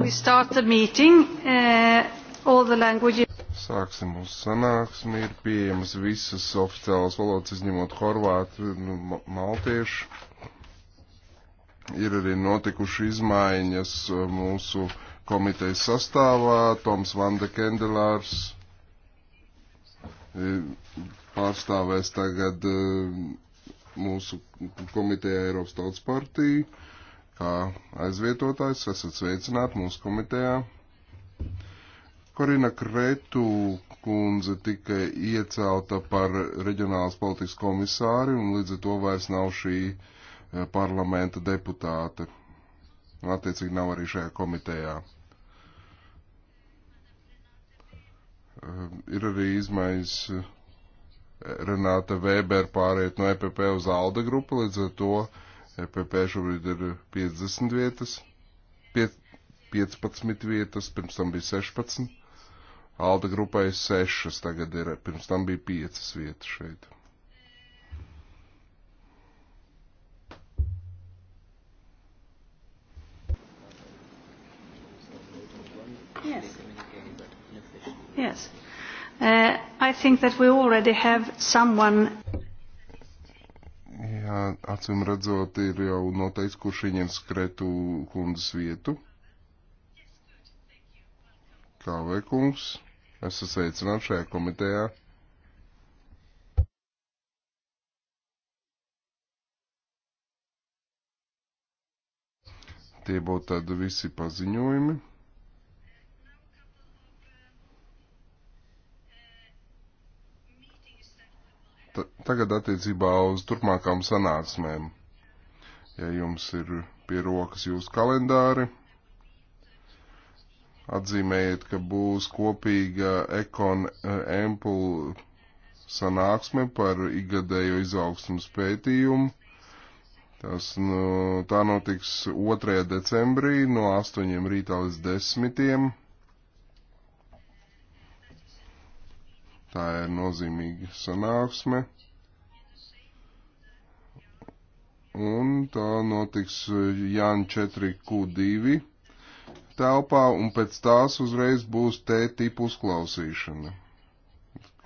We start the meeting. Uh, all the languages. Sāksim mūsu sanāksmi. Ir pieejamas visas oficiālās valodas, izņemot horvātu un nu, maltiešu. Ir arī notikuši izmaiņas uh, mūsu komitejas sastāvā. Toms Vanda Kendelārs uh, pārstāvēs tagad uh, mūsu komitejā Eiropas Tautas partiju kā aizvietotājs. Esat sveicināti mūsu komitejā. Korina Kretu kundze tika iecelta par reģionālas politikas komisāri un līdz ar to vairs nav šī eh, parlamenta deputāte. Attiecīgi nav arī šajā komitejā. Eh, ir arī izmaiņas eh, Renāta Vēber pāriet no EPP uz Alde grupu, līdz ar to uh, EPP šobrīd ir 50 vietas, 5, 15 vietas, pirms tam bija 16. Alda grupai 6 tagad ir, pirms tam bija 5 vietas šeit. Yes. Yes. Uh, I think that we already have someone Jā, acīm redzot, ir jau noteikts, kurš ieņems kretu kundzes vietu. Kā vai kungs? Es esmu sveicināts šajā komitejā. Tie būtu tad visi paziņojumi. T tagad attiecībā uz turpmākām sanāksmēm. Ja jums ir pie rokas jūsu kalendāri, atzīmējiet, ka būs kopīga Ekon Empul eh, sanāksme par igadējo izaugsmas pētījumu. Tas, nu, tā notiks 2. decembrī no 8. rītā līdz 10. Tā ir nozīmīga sanāksme. Un tā notiks eh, Jāņa 4Q2 telpā, un pēc tās uzreiz būs T-tipu uzklausīšana,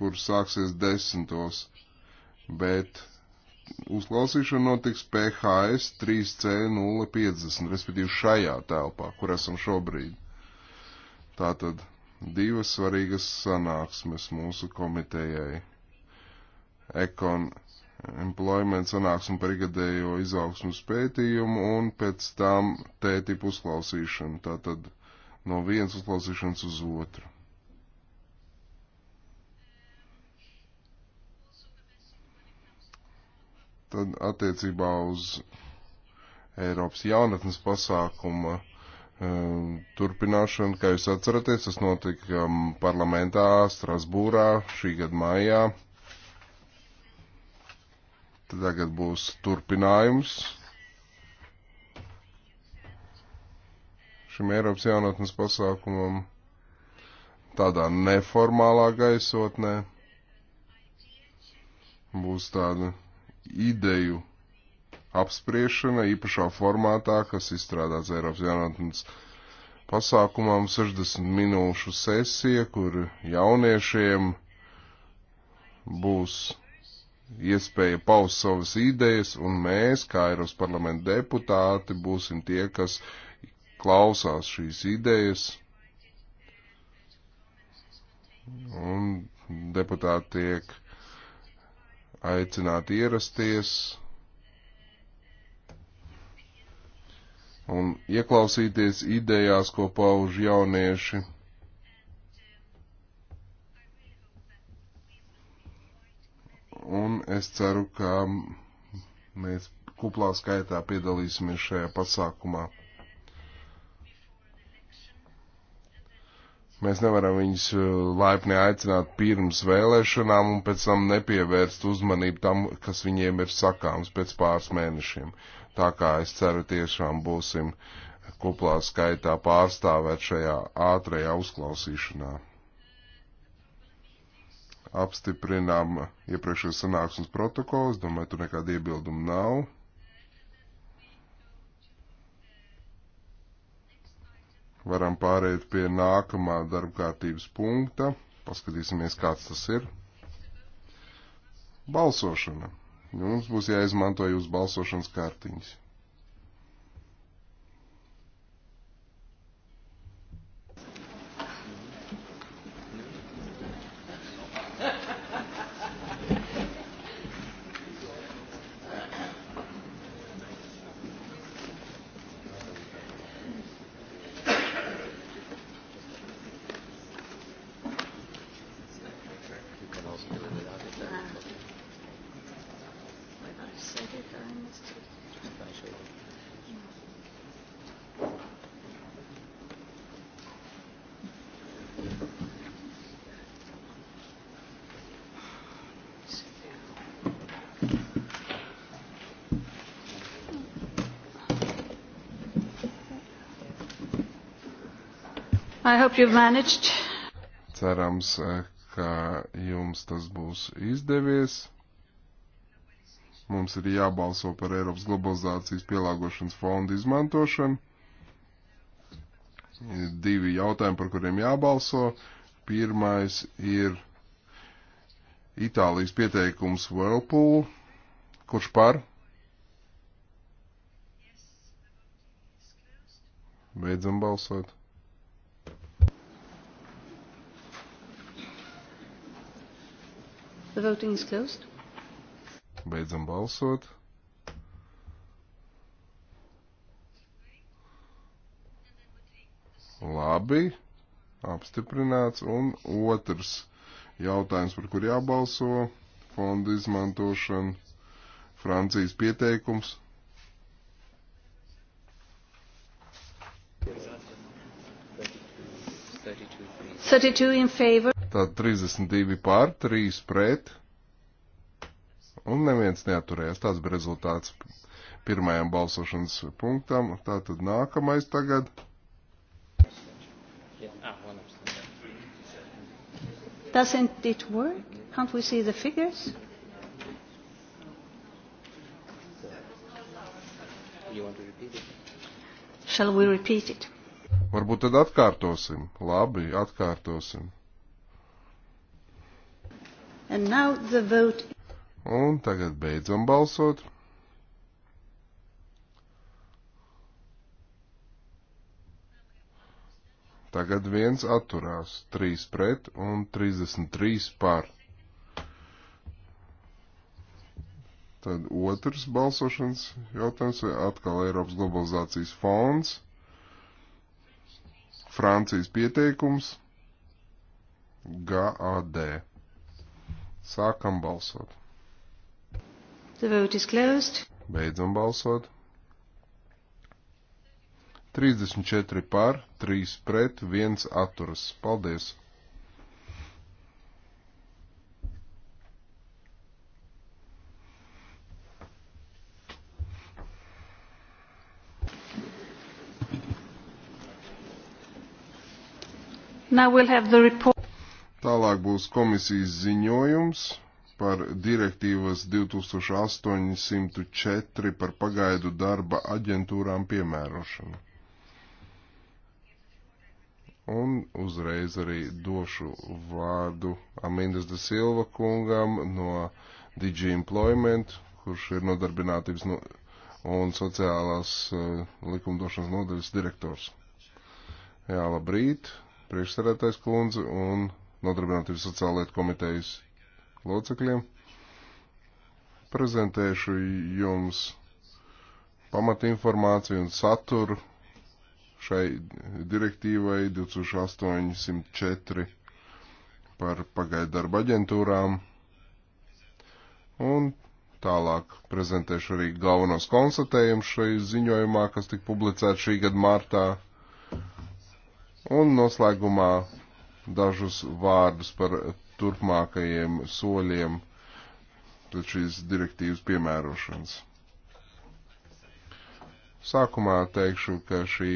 kur sāksies desmitos. Bet uzklausīšana notiks PHS 3C050, respektīvi šajā telpā, kur esam šobrīd. Tātad divas svarīgas sanāksmes mūsu komitejai. Ekon employment sanāksmu par igadējo izaugsmu spētījumu un pēc tam tētipu uzklausīšanu, tātad no vienas uzklausīšanas uz otru. Tad attiecībā uz Eiropas jaunatnes pasākuma Ehm, turpināšanu, kā jūs atceraties, tas notika ehm, parlamentā Strasbūrā šī gada maijā. Tad tagad būs turpinājums šim Eiropas jaunatnes pasākumam tādā neformālā gaisotnē. Būs tāda ideju apspriešana īpašā formātā, kas izstrādāts Eiropas jaunatnes pasākumam 60 minūšu sesija, kur jauniešiem būs iespēja paust savas idejas, un mēs, kā Eiropas parlamenta deputāti, būsim tie, kas klausās šīs idejas. Un deputāti tiek aicināti ierasties un ieklausīties idejās, ko pauž jaunieši. Un es ceru, ka mēs kuplā skaitā piedalīsimies šajā pasākumā. Mēs nevaram viņus uh, laipni aicināt pirms vēlēšanām un pēc tam nepievērst uzmanību tam, kas viņiem ir sakāms pēc pāris mēnešiem. Tā kā es ceru, tiešām būsim kuplā skaitā pārstāvēt šajā ātrajā uzklausīšanā. Apstiprinām iepriekšējos sanāksmes protokolus, domāju, tur nekāda iebilduma nav. varam pāriet pie nākamā darba kārtības punkta. Paskatīsimies, kāds tas ir. Balsošana. Jums nu, būs jāizmanto jūsu balsošanas kārtiņas. I hope you managed. Cerams, eh, ka jums tas būs izdevies. Mums ir jābalso par Eiropas globalizācijas pielāgošanas fondu izmantošanu. Ir divi jautājumi, par kuriem jābalso. Pirmais ir Itālijas pieteikums Whirlpool. Kurš par? Beidzam balsot. The voting is closed. Beidzam balsot. Labi, apstiprināts. Un otrs jautājums, par kur jābalso, fonda izmantošana, Francijas pieteikums. Thirty-two in favor. Tātad 32 pār, 3 pret. Un neviens neaturējās. Tāds bija rezultāts pirmajam balsošanas punktam. Tātad nākamais tagad. Doesn't it work? Can't we see the figures? You want to repeat it? Shall we repeat it? Varbūt tad atkārtosim. Labi, atkārtosim. Vote... Un tagad beidzam balsot. Tagad viens atturās, 3 pret un 33 pār. Tad otrs balsošanas jautājums ir atkal Eiropas globalizācijas fonds, Francijas pieteikums, GAD. Sākam balsot. The vote is closed. Beidzam balsot. 34 pār, 3 pret, 1 atturas. Paldies! Now we'll have the report. Tālāk būs komisijas ziņojums par direktīvas 2804 par pagaidu darba aģentūrām piemērošanu. Un uzreiz arī došu vārdu Amindas de Silva kungam no DG Employment, kurš ir nodarbinātības no, un sociālās uh, likumdošanas nodaļas direktors. Jā, labrīt, priekšsarētais kundze un nodarbinātības sociālietu komitejas locekļiem. Prezentēšu jums pamatinformāciju un saturu šai direktīvai 2804 par pagaidu darba aģentūrām. Un tālāk prezentēšu arī galvenos konstatējumus šai ziņojumā, kas tika publicēts šī gada martā. Un noslēgumā dažus vārdus par turpmākajiem soļiem pēc šīs direktīvas piemērošanas. Sākumā teikšu, ka šī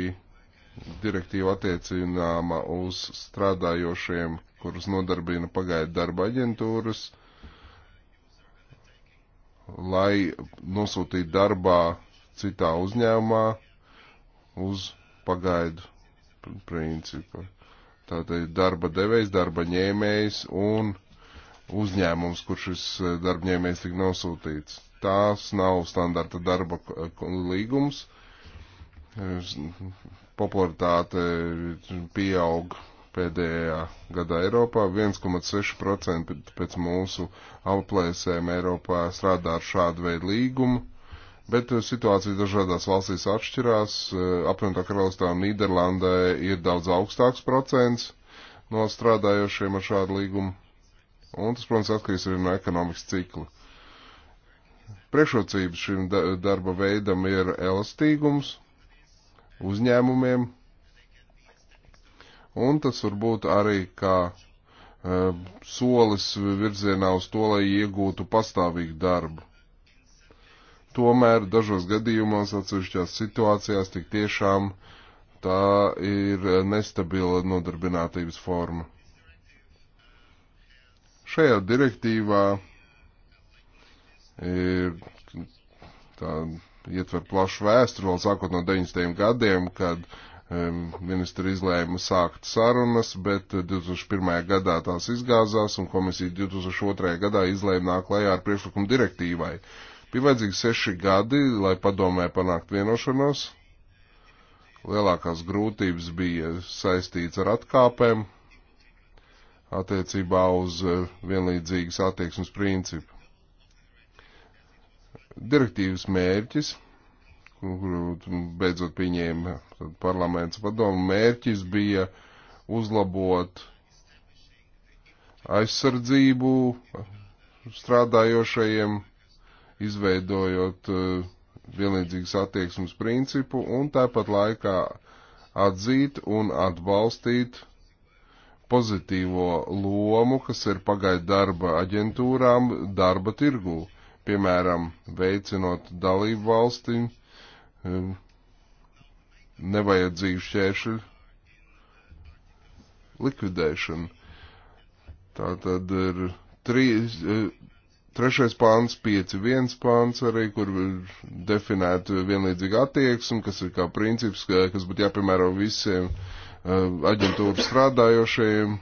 direktīva attiecināma uz strādājošiem, kurus nodarbina pagaidu darba aģentūras, lai nosūtītu darbā citā uzņēmumā uz pagaidu principu. Tātad darba devējs, darba ņēmējs un uzņēmums, kur šis eh, darbņēmējs tik nosūtīts. Tās nav standarta darba eh, līgums. Popularitāte pieaug pēdējā gadā Eiropā. 1,6% pēc mūsu aplēsēm Eiropā strādā ar šādu veidu līgumu. Bet eh, situācija dažādās valstīs atšķirās. Eh, apvienotā karalistā un Nīderlandē ir daudz augstāks procents no strādājošiem ar šādu līgumu. Un tas, protams, atkarīgs arī no ekonomikas cikla. Priekšrocības šim darba veidam ir elastīgums uzņēmumiem, un tas var būt arī kā uh, solis virzienā uz to, lai iegūtu pastāvīgu darbu Tomēr dažos gadījumos, atsevišķās situācijās, tik tiešām tā ir nestabila nodarbinātības forma. Šajā direktīvā ir tā ietver plašu vēsturi, vēl sākot no 90. gadiem, kad um, ministri izlēma sākt sarunas, bet 2001. gadā tās izgāzās un komisija 2002. gadā izlēma nāk lajā ar priekšlikumu direktīvai. Uh, Bija vajadzīgi seši gadi, lai padomē panākt vienošanos. Lielākās grūtības bija saistīts ar atkāpēm attiecībā uz e, vienlīdzīgas attieksmes principu. Direktīvas mērķis kuru beidzot pieņēma parlaments padomu, mērķis bija uzlabot aizsardzību strādājošajiem izveidojot eh, vienlīdzīgas attieksmes principu un tāpat laikā atzīt un atbalstīt pozitīvo lomu, kas ir pagaidu darba aģentūrām darba tirgū, piemēram, veicinot dalību valstīm eh, nevajadzīgu šķēršļu likvidēšanu. Tā tad ir trīs, eh, Trešais pāns, 5.1 pāns arī, kur ir definēta vienlīdzīga attieksme, kas ir kā princips, kas būtu jāpiemēro visiem uh, aģentūru strādājošajiem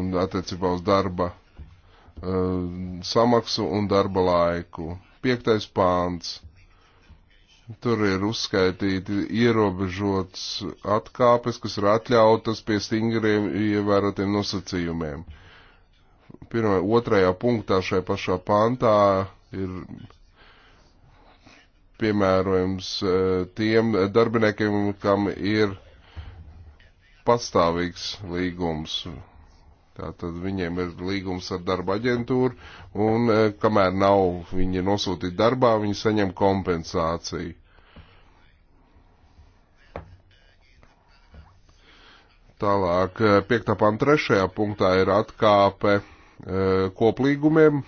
un attiecībā uz darba uh, samaksu un darba laiku. Piektais pāns. Tur ir uzskaitīti ierobežots atkāpes, kas ir atļautas pie stingriem ievērotiem nosacījumiem. Uh, pirmā, otrajā punktā šai pašā pantā ir piemērojums e, tiem darbiniekiem, kam ir pastāvīgs līgums. Tātad viņiem ir līgums ar darba aģentūru, un e, kamēr nav viņi nosūtīti darbā, viņi saņem kompensāciju. Tālāk, 5. pānt 3. punktā ir atkāpe E, koplīgumiem.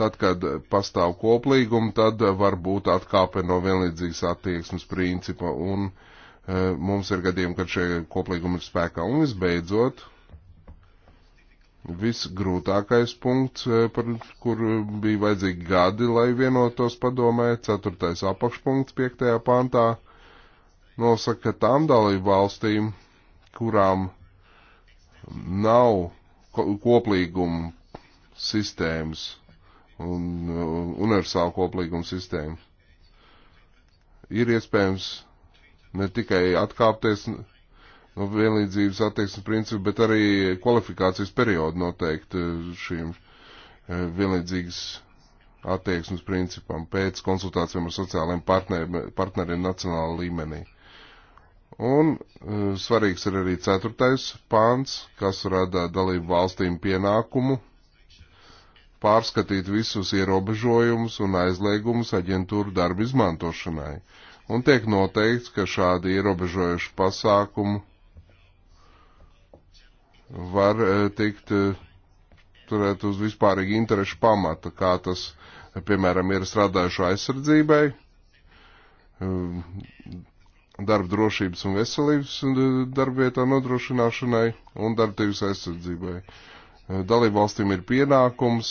Tad, kad pastāv koplīgumi, tad var būt atkāpe no vienlīdzīgas attieksmes principa, un e, mums ir gadījumi, kad šie koplīgumi ir spēkā. Un visbeidzot, visgrūtākais punkts, e, par kur bija vajadzīgi gadi, lai vienotos padomē, ceturtais apakšpunkts piektajā pantā, nosaka, ka tām dalību valstīm, kurām nav koplīgumu sistēmas un universālu koplīgumu sistēmu. Ir iespējams ne tikai atkāpties no vienlīdzības attieksmes principu, bet arī kvalifikācijas periodu noteikti eh, šīm eh, vienlīdzīgas attieksmes principam pēc konsultācijām ar sociālajiem partneriem, partneriem nacionāla līmenī. Un eh, svarīgs ir arī ceturtais pāns, kas rada dalību valstīm pienākumu pārskatīt visus ierobežojumus un aizliegumus aģentūru darba izmantošanai. Un tiek noteikts, ka šādi ierobežojuši pasākumu var eh, tikt eh, turēt uz vispārīgi interešu pamata, kā tas, piemēram, ir strādājušo aizsardzībai, ehm, darba drošības un veselības e, darbvietā nodrošināšanai un darba tirgus aizsardzībai. E, Dalību valstīm ir pienākums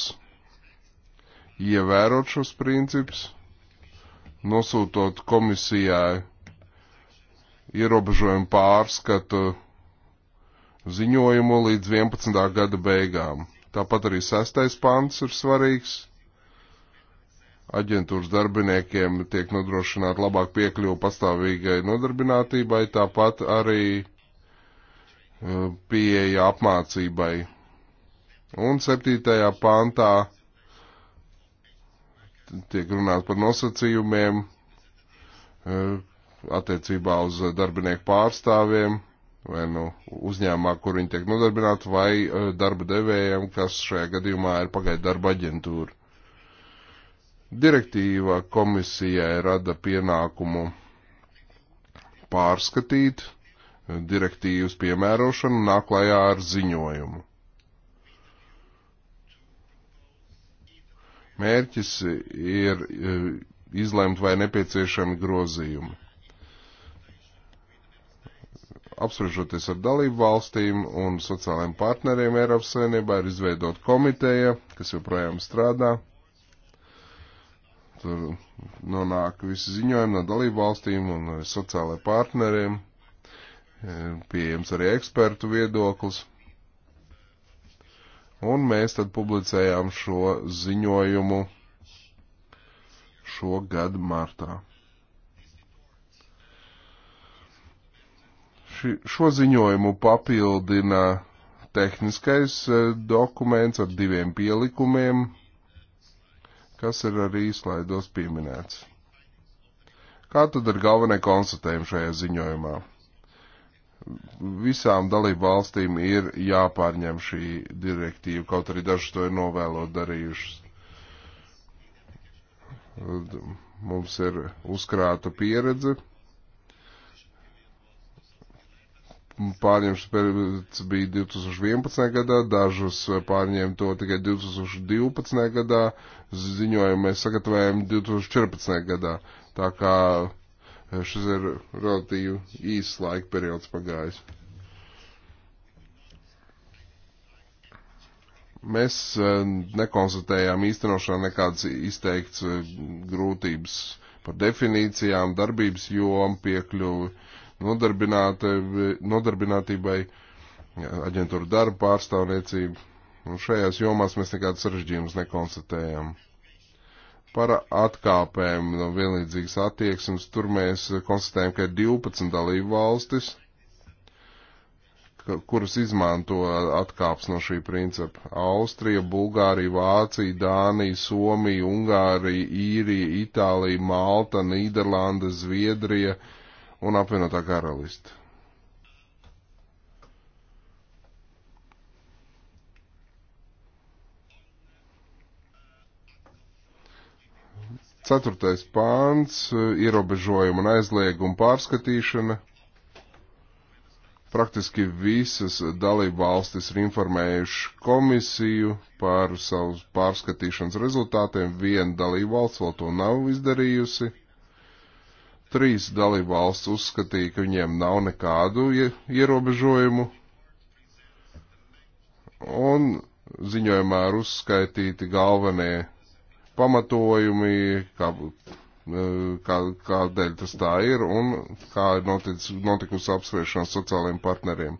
ievērot šos principus, nosūtot komisijai ierobežojumu pārskatu ziņojumu līdz 11. gada beigām. Tāpat arī sestais pants ir svarīgs aģentūras darbiniekiem tiek nodrošināta labāk piekļuva pastāvīgai nodarbinātībai, tāpat arī e, pieeja apmācībai. Un 7. pāntā tiek runāts par nosacījumiem e, attiecībā uz darbinieku pārstāvjiem vai nu uzņēmumā, kur viņi tiek nodarbināti, vai e, darba devējiem, kas šajā gadījumā ir pagaidu darba aģentūra. Direktīva komisijai rada pienākumu pārskatīt direktīvas piemērošanu nāklājā ar ziņojumu. Mērķis ir e, izlemt, vai nepieciešami grozījumi. Apspriežoties ar dalību valstīm un sociālajiem partneriem Eiropas Savienībā ir izveidot komiteja, kas joprojām strādā Tur eh, nonāk visi ziņojumi no dalību valstīm un eh, sociālajiem partneriem. Eh, pieejams arī ekspertu viedoklis. Un mēs tad publicējām šo ziņojumu šo gadu martā. Ši, šo ziņojumu papildina tehniskais dokuments ar diviem pielikumiem kas ir arī slaidos pieminēts. Kā tad ir galvenie konstatējumi šajā ziņojumā? Visām dalību valstīm ir jāpārņem šī direktīva, kaut arī daži to ir novēlot darījušas. Mums ir uzkrāta pieredze, pārņemšanas bija 2011. gadā, dažus eh, pārņēma to tikai 2012. gadā, ziņojumu mēs sagatavējam 2014. gadā. Tā kā eh, šis ir relatīvi īsts laika periods pagājis. Mēs eh, nekonstatējām īstenošanā nekādas izteikts grūtības par definīcijām, darbības jomu piekļuvi nodarbinātībai, aģentūra darba pārstāvniecība. Un šajās jomās mēs nekādas sarežģījumus nekonstatējam. Par atkāpēm no vienlīdzīgas attieksmes tur mēs konstatējam, ka ir 12 dalību valstis, kuras izmanto atkāps no šī principa. Austrija, Bulgārija, Vācija, Dānija, Somija, Ungārija, Īrija, Itālija, Malta, Nīderlanda, Zviedrija, uh, un apvienotā karalista. Ceturtais pāns - ierobežojuma un aizlieguma pārskatīšana. Praktiski visas dalība valstis ir informējuši komisiju par savus pārskatīšanas rezultātiem. Viena dalība valsts vēl to nav izdarījusi. Trīs dalību valsts uzskatīja, ka viņiem nav nekādu ierobežojumu, un ziņojumā ir uzskaitīti galvenie pamatojumi, kā, e, kā, kādēļ tas tā ir un kā ir notic, notikusi apspriešana sociālajiem partneriem.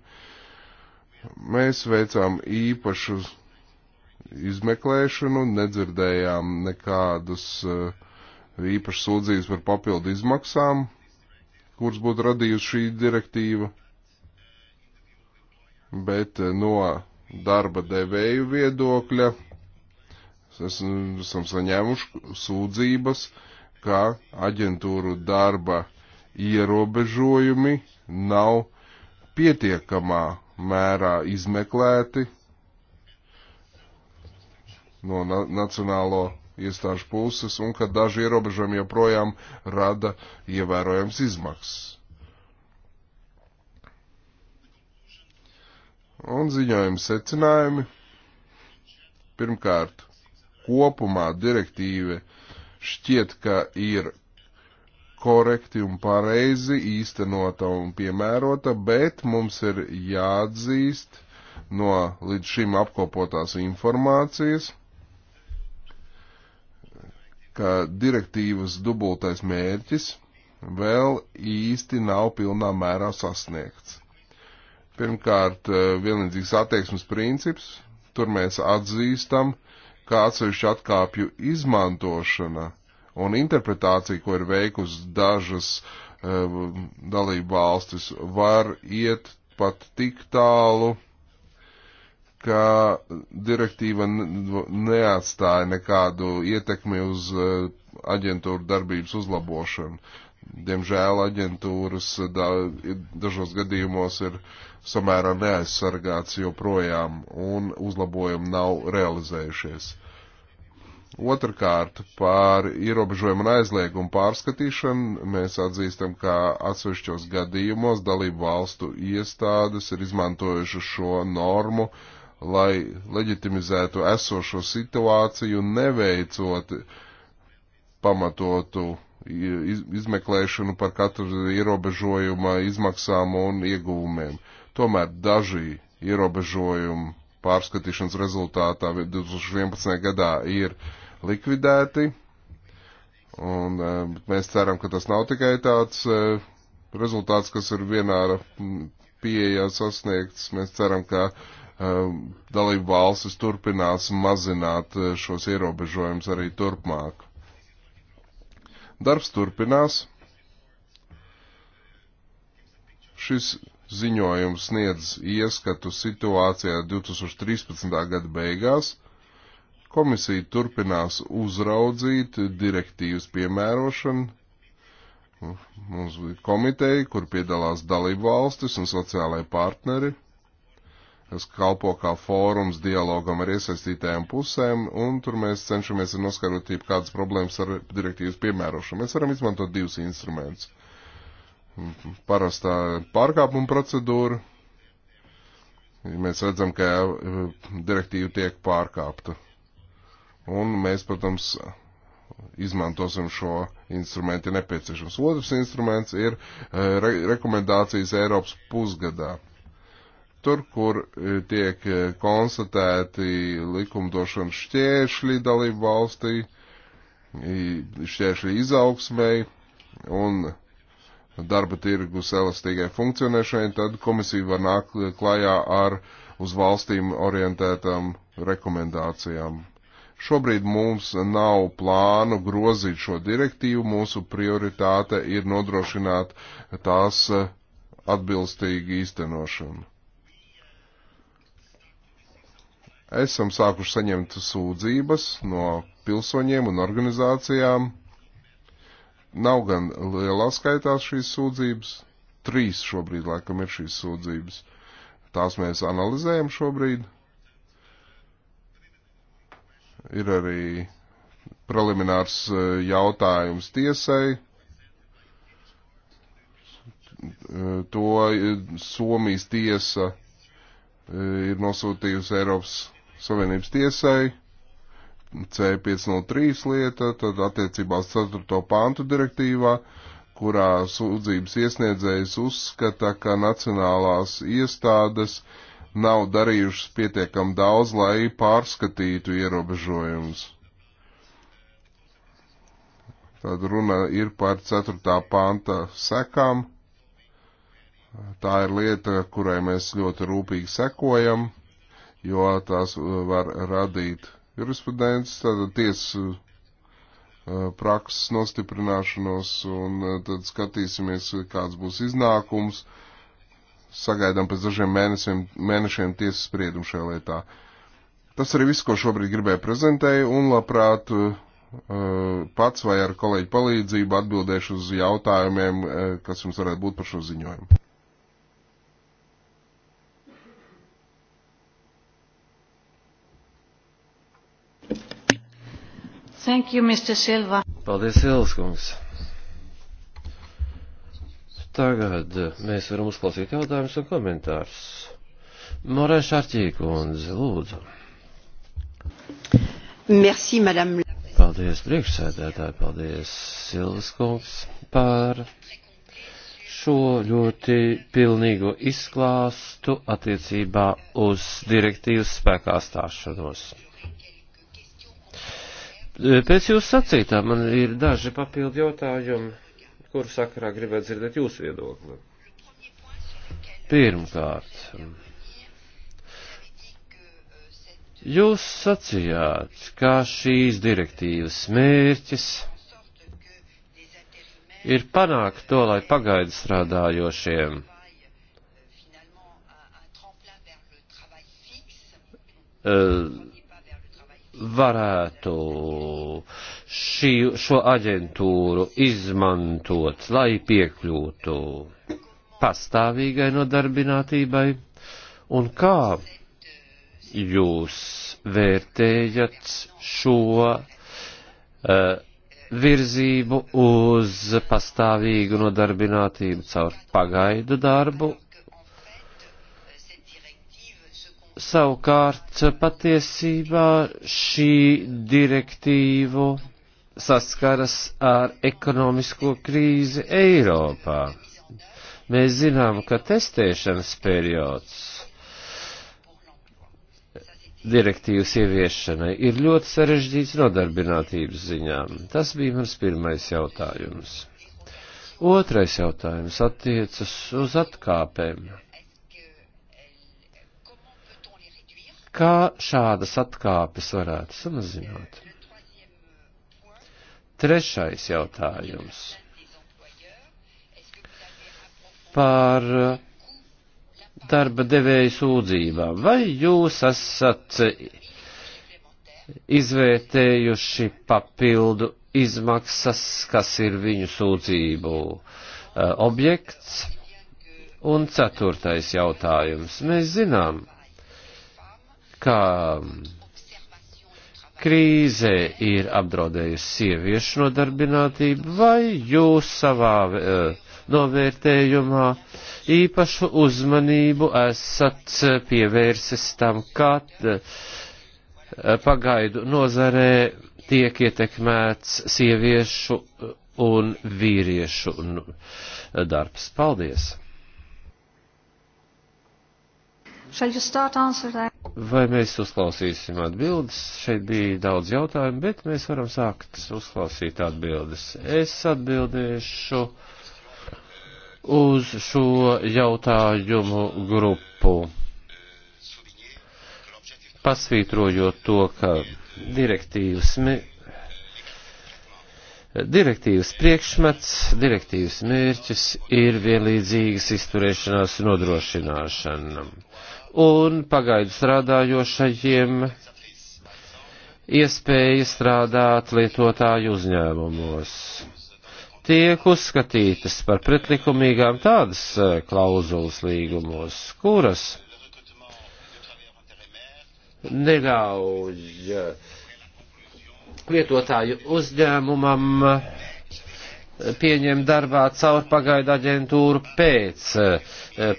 Mēs veicām īpašu izmeklēšanu, nedzirdējām nekādus uh, īpašas sūdzības par papildu izmaksām, kuras būtu radījusi šī direktīva, bet eh, no darba devēju viedokļa mm, esam saņēmuši sūdzības, ka aģentūru darba ierobežojumi nav pietiekamā mērā izmeklēti no na nacionālo iestāžu puses un ka daži ierobežojumi joprojām rada ievērojams izmaksas. Un ziņojumi secinājumi. Pirmkārt, kopumā direktīve šķiet, ka ir korekti un pareizi īstenota un piemērota, bet mums ir jāatzīst no līdz šim apkopotās informācijas, ka direktīvas dubultais mērķis vēl īsti nav pilnā mērā sasniegts. Pirmkārt, eh, vienlīdzīgs attieksmes princips, tur mēs atzīstam, ka atsevišķu atkāpju izmantošana un interpretācija, ko ir veikusi dažas um, dalību valstis, var iet pat tik tālu, ka direktīva neatstāja nekādu ietekmi uz eh, aģentūru darbības uzlabošanu. Diemžēl aģentūras eh, da, dažos gadījumos ir samērā neaizsargāts joprojām un uzlabojumi nav realizējušies. Otrakārt, par ierobežojumu un aizliegumu pārskatīšanu mēs atzīstam, ka atsevišķos gadījumos dalību valstu iestādes ir izmantojuši šo normu uh, lai leģitimizētu esošo situāciju, neveicot pamatotu izmeklēšanu par katru ierobežojuma izmaksām un ieguvumiem. Tomēr daži ierobežojumi pārskatīšanas rezultātā 2011. gadā ir likvidēti, un e, mēs ceram, ka tas nav tikai tāds e, rezultāts, kas ir vienā pieejā sasniegts. Mēs ceram, ka uh, Ehm, dalību valstis turpinās mazināt eh, šos ierobežojumus arī turpmāk. Darbs turpinās. Šis ziņojums sniedz ieskatu situācijā 2013. gada beigās. Komisija turpinās uzraudzīt direktīvas piemērošanu. Mums bija komiteja, kur piedalās dalību valstis un sociālai partneri kas kalpo kā fórums dialogam ar iesaistītajām pusēm, un tur mēs cenšamies noskarot tīp kādas problēmas ar direktīvas piemērošanu. Mēs varam izmantot divus instrumentus. Parastā pārkāpuma procedūra. Mēs redzam, ka eh, direktīva tiek pārkāpta. Un mēs, protams, izmantosim šo instrumentu nepieciešams. Otrs instruments ir eh, re rekomendācijas Eiropas pusgadā Tur, kur e, tiek e, konstatēti likumdošanas šķēršļi dalību valstī, šķēršļi izaugsmēji un darba tirgus elastīgai funkcionēšanai, tad komisija var nākt klajā ar uz valstīm orientētām rekomendācijām. Šobrīd mums nav plānu grozīt šo direktīvu, mūsu prioritāte ir nodrošināt tās atbilstīgu īstenošanu. Esam sākuši saņemt sūdzības no pilsoņiem un organizācijām. Nav gan lielā skaitā šīs sūdzības. Trīs šobrīd laikam ir šīs sūdzības. Tās mēs analizējam šobrīd. Ir arī preliminārs eh, jautājums tiesai. To Somijas tiesa eh, ir nosūtījusi Eiropas Savienības tiesai C503 lieta, tad attiecībā uz 4. pāntu direktīvā, kurā sūdzības iesniedzējs uzskata, ka nacionālās iestādes nav darījušas pietiekam daudz, lai pārskatītu ierobežojumus. Tad runa ir par 4. panta sekām. Tā ir lieta, kurai mēs ļoti rūpīgi sekojam jo tās uh, var radīt jurisprudents, tātad tiesas uh, uh, prakses nostiprināšanos, un tad skatīsimies, kāds būs iznākums. Sagaidām pēc dažiem mēnešiem, mēnešiem tiesas spriedumu šajā lietā. Tas arī viss, ko šobrīd gribēju prezentēju, un labprāt pats vai ar kolēģi palīdzību atbildēšu uz jautājumiem, kas jums varētu būt par šo ziņojumu. Thank you, Mr. Silva. Paldies, Silvas kungs. Tagad eh, mēs varam uzklausīt jautājumus un komentārus. Morēn Šārķīkundze, lūdzu. Merci, madame. Paldies, priekšsēdētāji, paldies, Silvas kungs, par šo ļoti pilnīgo izklāstu attiecībā uz direktīvas spēkā stāšanos. Pēc jūsu sacītā man ir daži papildu jautājumi, kuru sakarā gribētu dzirdēt jūsu viedokli. Pirmkārt, jūs sacījāt, ka šīs direktīvas mērķis ir panākt to, lai pagaidu strādājošiem uh, varētu šī, šo aģentūru izmantot, lai piekļūtu pastāvīgai nodarbinātībai, un kā jūs vērtējat šo uh, virzību uz pastāvīgu nodarbinātību caur pagaidu darbu Savukārt patiesībā šī direktīvu saskaras ar ekonomisko krīzi Eiropā. Mēs zinām, ka testēšanas periods direktīvas ieviešanai ir ļoti sarežģīts nodarbinātības ziņām. Tas bija mans pirmais jautājums. Otrais jautājums attiecas uz atkāpēm. kā šādas atkāpes varētu samazināt. Trešais jautājums par darba devēju sūdzībām. Vai jūs esat izvērtējuši papildu izmaksas, kas ir viņu sūdzību eh, objekts? Un ceturtais jautājums. Mēs zinām, ka krīze ir apdraudējusi sieviešu nodarbinātību, vai jūs savā e, novērtējumā īpašu uzmanību esat pievērsis tam, kad e, eh, pagaidu nozarē tiek ietekmēts sieviešu un vīriešu darbs. Paldies! Vai mēs uzklausīsim atbildes? Šeit bija daudz jautājumu, bet mēs varam sākt uzklausīt atbildes. Es atbildēšu uz šo jautājumu grupu, pasvītrojot to, ka direktīvas Direktīvas priekšmets, direktīvas mērķis ir vienlīdzīgas izturēšanās nodrošināšana un pagaidu strādājošajiem iespēja strādāt lietotāju uzņēmumos. Tiek uzskatītas par pretlikumīgām tādas e, klauzulas līgumos, kuras neļauj lietotāju uzņēmumam pieņem darbā caur pagaidu aģentūru pēc eh,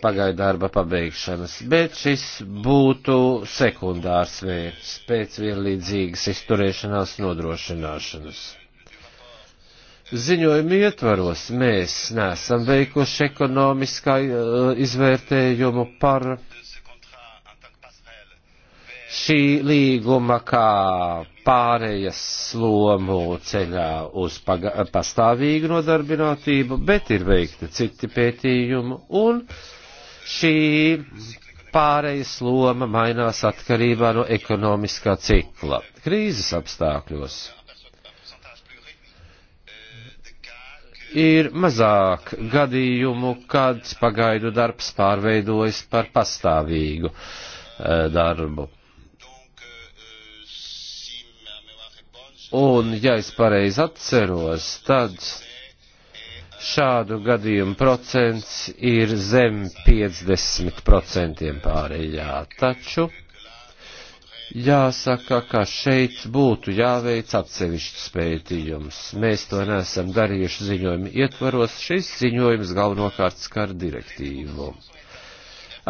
pagaidu darba pabeigšanas, bet šis būtu sekundārs vērts pēc vienlīdzīgas izturēšanās nodrošināšanas. Ziņojuma ietvaros mēs nesam veikuši ekonomiskā eh, izvērtējumu par šī līguma kā pārējas slomu ceļā uz pastāvīgu nodarbinātību, bet ir veikti citi pētījumi, un šī pārējas loma mainās atkarībā no ekonomiskā cikla, krīzes apstākļos. ir mazāk gadījumu, kad pagaidu darbs pārveidojas par pastāvīgu eh, darbu. Un, ja es pareizi atceros, tad šādu gadījumu procents ir zem 50% pārējā. Taču jāsaka, ka šeit būtu jāveic atsevišķs pētījums. Mēs to neesam darījuši ziņojuma ietvaros. Šis ziņojums galvenokārt skar direktīvu.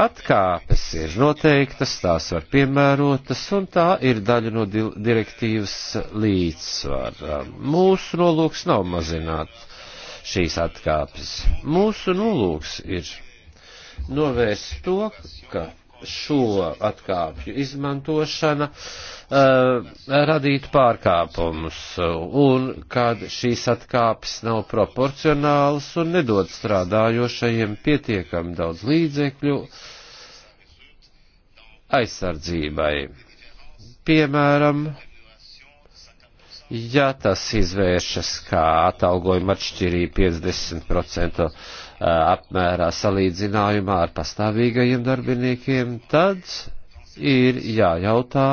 Atkāpes ir noteiktas, tās var piemērotas, un tā ir daļa no di direktīvas līdzsvara. Mūsu nolūks nav mazināt šīs atkāpes. Mūsu nolūks ir novērst to, ka šo atkāpju izmantošana uh, radītu pārkāpumus, un kad šīs atkāpes nav proporcionālas un nedod strādājošajiem pietiekami daudz līdzekļu aizsardzībai. Piemēram, ja tas izvēršas kā atalgojuma atšķirība 50% apmērā salīdzinājumā ar pastāvīgajiem darbiniekiem, tad ir jājautā,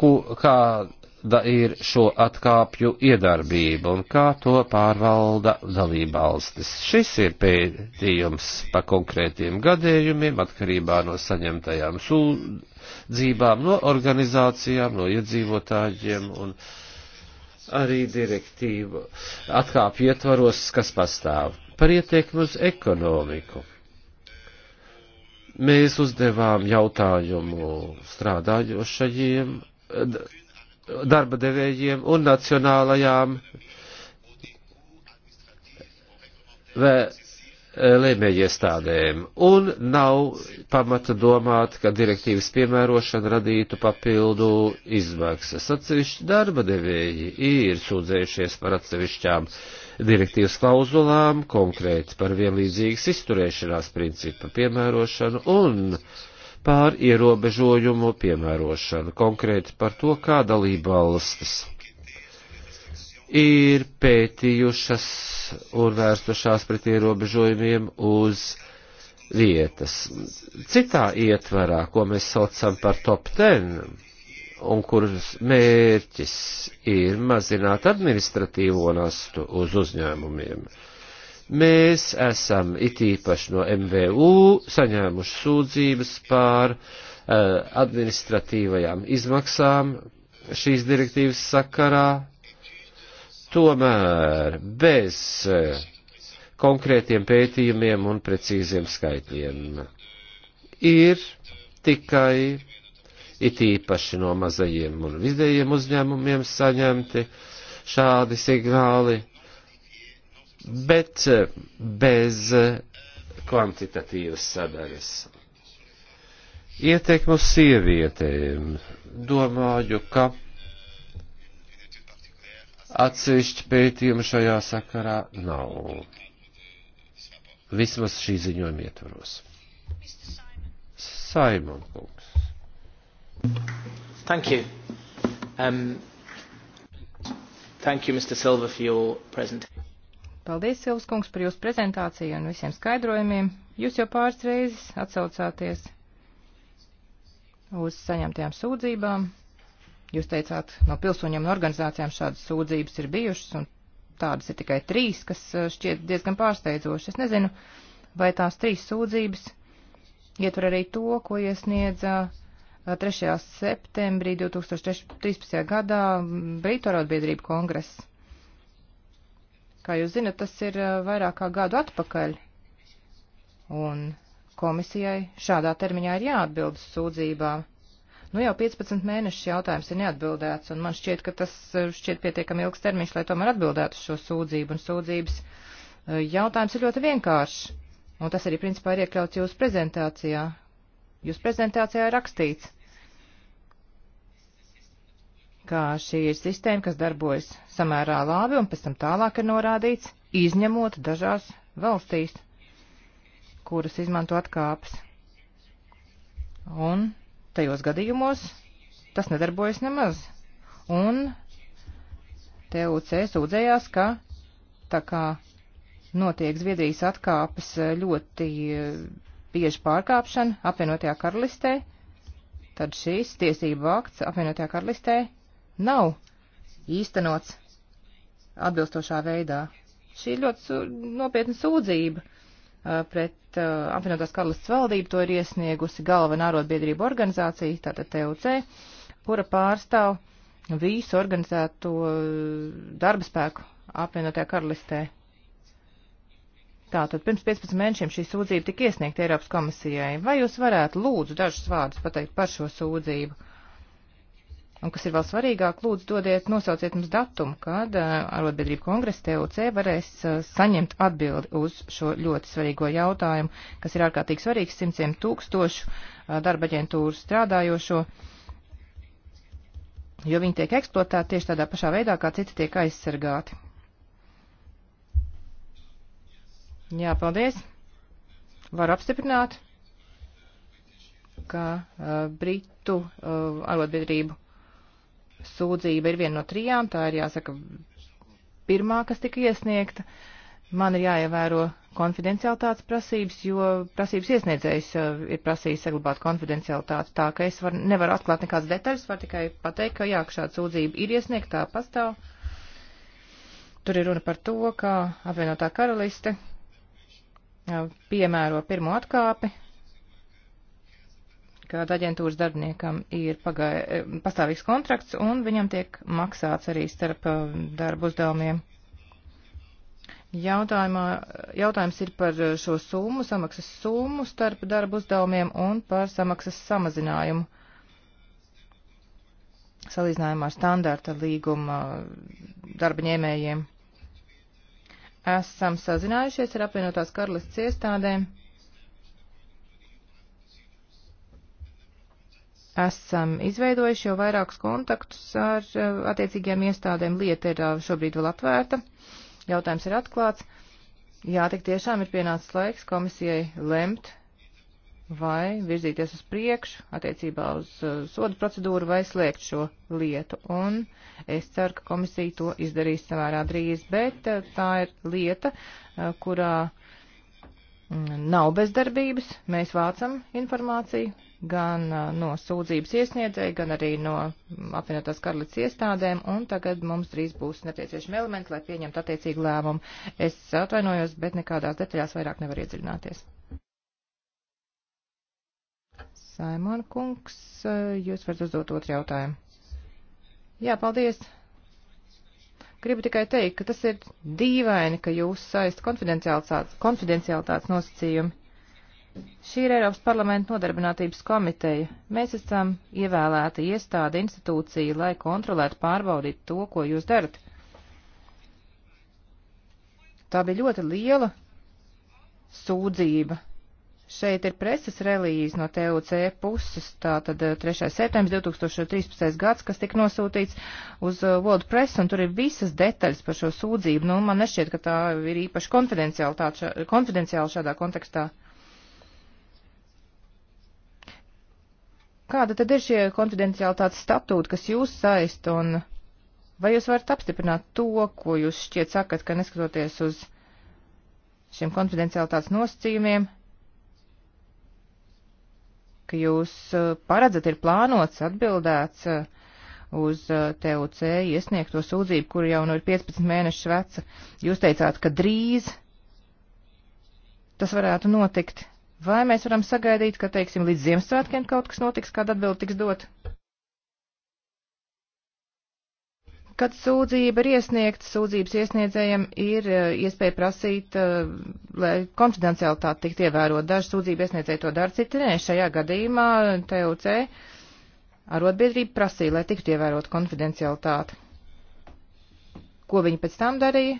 ku, kāda ir šo atkāpju iedarbība un kā to pārvalda dalībvalstis. Šis ir pētījums pa konkrētiem gadījumiem atkarībā no saņemtajām sūdzībām, no organizācijām, no iedzīvotājiem un uh, arī direktīvu atkāpju ietvaros, kas pastāv. Par ietekmi uz ekonomiku. Mēs uzdevām jautājumu strādājošajiem, darba devējiem un nacionālajām vē, lēmējiestādēm, un nav pamata domāt, ka direktīvas piemērošana radītu papildu izmaksas. Atsevišķi darba devēji ir sūdzējušies par atsevišķām direktīvas klauzulām, konkrēti par vienlīdzīgas izturēšanās principa piemērošanu un pār ierobežojumu piemērošanu, konkrēti par to, kā dalība valstis ir pētījušas un vērstušās pret ierobežojumiem uz vietas. Citā ietvarā, ko mēs saucam par top 10, un kuras mērķis ir mazināt administratīvo nastu uz uzņēmumiem. Mēs esam it īpaši no MVU saņēmuši sūdzības pār uh, eh, administratīvajām izmaksām šīs direktīvas sakarā, tomēr bez eh, konkrētiem pētījumiem un precīziem skaitļiem. Ir tikai it īpaši no mazajiem un vidējiem uzņēmumiem saņemti šādi signāli, bet eh, bez eh, kvantitatīvas sadaļas. Ieteikumu sievietēm domāju, ka Atsevišķi pētījumi šajā sakarā nav. Vismaz šī ziņojuma ietvaros. Saimon kungs. Thank you. Um, thank you, Mr. Silva, for your presentation. Paldies, Silvas kungs, par jūsu prezentāciju un visiem skaidrojumiem. Jūs jau pāris reizes atsaucāties uz saņemtajām sūdzībām Jūs teicāt, no pilsoņiem un organizācijām šādas sūdzības ir bijušas, un tādas ir tikai trīs, kas eh, šķiet diezgan pārsteidzoši. Es nezinu, vai tās trīs sūdzības ietver arī to, ko iesniedza 3. Eh, septembrī 2013. gadā mm, Brītu arotbiedrību kongress. Kā jūs zinat, tas ir eh, vairāk kā gadu atpakaļ, un komisijai šādā termiņā ir jāatbild uz sūdzībām. Nu jau 15 mēnešu jautājums ir neatbildēts, un man šķiet, ka tas eh, šķiet pietiekami ilgs termiņš, lai tomēr atbildētu šo sūdzību, un sūdzības eh, jautājums ir ļoti vienkāršs, un tas arī principā ir iekļauts jūsu prezentācijā. Jūsu prezentācijā ir rakstīts ka šī ir sistēma, kas darbojas samērā labi un pēc tam tālāk ir norādīts, izņemot dažās valstīs, kuras izmanto atkāpes. Un tajos gadījumos tas nedarbojas nemaz. Un TUC sūdzējās, ka tā kā notiek Zviedrijas atkāpes e, ļoti e, bieži pārkāpšana apvienotajā karalistē, tad šīs tiesība akts apvienotajā karalistē nav īstenots atbilstošā veidā. Šī ir ļoti nopietna sūdzība. Uh, Uh, pret uh, apvienotās karalists valdību to ir iesniegusi galvenā arotbiedrība organizācija, tātad TUC, kura pārstāv visu organizēto darba spēku apvienotajā karalistē. Tātad pirms 15 mēnešiem šī sūdzība tika iesniegta Eiropas komisijai. Vai jūs varētu lūdzu dažus vārdus pateikt par šo sūdzību? Un kas ir vēl svarīgāk, lūdzu dodiet, nosauciet mums datumu, kad eh, arotbiedrību kongresa TOC varēs eh, saņemt atbildi uz šo ļoti svarīgo jautājumu, kas ir ārkārtīgi svarīgs simtiem tūkstošu eh, darba aģentūru strādājošo, jo viņi tiek eksploatēti tieši tādā pašā veidā, kā citi tiek aizsargāti. Jā, paldies. Varu apstiprināt, ka uh, Britu uh, arotbiedrību sūdzība ir viena no trijām, tā ir jāsaka pirmā, kas tika iesniegta. Man ir jāievēro konfidencialitātes prasības, jo prasības iesniedzējs uh, ir prasījis saglabāt konfidencialitāti, tā ka es var, nevaru atklāt nekādas detaļas, var tikai pateikt, ka jā, ka šāda sūdzība ir iesniegtā pastāv. Tur ir runa par to, ka apvienotā karaliste uh, piemēro pirmo atkāpi kad aģentūras darbiniekam ir pagai, e, pastāvīgs kontrakts un viņam tiek maksāts arī starp e, darbu uzdevumiem. Jautājumā, jautājums ir par šo summu, samaksas summu starp darbu uzdevumiem un par samaksas samazinājumu. Salīdzinājumā ar standarta līguma darba ņēmējiem. Esam sazinājušies ar apvienotās karalists iestādēm esam izveidojuši jau vairākus kontaktus ar eh, attiecīgajām iestādēm. Lieta ir eh, šobrīd vēl atvērta, jautājums ir atklāts. Jā, tik tiešām ir pienācis laiks komisijai lemt vai virzīties uz priekšu attiecībā uz eh, sodu procedūru vai slēgt šo lietu. Un es ceru, ka komisija to izdarīs samērā drīz, bet tā ir lieta, kurā mm, nav bezdarbības. Mēs vācam informāciju, gan uh, no sūdzības iesniedzēja, gan arī no mm, apvienotās karalītes iestādēm, un tagad mums drīz būs nepieciešami elementi, lai pieņemtu attiecīgu lēmumu. Es atvainojos, bet nekādās detaļās vairāk nevar iedziļināties. Saimon kungs, uh, jūs varat uzdot otru jautājumu. Jā, paldies. Gribu tikai teikt, ka tas ir dīvaini, ka jūs saist konfidenciālitātes nosacījumi Šī ir Eiropas parlamenta nodarbinātības komiteja. Mēs esam ievēlēta iestāde institūcija, lai kontrolētu, pārbaudītu to, ko jūs darat. Tā bija ļoti liela sūdzība. Šeit ir preses relīze no TUC puses, tātad 3. Eh, septembris 2013. gads, kas tika nosūtīts uz eh, World Press, un tur ir visas detaļas par šo sūdzību. Nu, man nešķiet, ka tā ir īpaši konfidenciāli, tā, konfidenciāli šādā kontekstā. Uh, Kāda tad ir šie konfidenciālitātes statūti, kas jūs saist, un vai jūs varat apstiprināt to, ko jūs šķiet sakat, ka neskatoties uz šiem konfidenciālitātes nosacījumiem, ka jūs uh, paredzat ir plānots atbildēts uh, uz uh, TUC iesniegto sūdzību, kur jau nu ir 15 mēnešu veca. Jūs teicāt, ka drīz tas varētu notikt. Vai mēs varam sagaidīt, ka, teiksim, līdz Ziemassvētkiem kaut kas notiks, kāda atbildi tiks dot? Kad sūdzība ir iesniegta, sūdzības iesniedzējiem ir eh, iespēja prasīt, eh, lai konfidencialitāte tiktu ievērot. Daži sūdzība iesniedzēji to dara, citi nē. Šajā gadījumā TUC arotbiedrība prasīja, lai tiktu ievērot konfidencialitāte. Ko viņi pēc tam darīja?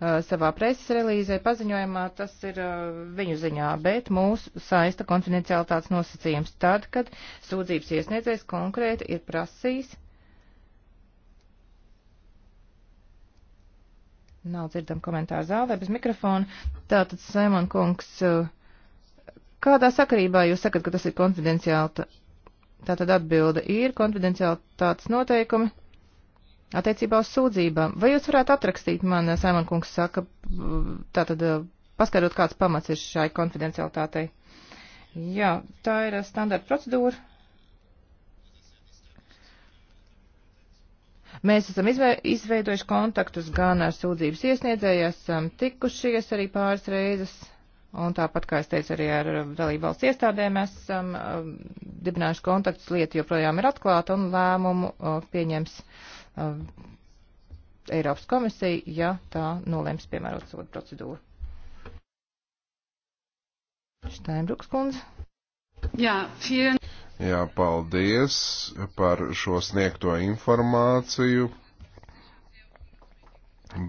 Uh, savā preses relīzē, paziņojumā, tas ir uh, viņu ziņā, bet mūs saista konfidencialitātes nosacījums tad, kad sūdzības iesniedzējs konkrēti ir prasījis. Nav dzirdam komentāru zālē bez mikrofona. Tātad, Saimon kungs, uh, kādā sakarībā jūs sakat, ka tas ir konfidenciāli? Tātad atbilde ir konfidenciālitātes noteikumi attiecībā uz sūdzībām. Vai jūs varētu atrakstīt man, Saimon kungs saka, tātad eh, paskaidrot, kāds pamats ir šai konfidencialitātei? Jā, tā ir eh, standarta procedūra. Mēs esam izveidojuši kontaktus gan ar sūdzības iesniedzēju, esam tikušies arī pāris reizes, un tāpat, kā es teicu, arī ar eh, dalību valsts iestādēm esam dibinājuši kontaktus, lieta joprojām ir atklāta un lēmumu pieņems uh, uh, Eiropas komisija, ja tā nolems piemērot sodu procedūru. Steinbruks kundze. Jā, vien... Jā, paldies par šo sniegto informāciju,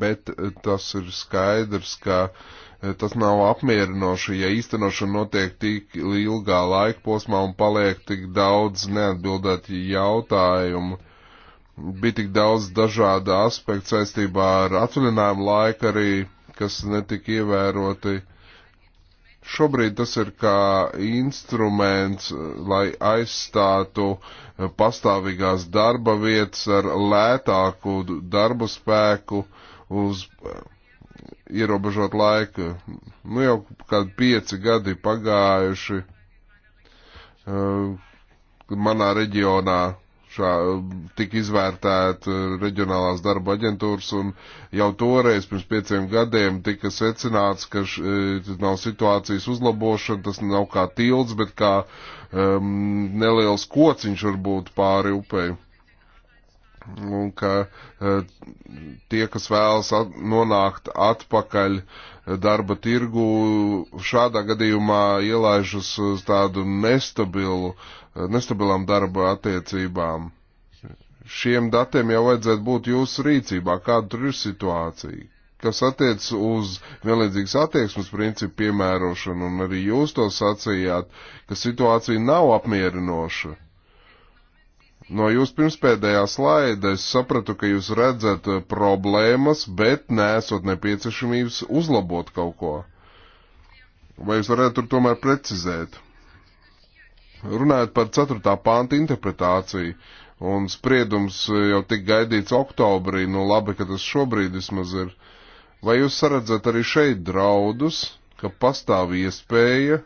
bet tas ir skaidrs, ka e, tas nav apmierinoši, ja īstenošana notiek tik ilgā laika posmā un paliek tik daudz neatbildētu jautājumu bija tik daudz dažādu aspektu saistībā ar atvaļinājumu laiku arī, kas netika ievēroti. Šobrīd tas ir kā instruments, lai aizstātu pastāvīgās darba vietas ar lētāku darbu spēku uz ierobežot laiku. Nu jau kādi pieci gadi pagājuši. Eh, manā reģionā šā, um, tika izvērtēta uh, reģionālās darba aģentūras, un jau toreiz, pirms pieciem gadiem, tika secināts, ka š, uh, nav situācijas uzlabošana, tas nav kā tilts, bet kā um, neliels kociņš varbūt pāri upei. Un ka uh, tie, kas vēlas at nonākt atpakaļ uh, darba tirgu, šādā gadījumā ielaižas uz tādu nestabilu uh, nestabilām darba attiecībām. Šiem datiem jau vajadzētu būt jūsu rīcībā, kāda tur ir situācija. Kas attiec uz vienlīdzīgas attieksmes principu piemērošanu, un arī jūs to sacījāt, ka situācija nav apmierinoša. No jūsu pirmspēdējā slaida es sapratu, ka jūs redzat problēmas, bet nesot nepieciešamības uzlabot kaut ko. Vai jūs varētu tur tomēr precizēt? Runājot par 4. pānta interpretāciju, un spriedums jau tik gaidīts oktobrī, nu labi, ka tas šobrīd vismaz ir. Vai jūs saredzat arī šeit draudus, ka pastāv iespēja,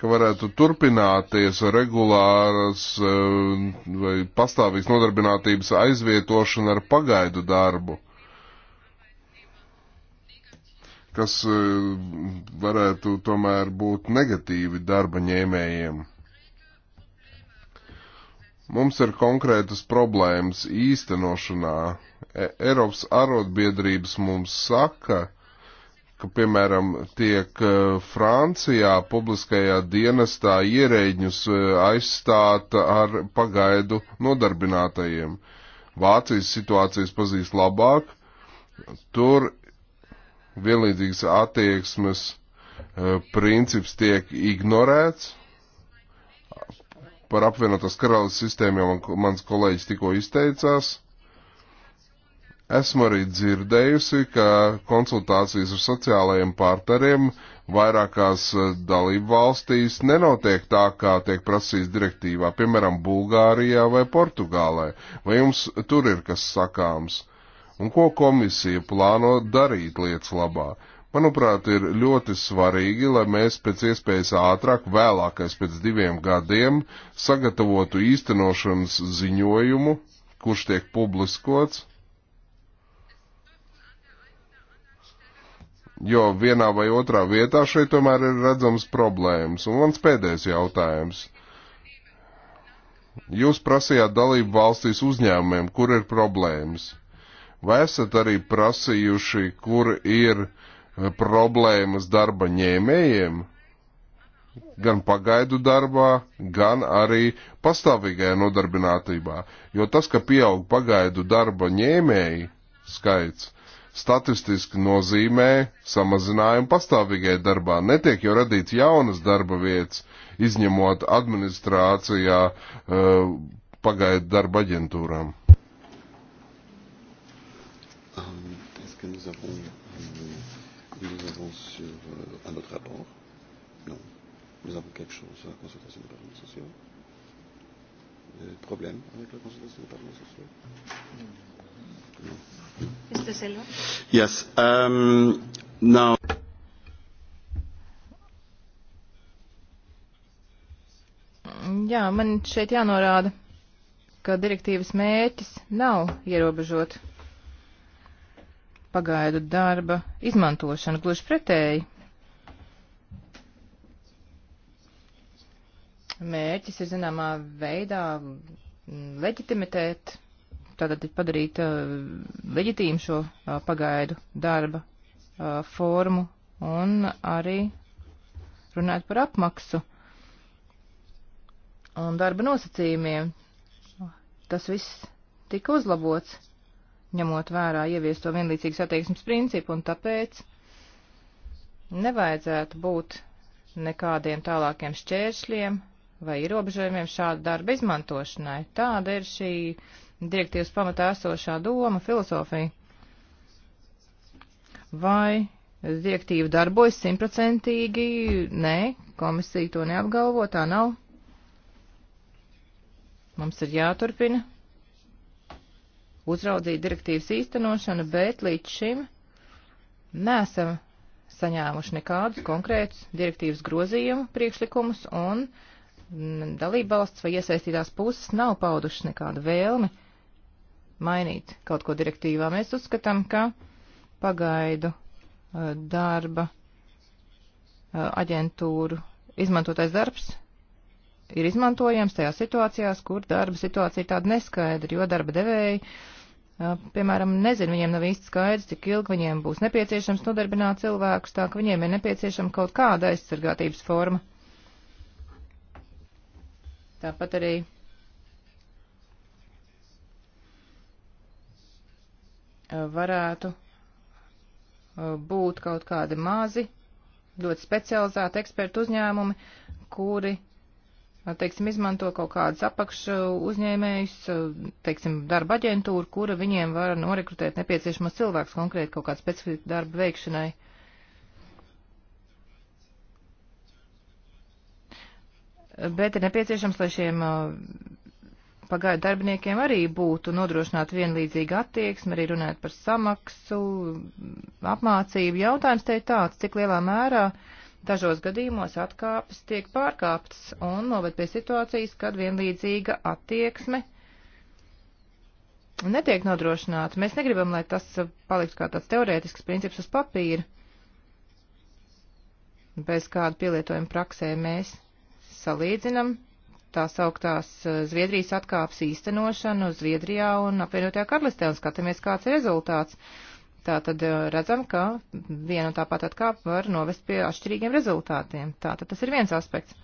ka varētu turpināties regulāras eh, vai pastāvīgas nodarbinātības aizvietošana ar pagaidu darbu? kas e, varētu tomēr būt negatīvi darba ņēmējiem. Mums ir konkrētas problēmas īstenošanā. E, Eiropas arotbiedrības mums saka, ka, piemēram, tiek e, Francijā publiskajā dienestā ierēģņus aizstāta ar pagaidu nodarbinātajiem. Vācijas situācijas pazīst labāk. Tur vienlīdzīgas attieksmes eh, princips tiek ignorēts. Par apvienotās karalists sistēmu jau man, mans kolēģis tikko izteicās. Esmu arī dzirdējusi, ka konsultācijas ar sociālajiem partneriem vairākās eh, dalību valstīs nenotiek tā, kā tiek prasīts direktīvā, piemēram, Bulgārijā vai Portugālē. Vai jums tur ir kas sakāms? Uh, Un ko komisija plāno darīt lietas labā? Manuprāt, ir ļoti svarīgi, lai mēs pēc iespējas ātrāk, vēlākais pēc diviem gadiem, sagatavotu īstenošanas ziņojumu, kurš tiek publiskots. Jo vienā vai otrā vietā šeit tomēr ir redzams problēmas. Un mans pēdējais jautājums. Jūs prasījāt dalību valstīs uzņēmumiem, kur ir problēmas. Vai esat arī prasījuši, kur ir e, problēmas darba ņēmējiem? Gan pagaidu darbā, gan arī pastāvīgajā nodarbinātībā. Jo tas, ka pieaug pagaidu darba ņēmēji skaits, statistiski nozīmē samazinājumu pastāvīgajai darbā. Netiek jau radīts jaunas darba vietas, izņemot administrācijā uh, pagaidu darba aģentūrām. que nous avons, euh, nous avons sur, euh, à notre rapport Non. Nous avons quelque chose sur la consultation des partenaires sociaux. Euh, problème avec la consultation des partenaires sociaux Non. Mr. Seller? Yes. Um, now. Jā, man šeit jānorāda, ka direktīvas mērķis nav ierobežot pagaidu darba izmantošanu, gluži pretēji. Mērķis ir zināmā veidā leģitimitēt, tātad padarīt uh, leģitīmu šo uh, pagaidu darba uh, formu un arī runāt par apmaksu un darba nosacījumiem. Tas viss tika uzlabots ņemot vērā ieviesto vienlīdzīgas attieksmes principu, un tāpēc nevajadzētu būt nekādiem tālākiem šķēršļiem vai ierobežojumiem šāda darba izmantošanai. Tāda ir šī direktīvas pamatā esošā doma, filozofija. Vai direktīva darbojas simtprocentīgi? Nē, komisija to neapgalvo, tā nav. Mums ir jāturpina uzraudzīt direktīvas īstenošanu, bet līdz šim nesam saņēmuši nekādus konkrētus direktīvas grozījumu priekšlikumus, un dalībvalsts vai iesaistītās puses nav paudušas nekādu vēlmi mainīt kaut ko direktīvā. Mēs uzskatām, ka pagaidu darba aģentūru izmantotais darbs ir izmantojams tajās situācijās, kur darba situācija tāda neskaidra, jo darba devēji uh, piemēram, nezinu, viņiem nav īsti skaidrs, cik ilgi viņiem būs nepieciešams nodarbināt cilvēkus, tā ka viņiem ir nepieciešama kaut kāda aizsargātības forma. Tāpat arī varētu būt kaut kādi mazi, ļoti specializēti ekspertu uzņēmumi, kuri teiksim, izmanto kaut kādus apakš uh, uzņēmējus, uh, teiksim, darba aģentūru, kura viņiem var norekrutēt nepieciešamos cilvēkus konkrēti kaut kādu specifisku darbu veikšanai. Bet ir nepieciešams, lai šiem uh, pagaidu darbiniekiem arī būtu nodrošināta vienlīdzīga attieksme, arī runājot par samaksu, apmācību. Jautājums te ir tāds, cik lielā mērā uh, Dažos gadījumos atkāpes tiek pārkāptas un noved pie situācijas, kad vienlīdzīga attieksme netiek nodrošināta. Mēs negribam, lai tas paliktu kā tāds teorētisks princips uz papīra. Bez kāda pielietojuma praksē mēs salīdzinam tā sauktās eh, Zviedrijas atkāpes īstenošanu Zviedrijā un apvienotajā karalistē un skatāmies, kāds ir rezultāts. Tā tad eh, redzam, ka viena un tā pat atkāpa var novest pie atšķirīgiem rezultātiem. Tā tad tas ir viens aspekts.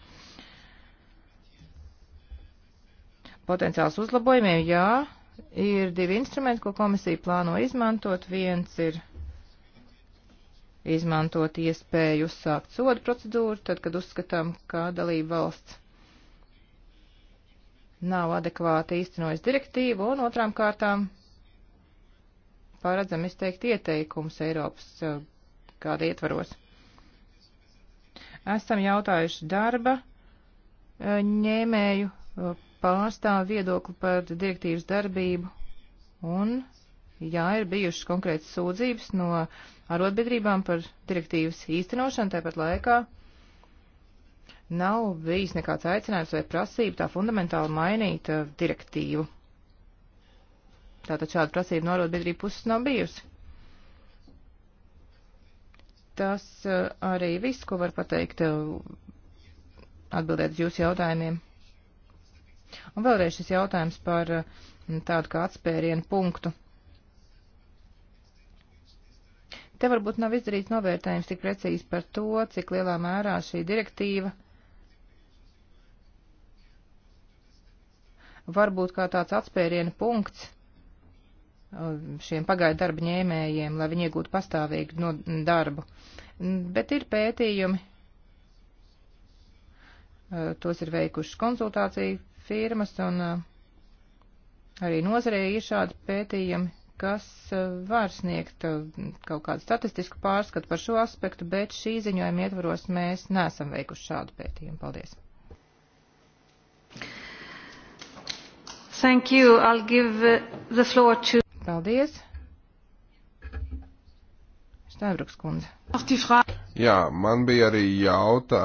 Potenciāls uzlabojumiem, jā, ir divi instrumenti, ko komisija plāno izmantot. Viens ir izmantot iespēju uzsākt sodu procedūru, tad, kad uzskatām, ka dalība valsts nav adekvāti īstenojis direktīvu, un otrām kārtām paredzam izteikt ieteikumus Eiropas eh, kāda ietvaros. Esam jautājuši darba eh, ņēmēju eh, pārstāvu viedokli par direktīvas darbību un, jā, ir bijušas konkrētas sūdzības no arotbiedrībām par direktīvas īstenošanu tāpat laikā nav bijis nekāds aicinājums vai prasība tā fundamentāli mainīt uh, direktīvu. Tātad šāda prasība no arotbiedrību puses nav bijusi. Tas eh, arī viss, ko var pateikt eh, atbildēt uz jūsu jautājumiem. Un vēlreiz šis jautājums par eh, tādu kā atspērienu punktu. Te varbūt nav izdarīts novērtējums tik precīzi par to, cik lielā mērā šī direktīva varbūt kā tāds atspēriena punkts šiem pagaidu darba ņēmējiem, lai viņi iegūtu pastāvīgu no darbu. Bet ir pētījumi, tos ir veikušas konsultāciju firmas un arī nozarē ir šādi pētījumi, kas var sniegt kaut kādu statistisku pārskatu par šo aspektu, bet šī ziņojuma ietvaros mēs neesam veikuši šādu pētījumu. Paldies! Thank you. I'll give the floor to Paldies. Štēbruks kundze. Jā, man bija arī jautā.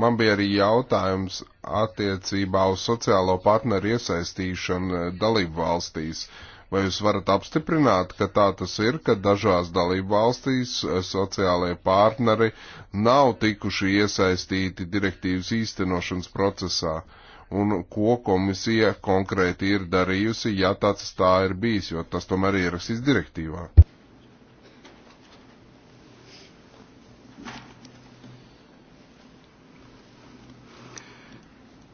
Man bija arī jautājums attiecībā uz sociālo partneru iesaistīšanu dalību valstīs. Vai jūs varat apstiprināt, ka tā tas ir, ka dažās dalību valstīs eh, sociālajie partneri nav tikuši iesaistīti direktīvas īstenošanas procesā? Uh, un ko komisija konkrēti ir darījusi, ja tāds tā ir bijis, jo tas tomēr ir ierakstīts direktīvā.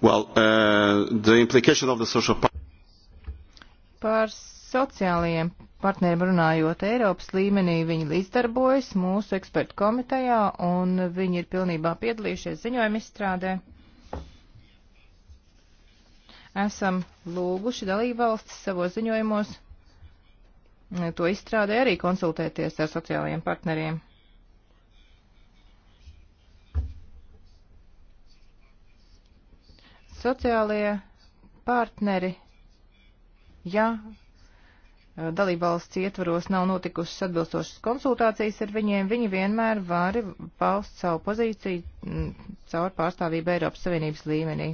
Well, uh, the implication of the social Par sociālajiem partneriem runājot Eiropas līmenī, viņi līdzdarbojas mūsu ekspertu komitejā un viņi ir pilnībā piedalījušies ziņojuma izstrādē esam lūguši dalībvalstis savos ziņojumos eh, to izstrādē arī konsultēties ar sociālajiem partneriem. Sociālie partneri, ja eh, dalībvalsts ietvaros nav notikušas atbilstošas konsultācijas ar viņiem, viņi vienmēr var paust savu pozīciju mm, caur pārstāvību Eiropas Savienības līmenī.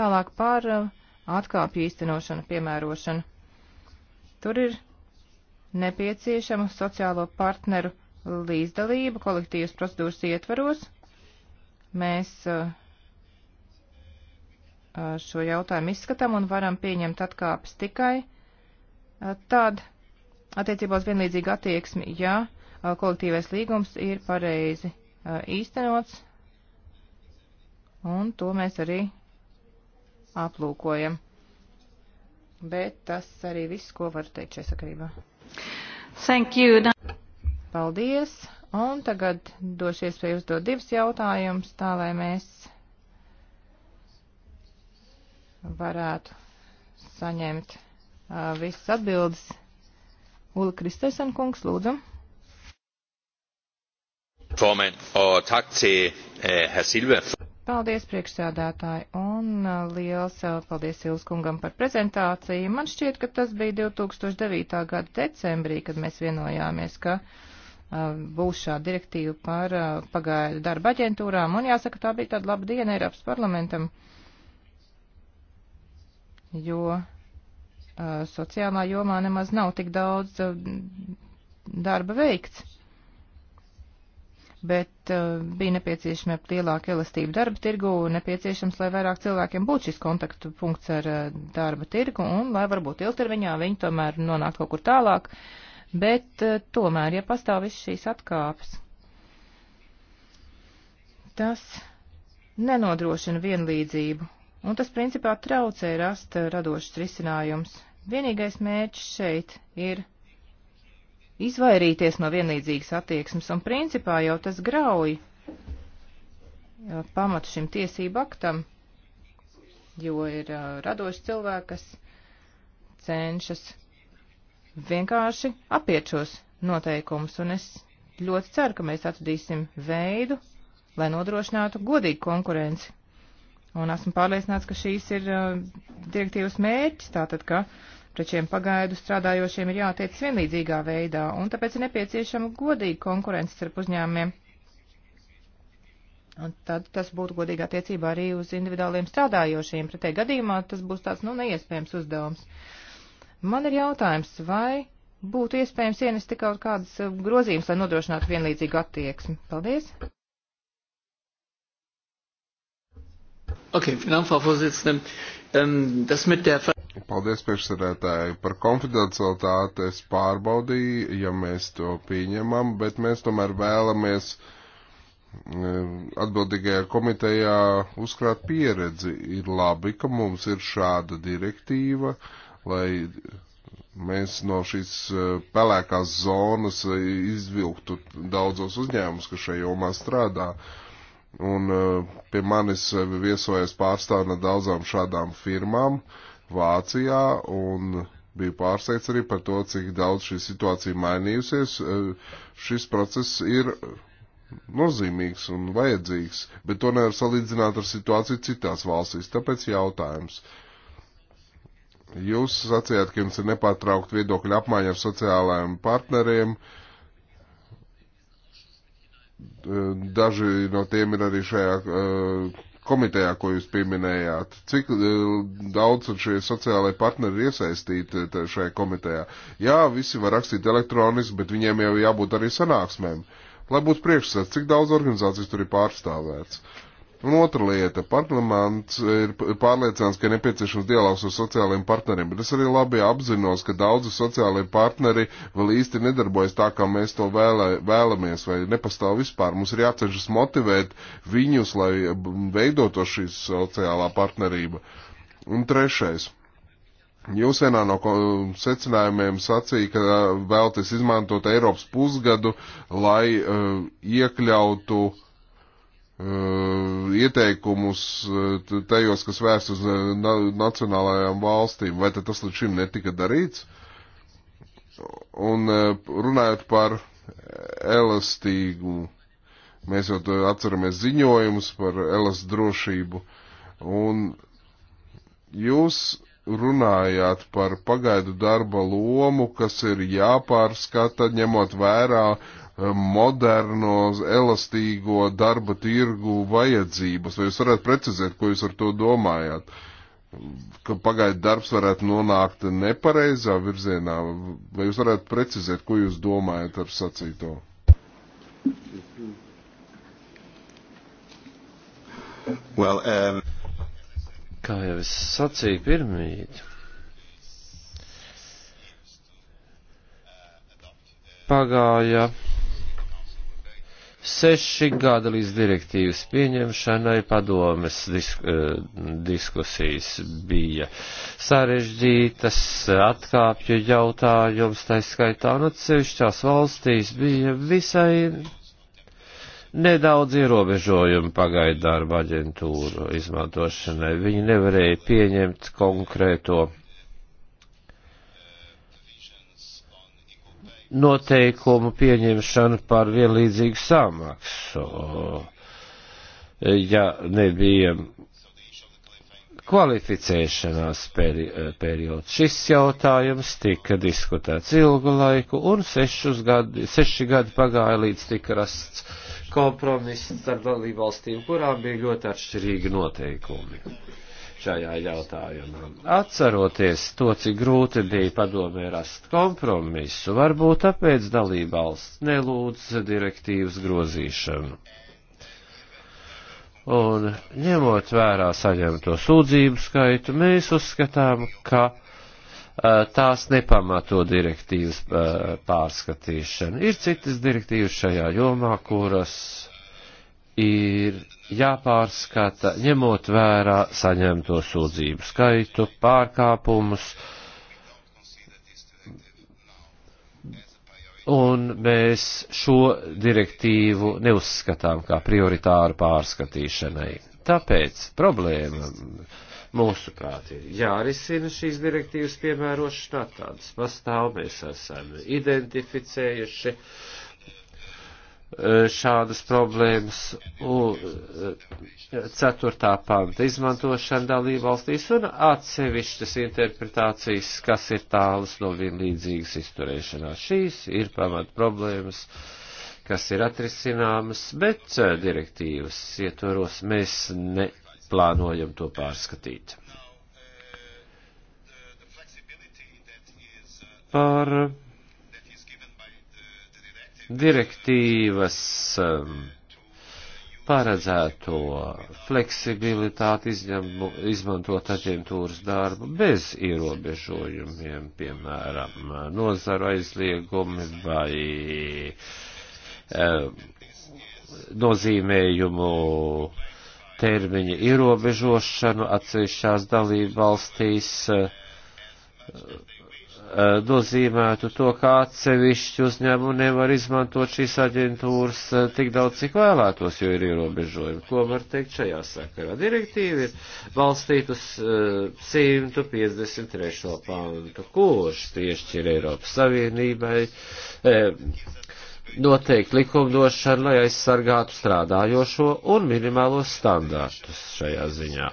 Tālāk par uh, atkāpju īstenošanu, piemērošanu. Tur ir nepieciešama sociālo partneru līdzdalība kolektīvas procedūras ietvaros. Mēs uh, uh, šo jautājumu izskatām un varam pieņemt atkāpes tikai uh, tad attiecībā uz vienlīdzīgu attieksmi, ja kolektīvais līgums ir pareizi īstenots. Un to mēs arī aplūkojam. Bet tas arī viss, ko varu teikt šajā sakarībā. Thank you. Paldies. Un tagad došu iespēju uzdot divus jautājumus, tā lai mēs varētu saņemt uh, visas atbildes. Ula Kristēsen kungs, lūdzu. Formand, og tak til uh, herr Silva. Paldies, priekšsēdētāji, un uh, liels uh, paldies Ilskungam par prezentāciju. Man šķiet, ka tas bija 2009. gada decembrī, kad mēs vienojāmies, ka uh, būs šā direktīva par uh, pagaidu darba aģentūrām, un jāsaka, tā bija tāda laba diena Eiropas parlamentam, jo uh, sociālā jomā nemaz nav tik daudz uh, darba veikts bet uh, bija nepieciešama lielāka elastība darba tirgu, nepieciešams, lai vairāk cilvēkiem būtu šis kontaktu punkts ar uh, darba tirgu un lai varbūt ilgtermiņā viņi tomēr nonāk kaut kur tālāk, bet uh, tomēr, ja pastāv viss šīs atkāpes, tas nenodrošina vienlīdzību un tas principā traucē rast radošs risinājums. Vienīgais mērķis šeit ir izvairīties no vienlīdzīgas attieksmes, un principā jau tas grauj uh, pamatu šim tiesību aktam, jo ir uh, radoši cilvēki, kas cenšas vienkārši apiet šos noteikumus, un es ļoti ceru, ka mēs atradīsim veidu, lai nodrošinātu godīgu konkurenci. Un esmu pārliecināts, ka šīs ir uh, direktīvas mērķis, tātad, ka uh, Pret šiem pagaidu strādājošiem ir jātiec vienlīdzīgā veidā, un tāpēc ir nepieciešama godīga konkurence starp uzņēmumiem. Un tad tas būtu godīgi attiecībā arī uz individuāliem strādājošiem. Pretējā gadījumā tas būs tāds, nu, neiespējams uzdevums. Man ir jautājums, vai būtu iespējams ienest kaut kādas uh, grozījumus, lai nodrošinātu vienlīdzīgu attieksmi? Paldies! Okay, Frau Vorsitzende, Tas um, mit der. Paldies, priekšsēdētāji, par konfidencialitāti es pārbaudīju, ja mēs to pieņemam, bet mēs tomēr vēlamies um, atbildīgajā komitejā uzkrāt pieredzi. Ir labi, ka mums ir šāda direktīva, lai mēs no šīs uh, pelēkās zonas izvilktu daudzos uzņēmumus, kas šajā jomā strādā. Uh, Un eh, pie manis eh, viesojas pārstāvi no daudzām šādām firmām Vācijā un biju pārsteigts arī par to, cik daudz šī situācija mainījusies. Eh, šis process ir nozīmīgs un vajadzīgs, bet to nevar salīdzināt ar situāciju citās valstīs. Tāpēc jautājums. Jūs sacījāt, ka jums ir nepārtraukt viedokļu apmaiņa ar sociālajiem partneriem. Uh, Eh, daži no tiem ir arī šajā eh, komitejā, ko jūs pieminējāt. Cik eh, daudz šie sociālai partneri ir iesaistīti šajā komitejā? Jā, visi var rakstīt elektroniski, bet viņiem jau jābūt arī sanāksmēm. Lai būtu priekšsats, cik daudz organizācijas tur ir pārstāvēts. Uh, Un otra lieta, parlaments ir pārliecināts, ka ir nepieciešams dialogs ar sociālajiem partneriem, bet es arī labi apzinos, ka daudzi sociālajie partneri vēl īsti nedarbojas tā, kā mēs to vēlē, vēlamies, vai nepastāv vispār. Mums ir jācežas motivēt viņus, lai veidoto šī sociālā partnerība. Un trešais. Jūs vienā no secinājumiem sacīja, ka vēlties izmantot Eiropas pusgadu, lai uh, iekļautu uh, Uh, ieteikumus uh, tajos, kas vērst uz uh, nacionālajām valstīm, vai tas līdz šim netika darīts? Un runājot par elastīgumu, mēs jau atceramies ziņojumus par elas drošību, un jūs runājāt par pagaidu darba lomu, kas ir jāpārskata, ņemot vērā uh, moderno, elastīgo darba tirgu vajadzības. Vai jūs varētu precizēt, ko jūs ar to domājāt? Ka pagaidu darbs varētu nonākt nepareizā virzienā, vai jūs varētu precizēt, ko jūs domājat ar sacīto? Well, um... Kā jau es sacīju pirmīt, pagāja seši gadi līdz direktīvas pieņemšanai padomes disk, eh, diskusijas bija sarežģītas, atkāpju jautājums, tā skaitā un atsevišķās valstīs bija visai nedaudz ierobežojumi pagaidu darba aģentūru izmantošanai. Viņi nevarēja pieņemt konkrēto noteikumu pieņemšanu par vienlīdzīgu samaksu, ja nebija kvalificēšanās peri periods. Šis jautājums tika diskutēts ilgu laiku, un gadi, seši gadi pagāja līdz tika rasts kompromiss starp dalībvalstīm, kurām bija ļoti atšķirīgi noteikumi šajā jautājumā. Atceroties to, cik grūti bija padomē rast kompromisu, varbūt tāpēc dalībvalsts nelūdz direktīvas grozīšanu. Un ņemot vērā saņemto sūdzību skaitu, mēs uzskatām, ka uh, tās nepamato direktīvas uh, pārskatīšana. Ir citas direktīvas šajā jomā, kuras ir jāpārskata, ņemot vērā saņemto sūdzību skaitu, pārkāpumus, un mēs šo direktīvu neuzskatām kā prioritāru pārskatīšanai. Tāpēc problēma mūsuprāt ir jārisina šīs direktīvas piemērošanā, tādas pastāv, mēs esam identificējuši. Uh, šādas problēmas ceturtā panta izmantošana dalībvalstīs un atsevišķas interpretācijas, kas ir tālas no vienlīdzīgas izturēšanās. Šīs ir pamat problēmas, kas ir atrisināmas, bet eh, direktīvas ietvaros mēs neplānojam to pārskatīt. Par direktīvas um, paredzēto fleksibilitāti izņemu, izmantot aģentūras darbu bez ierobežojumiem, piemēram, nozara aizliegumi vai um, nozīmējumu termiņa ierobežošanu atsevišķās dalību valstīs. Uh, Eh, nozīmētu to, ka atsevišķi uzņēmumi nevar izmantot šīs aģentūras eh, tik daudz, cik vēlētos, jo ir ierobežojumi. Ko var teikt šajā sakarā? Direktīva ir balstīta uz 153. Eh, pāntu, kurš piešķir Eiropas Savienībai noteikti likumdošanu, lai aizsargātu strādājošo un minimālos standārtus šajā ziņā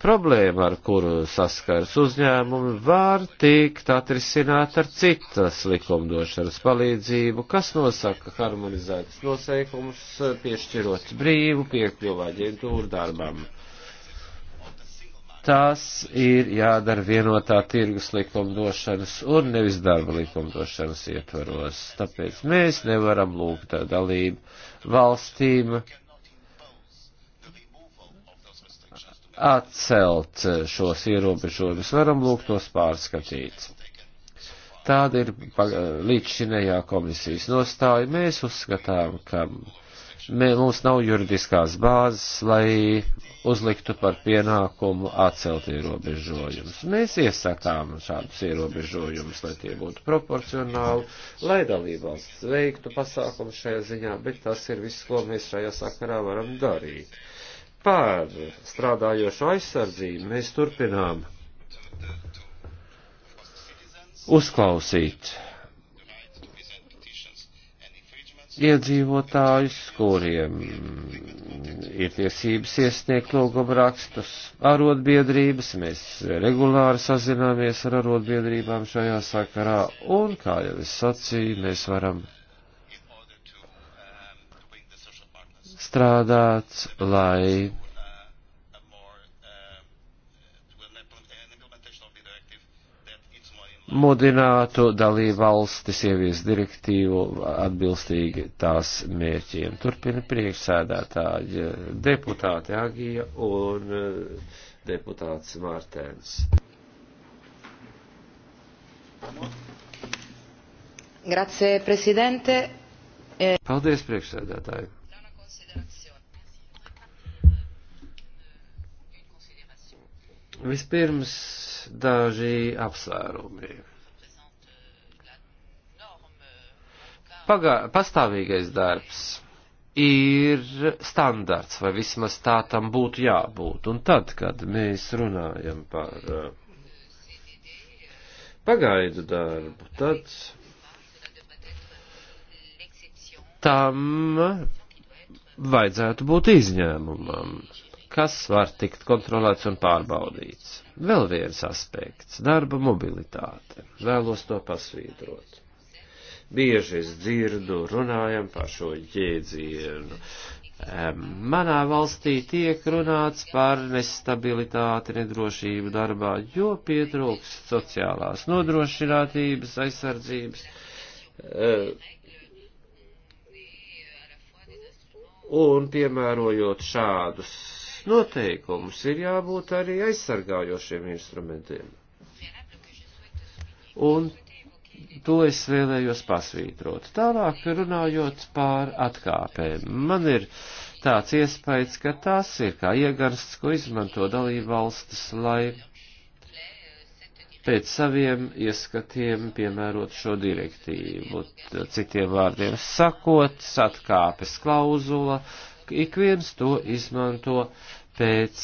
problēma, ar kuru saskars uzņēmumi, var tikt atrisināt ar citas likumdošanas palīdzību, kas nosaka harmonizētas noteikumus, piešķirot brīvu piekļuvu aģentūru darbam. Tās ir jādara vienotā tirgus likumdošanas un nevis darba likumdošanas ietvaros. Tāpēc mēs nevaram lūgt dalību valstīm atcelt eh, šos ierobežojumus, varam lūgt tos pārskatīt. Tāda ir eh, līdzšinējā komisijas nostāja. Mēs uzskatām, ka mē, mums nav juridiskās bāzes, lai uzliktu par pienākumu atcelt ierobežojumus. Mēs iesakām šādus ierobežojumus, lai tie būtu proporcionāli, lai dalībvalsts veiktu pasākumu šajā ziņā, bet tas ir viss, ko mēs šajā sakarā varam darīt. Par strādājošo aizsardzību mēs turpinām uzklausīt iedzīvotājus, kuriem ir tiesības iesniegt lūguma rakstus, arotbiedrības, mēs regulāri sazināmies ar arotbiedrībām šajā sakarā, un, kā jau es sacīju, mēs varam strādāt, lai mudinātu dalību valstis ievies direktīvu atbilstīgi tās mērķiem. Turpina priekšsēdētāji deputāti Agija un eh, deputāts Mārtēns. Grazie, prezidente. Eh, Paldies, priekšsēdētāji. Vispirms daži apsvērumi. Pagā, pastāvīgais darbs ir standarts, vai vismaz tā tam būtu jābūt. Un tad, kad mēs runājam par eh, pagaidu darbu, tad tam vajadzētu būt izņēmumam kas var tikt kontrolēts un pārbaudīts. Vēl viens aspekts - darba mobilitāte. Vēlos to pasvītrot. Bieži es dzirdu, runājam par šo jēdzienu. Manā valstī tiek runāts par nestabilitāti, nedrošību darbā, jo pietrūkst sociālās nodrošinātības, aizsardzības. Un piemērojot šādus noteikumus, ir jābūt arī aizsargājošiem instrumentiem. Un to es vēlējos pasvītrot. Tālāk runājot pār atkāpēm. Man ir tāds iespējas, ka tās ir kā iegarsts, ko izmanto dalību valstis, lai pēc saviem ieskatiem piemērot šo direktīvu. Citiem vārdiem sakot, atkāpes klauzula, ik viens to izmanto pēc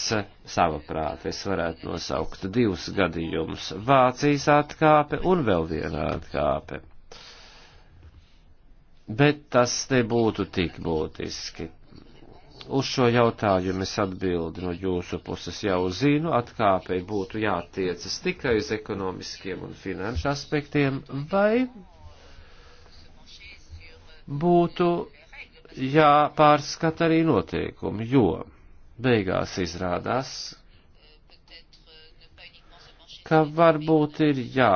sava prāta. Es varētu nosaukt divus gadījumus - Vācijas atkāpe un vēl viena atkāpe. Bet tas nebūtu tik būtiski. Uz šo jautājumu es atbildi no jūsu puses jau zinu, atkāpei būtu jātiecas tikai uz ekonomiskiem un finanšu aspektiem, vai būtu jāpārskata arī noteikumi, jo beigās izrādās, ka varbūt ir jā.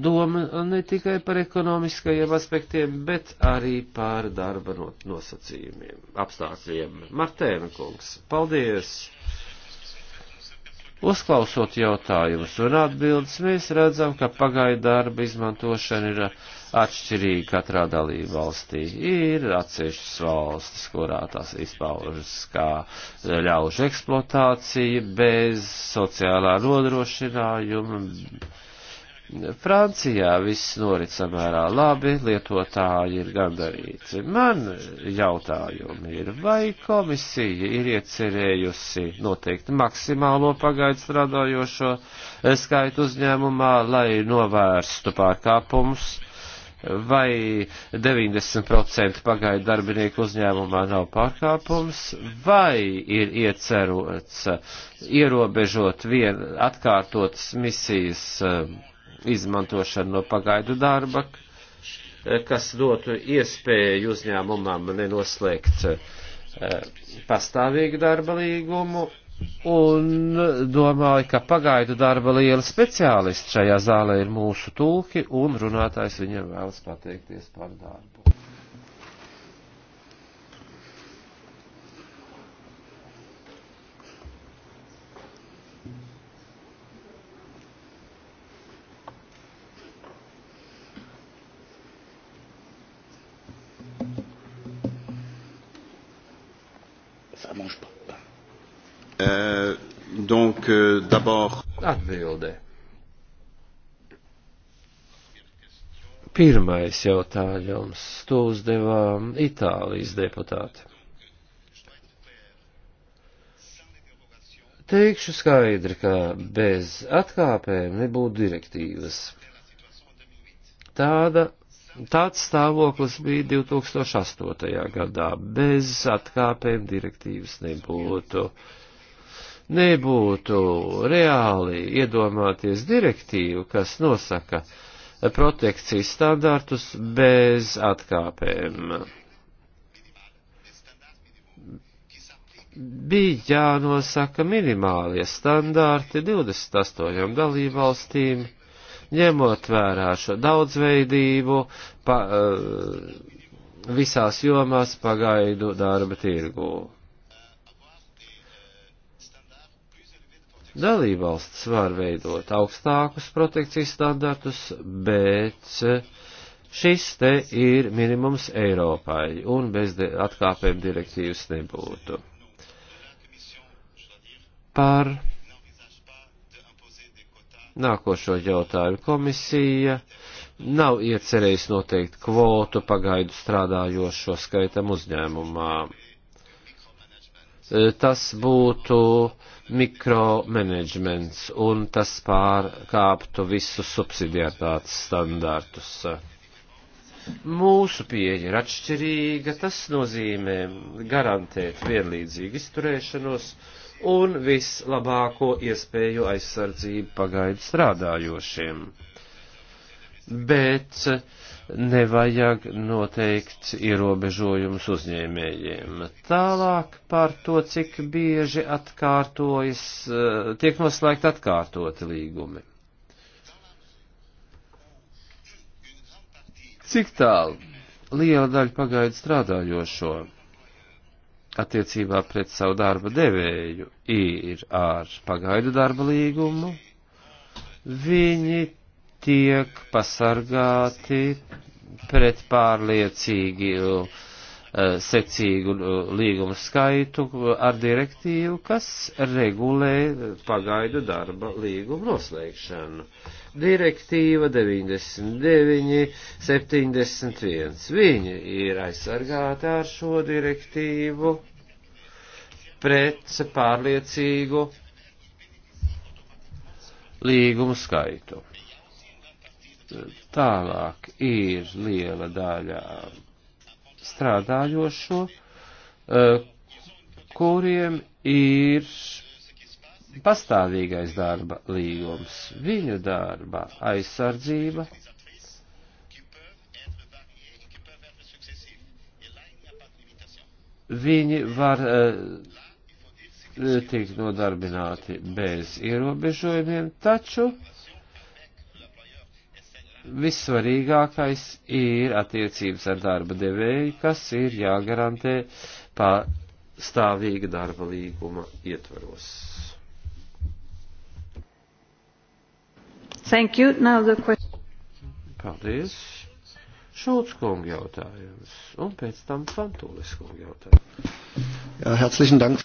Doma ne tikai par ekonomiskajiem aspektiem, bet arī par darba nosacījumiem, apstākļiem. Martēna kungs, paldies! Uzklausot jautājumus un atbildes, mēs redzam, ka pagaidu darba izmantošana ir atšķirīgi katrā dalība valstī. Ir atsevišķas valstis, kurā tas izpaužas kā ļaužu eksploatācija bez sociālā nodrošinājuma. Francijā viss norit samērā labi, lietotāji ir gandarīti. Man jautājumi ir, vai komisija ir iecerējusi noteikti maksimālo pagaidu strādājošo skaitu uzņēmumā, lai novērstu pārkāpumus? vai 90% pagaidu darbinieku uzņēmumā nav pārkāpums, vai ir iecerots ierobežot vien atkārtotas misijas eh, izmantošanu no pagaidu darba, kas dotu iespēju uzņēmumam nenoslēgt eh, pastāvīgu darba līgumu un domāju, ka pagaidu darba liela speciālista šajā zālē ir mūsu tulki, un runātājs viņiem vēlas pateikties par darbu. Ça mange pas. Uh, donc, uh, d'abord. Atbilde. Pirmais jautājums. To uzdevā Itālijas deputāti. Teikšu skaidri, ka bez atkāpēm nebūtu direktīvas. Tāda, tāds stāvoklis bija 2008. gadā. Bez atkāpēm direktīvas nebūtu. Jā nebūtu reāli iedomāties direktīvu, kas nosaka protekcijas standartus bez atkāpēm. Bija jānosaka minimālie standarti 28 dalībvalstīm, ņemot vērā šo daudzveidību pa, eh, visās jomās pagaidu darba tirgū Dalībvalsts var veidot augstākus protekcijas standartus, bet šis te ir minimums Eiropai, un bez atkāpēm direktīvas nebūtu. Par nākošo jautājumu komisija nav iecerējis noteikt kvotu pagaidu strādājošo skaitam uzņēmumā. Tas būtu uh, mikromanagements un tas pārkāptu visus subsidiatātes standārtus. Mūsu pieeja ir atšķirīga, tas nozīmē garantēt vienlīdzīgu izturēšanos un vislabāko iespēju aizsardzību pagaidu strādājošiem. Bet uh, nevajag noteikt ierobežojumus uzņēmējiem. Tālāk par to, cik bieži atkārtojas, eh, tiek noslēgt atkārtoti līgumi. Cik tālu liela daļa pagaidu strādājošo attiecībā pret savu darba devēju ir ar pagaidu darba līgumu, viņi tiek pasargāti pret pārliecīgi eh, secīgu eh, līgumu skaitu ar direktīvu, kas regulē eh, pagaidu darba līgumu noslēgšanu. Direktīva 99, 71. Viņi ir aizsargāti ar šo direktīvu pret pārliecīgu līgumu skaitu. Tālāk ir liela daļa strādājošo, eh, kuriem ir pastāvīgais darba līgums, viņu darba aizsardzība. Viņi var uh, tikt nodarbināti bez ierobežojumiem, taču uh, Vissvarīgākais ir attiecības ar darba devēju, kas ir jāgarantē pastāvīga darba līguma ietvaros. Thank you. Now the question. Paldies. Šulc kunga jautājums. Un pēc tam Fantulis kunga jautājums. Jā, herzlichen Dank.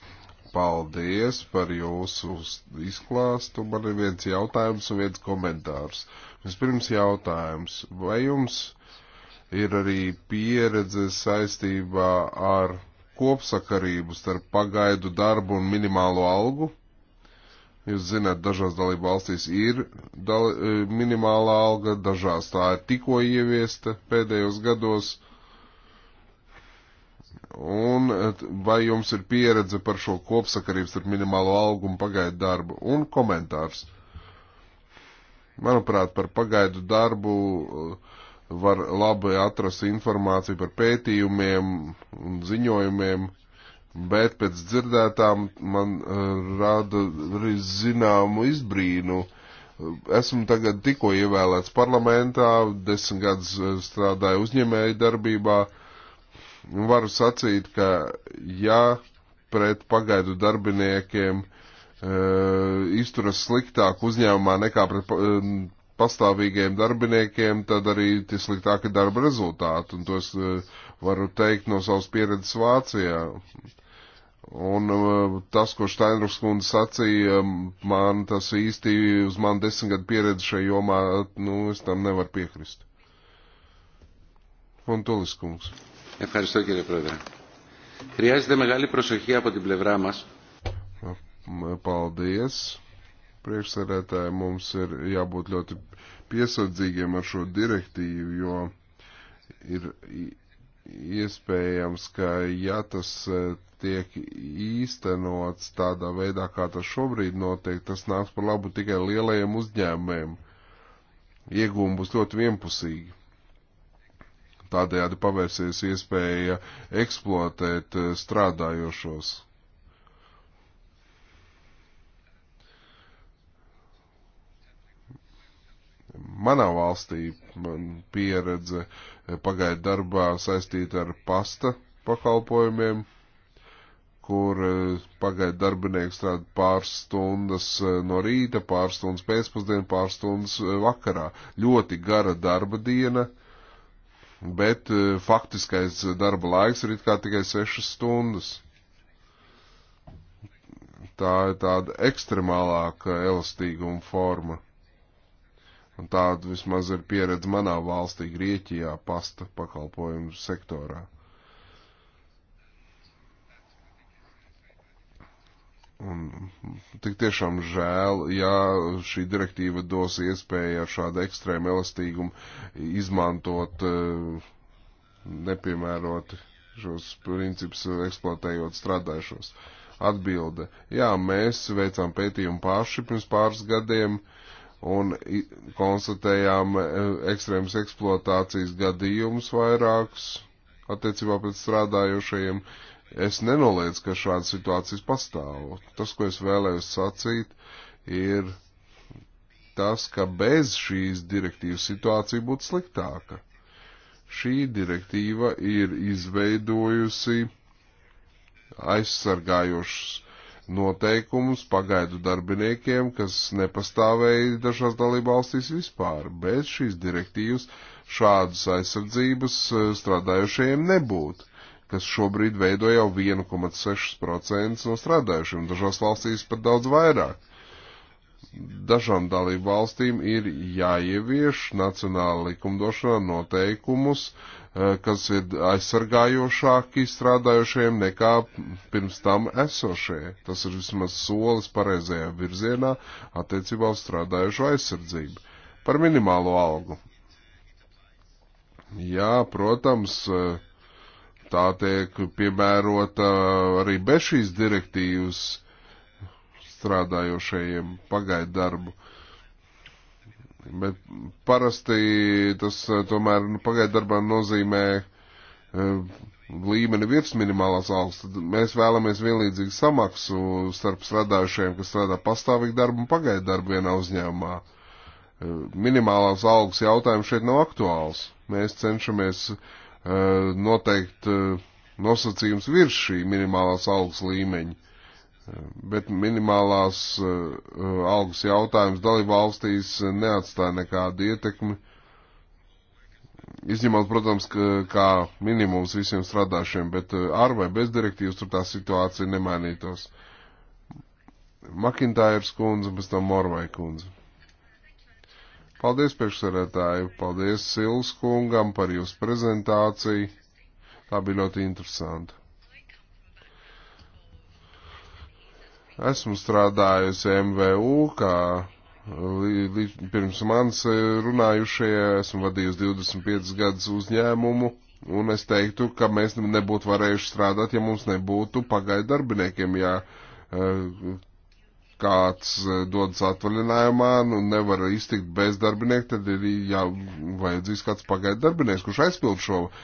Paldies par jūsu izklāstu. Man ir viens jautājums un viens komentārs. Vispirms jautājums. Vai jums ir arī pieredze saistībā ar kopsakarību starp pagaidu darbu un minimālo algu? Jūs zināt, dažās dalību valstīs ir dal eh, minimālā alga, dažās tā ir tikko ieviesta pēdējos gados. Un eh, vai jums ir pieredze par šo kopsakarību starp minimālo algu un pagaidu darbu? Un komentārs. Manuprāt, par pagaidu darbu eh, var labi atrast informāciju par pētījumiem un ziņojumiem, bet pēc dzirdētām man eh, rada arī zināmu izbrīnu. Esmu tagad tikko ievēlēts parlamentā, desmit gadus strādāju uzņēmēju darbībā Nu, varu sacīt, ka ja pret pagaidu darbiniekiem uh, izturas sliktāk uzņēmumā nekā pret uh, pastāvīgiem darbiniekiem, tad arī tie sliktāki darba rezultāti. Un to es uh, varu teikt no savas pieredzes Vācijā. Un tas, ko Steinruks kundze sacīja, man tas īsti uz man desmit gadu pieredzi šajā jomā, nu, es tam nevaru piekrist. Fontulis kungs. Ευχαριστώ κύριε Πρόεδρε. Χρειάζεται μεγάλη προσοχή από την πλευρά μας. Paldies. Priekšsēdētāji mums ir jābūt ļoti piesardzīgiem ar šo direktīvu, jo ir iespējams, ka ja tas e, tiek īstenots tādā veidā, kā tas šobrīd notiek, tas nāks par labu tikai lielajiem uzņēmējiem. Iegūmi būs ļoti vienpusīgi. Tādējādi pavērsies iespēja eksploatēt eh, strādājošos. Manā valstī man pieredze eh, pagaidu darbā saistīta ar pasta pakalpojumiem, kur eh, pagaidu darbinieks strādā pāris stundas no rīta, pāris stundas pēcpusdienā, pāris stundas vakarā. Ļoti gara darba diena. Uh, bet e, faktiskais darba laiks ir it kā tikai 6 stundas. Tā ir tāda ekstremālāka elastīguma forma. Un tāda vismaz ir pieredze manā valstī, Grieķijā, pasta pakalpojumu sektorā. Un tik tiešām žēl, ja šī direktīva dos iespēju ar šādu ekstrēmu elastīgumu izmantot eh, nepiemēroti šos principus eksploatējot strādājušos. Atbilde. Jā, mēs veicām pētījumu paši pirms pāris gadiem un konstatējām eh, ekstrēmas eksploatācijas gadījumus vairākus attiecībā pret strādājušajiem. Uh, Es nenoliedzu, ka šādas situācijas pastāv. Tas, ko es vēlējos sacīt, ir tas, ka bez šīs direktīvas situācija būtu sliktāka. Šī direktīva ir izveidojusi aizsargājošas noteikumus pagaidu darbiniekiem, kas nepastāvēja dažās dalībvalstīs vispār. Bez šīs direktīvas šādas aizsardzības eh, strādājušajiem nebūtu kas šobrīd veido jau 1,6% no strādājušiem, dažās valstīs pat daudz vairāk. Dažām dalību valstīm ir jāievieš nacionāla likumdošanā noteikumus, eh, kas ir aizsargājošāki strādājošiem nekā pirms tam esošie. Tas ir vismaz solis pareizajā virzienā attiecībā uz strādājošo aizsardzību. Par minimālo algu. Jā, protams, uh, tā tiek piemērota arī bez šīs direktīvas strādājošajiem pagaidu darbu. Bet parasti tas eh, tomēr nu, pagaidu darbā nozīmē uh, līmeni virs minimālās algas. Tad mēs vēlamies vienlīdzīgu samaksu starp strādājušajiem, kas strādā pastāvīgi darbu un pagaidu darbu vienā uzņēmumā. Uh, minimālās algas jautājums šeit nav aktuāls. Mēs cenšamies uh, Eh, noteikt eh, nosacījums virs šī minimālās algas līmeņa. Eh, bet minimālās algas jautājums dalību valstīs neatstāja nekādu ietekmi. Izņemot, protams, ka, kā minimums visiem strādāšiem, bet ar vai bez direktīvas tur tā situācija nemainītos. Makintājas kundze, pēc tam Morvai kundze. Paldies, priekšsarētāji, paldies Sils kungam par jūsu prezentāciju. Tā bija ļoti interesanta. Esmu strādājusi MVU, kā pirms manis runājušie, esmu vadījusi 25 gadus uzņēmumu, un es teiktu, ka mēs nebūtu varējuši strādāt, ja mums nebūtu pagaidu darbiniekiem, ja eh, kāds e, dodas atvaļinājumā un nu, nevar iztikt bez darbinieka, tad ir jāvajadzīs kāds pagaidu darbinieks, kurš aizpild šo uh,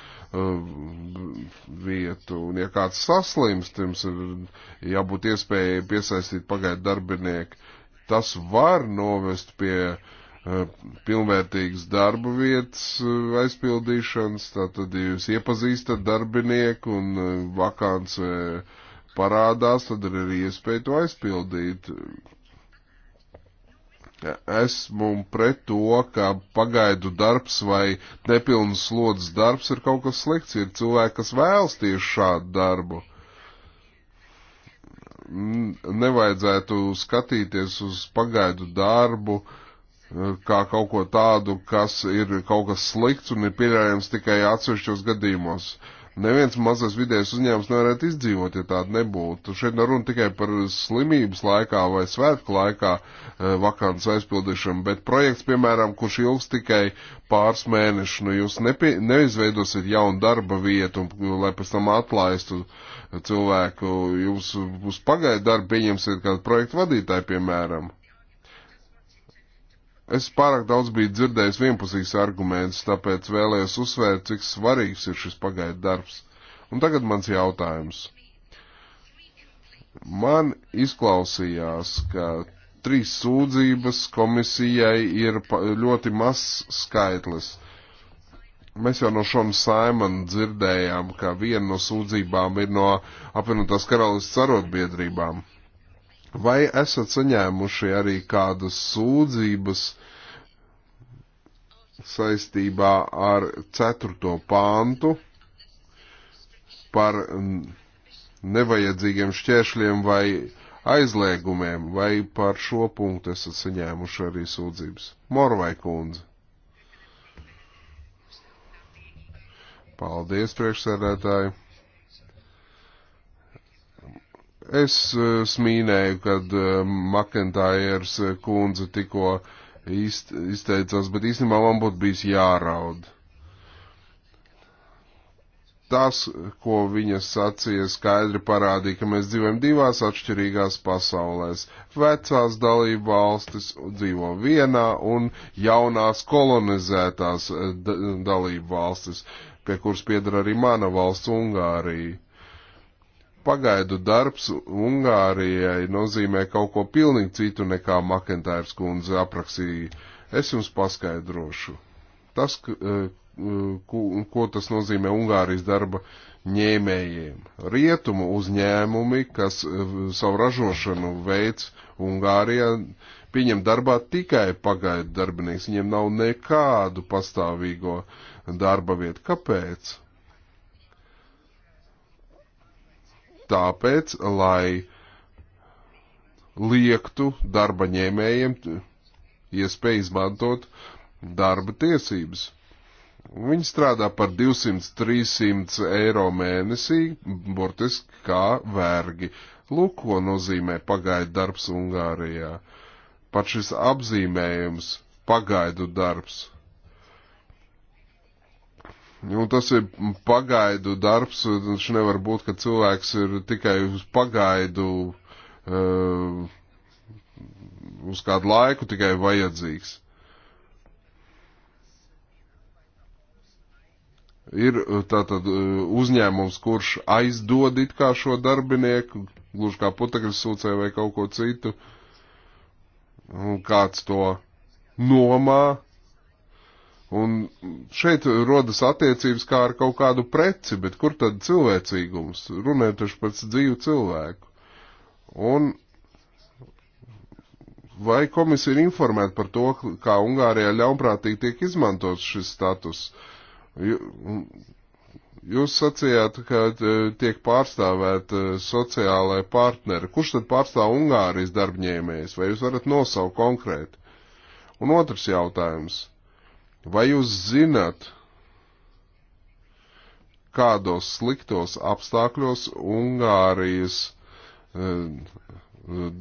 vietu. Un ja kāds saslimst, jums ir jābūt iespējai piesaistīt pagaidu darbinieku. Tas var novest pie uh, pilnvērtīgas darba vietas uh, aizpildīšanas, tātad jūs iepazīstat darbinieku un vakāns uh, parādās, tad ir arī iespēja to aizpildīt. Esmu pret to, ka pagaidu darbs vai nepilnas slodzes darbs ir kaut kas slikts. Ir cilvēki, kas vēlas tieši šādu darbu. Nevajadzētu skatīties uz pagaidu darbu eh, kā kaut ko tādu, kas ir kaut kas slikts un ir pieļaujams tikai atsevišķos gadījumos. Uh, Neviens mazais vidējais uzņēmums nevarētu izdzīvot, ja tāda nebūtu. Šeit nav runa tikai par slimības laikā vai svētku laikā eh, vakants aizpildīšanu, bet projekts, piemēram, kurš ilgs tikai pāris mēnešus, nu jūs nepie, neizveidosiet jaunu darba vietu, lai pēc tam atlaistu cilvēku, jūs uz pagaidu darbu pieņemsiet kādu projektu vadītāju, piemēram. Es pārāk daudz biju dzirdējis vienpusīgs arguments, tāpēc vēlējos uzsvērt, cik svarīgs ir šis pagaidu darbs. Un tagad mans jautājums. Man izklausījās, ka trīs sūdzības komisijai ir ļoti mazs skaitlis. Mēs jau no Šona Saimana dzirdējām, ka viena no sūdzībām ir no apvienotās karalists arotbiedrībām Vai esat saņēmuši arī kādas sūdzības saistībā ar 4. pāntu par nevajadzīgiem šķēršļiem vai aizliegumiem, vai par šo punktu esat saņēmuši arī sūdzības? Morvai kundze. Paldies, priekšsēdētāji! Es eh, smīnēju, kad eh, Makentājers eh, kundze tikko izt, izteicās, bet īstenībā man būtu bijis jāraud. Tas, ko viņa sacīja, skaidri parādīja, ka mēs dzīvojam divās atšķirīgās pasaulēs. Vecās dalība valstis dzīvo vienā un jaunās kolonizētās dalība valstis, pie kuras piedara arī mana valsts Ungārija pagaidu darbs Ungārijai nozīmē kaut ko pilnīgi citu nekā Makentārs kundze aprakstīja. Es jums paskaidrošu. Tas, ko, e, e, ko tas nozīmē Ungārijas darba ņēmējiem. Rietumu uzņēmumi, kas e, savu ražošanu veids Ungārijā, pieņem darbā tikai pagaidu darbinieks. Viņiem nav nekādu pastāvīgo darba vietu. Kāpēc? tāpēc, lai liektu darba ņēmējiem iespēju izmantot darba tiesības. Viņi strādā par 200-300 eiro mēnesī, burtiski kā vergi. Lūk, ko nozīmē pagaidu darbs Ungārijā. Pat šis apzīmējums pagaidu darbs Un tas ir pagaidu darbs, taču nevar būt, ka cilvēks ir tikai uz pagaidu, uh, uz kādu laiku tikai vajadzīgs. Ir eh, tātad eh, uzņēmums, kurš aizdod it kā šo darbinieku, gluži kā putekļu sūcēju vai kaut ko citu, un kāds to nomā, Un šeit rodas attiecības kā ar kaut kādu preci, bet kur tad cilvēcīgums? Runājot taču par dzīvu cilvēku. Un vai komisija ir informēta par to, kā Ungārijā ļaunprātīgi tiek izmantots šis status? Jūs sacījāt, ka e, tiek pārstāvēta e, sociālai partneri. Kurš tad pārstāv Ungārijas darbņēmējs? Vai jūs varat nosaukt konkrēti? Un otrs jautājums Vai jūs zinat, kādos sliktos apstākļos Ungārijas eh,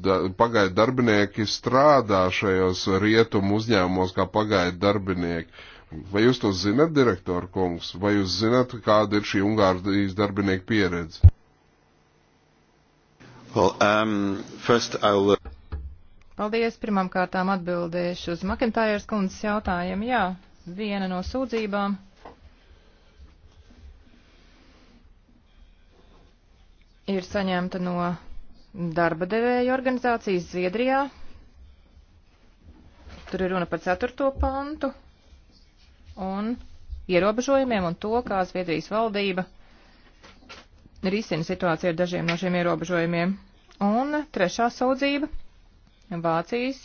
da, pagaidu darbinieki strādā šajos rietumu uzņēmumos kā pagaidu darbinieki? Vai jūs to zinat, direktor kungs? Vai jūs zinat, kāda ir šī Ungārijas darbinieku pieredze? Well, um, first I'll... Uh, Paldies, pirmām kārtām atbildēšu uz Makintājas kundzes jautājumu. Jā, Viena no sūdzībām ir saņemta no darba devēja organizācijas Zviedrijā. Tur ir runa par ceturto pantu un ierobežojumiem un to, kā Zviedrijas valdība risina situāciju ar dažiem no šiem ierobežojumiem. Un trešā sūdzība Vācijas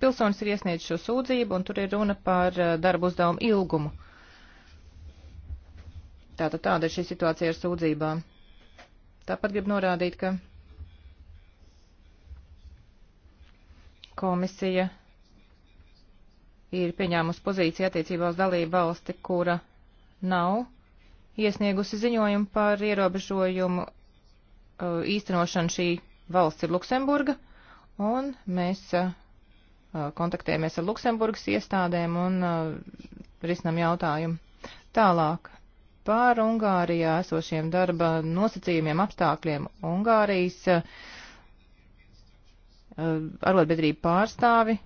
pilsonis ir iesniedzis šo sūdzību, un tur ir runa par darbu uzdevumu ilgumu. Tātad tāda ir šī situācija ar sūdzībām. Tāpat grib norādīt, ka komisija ir pieņēmusi pozīciju attiecībā uz dalību valsti, kura nav iesniegusi ziņojumu par ierobežojumu īstenošanu šī valsts ir Luksemburga. Uh, un mēs kontaktējamies ar Luksemburgas iestādēm un risinam jautājumu. Tālāk par Ungārijā esošiem darba nosacījumiem, apstākļiem Ungārijas arotbiedrību pārstāvi.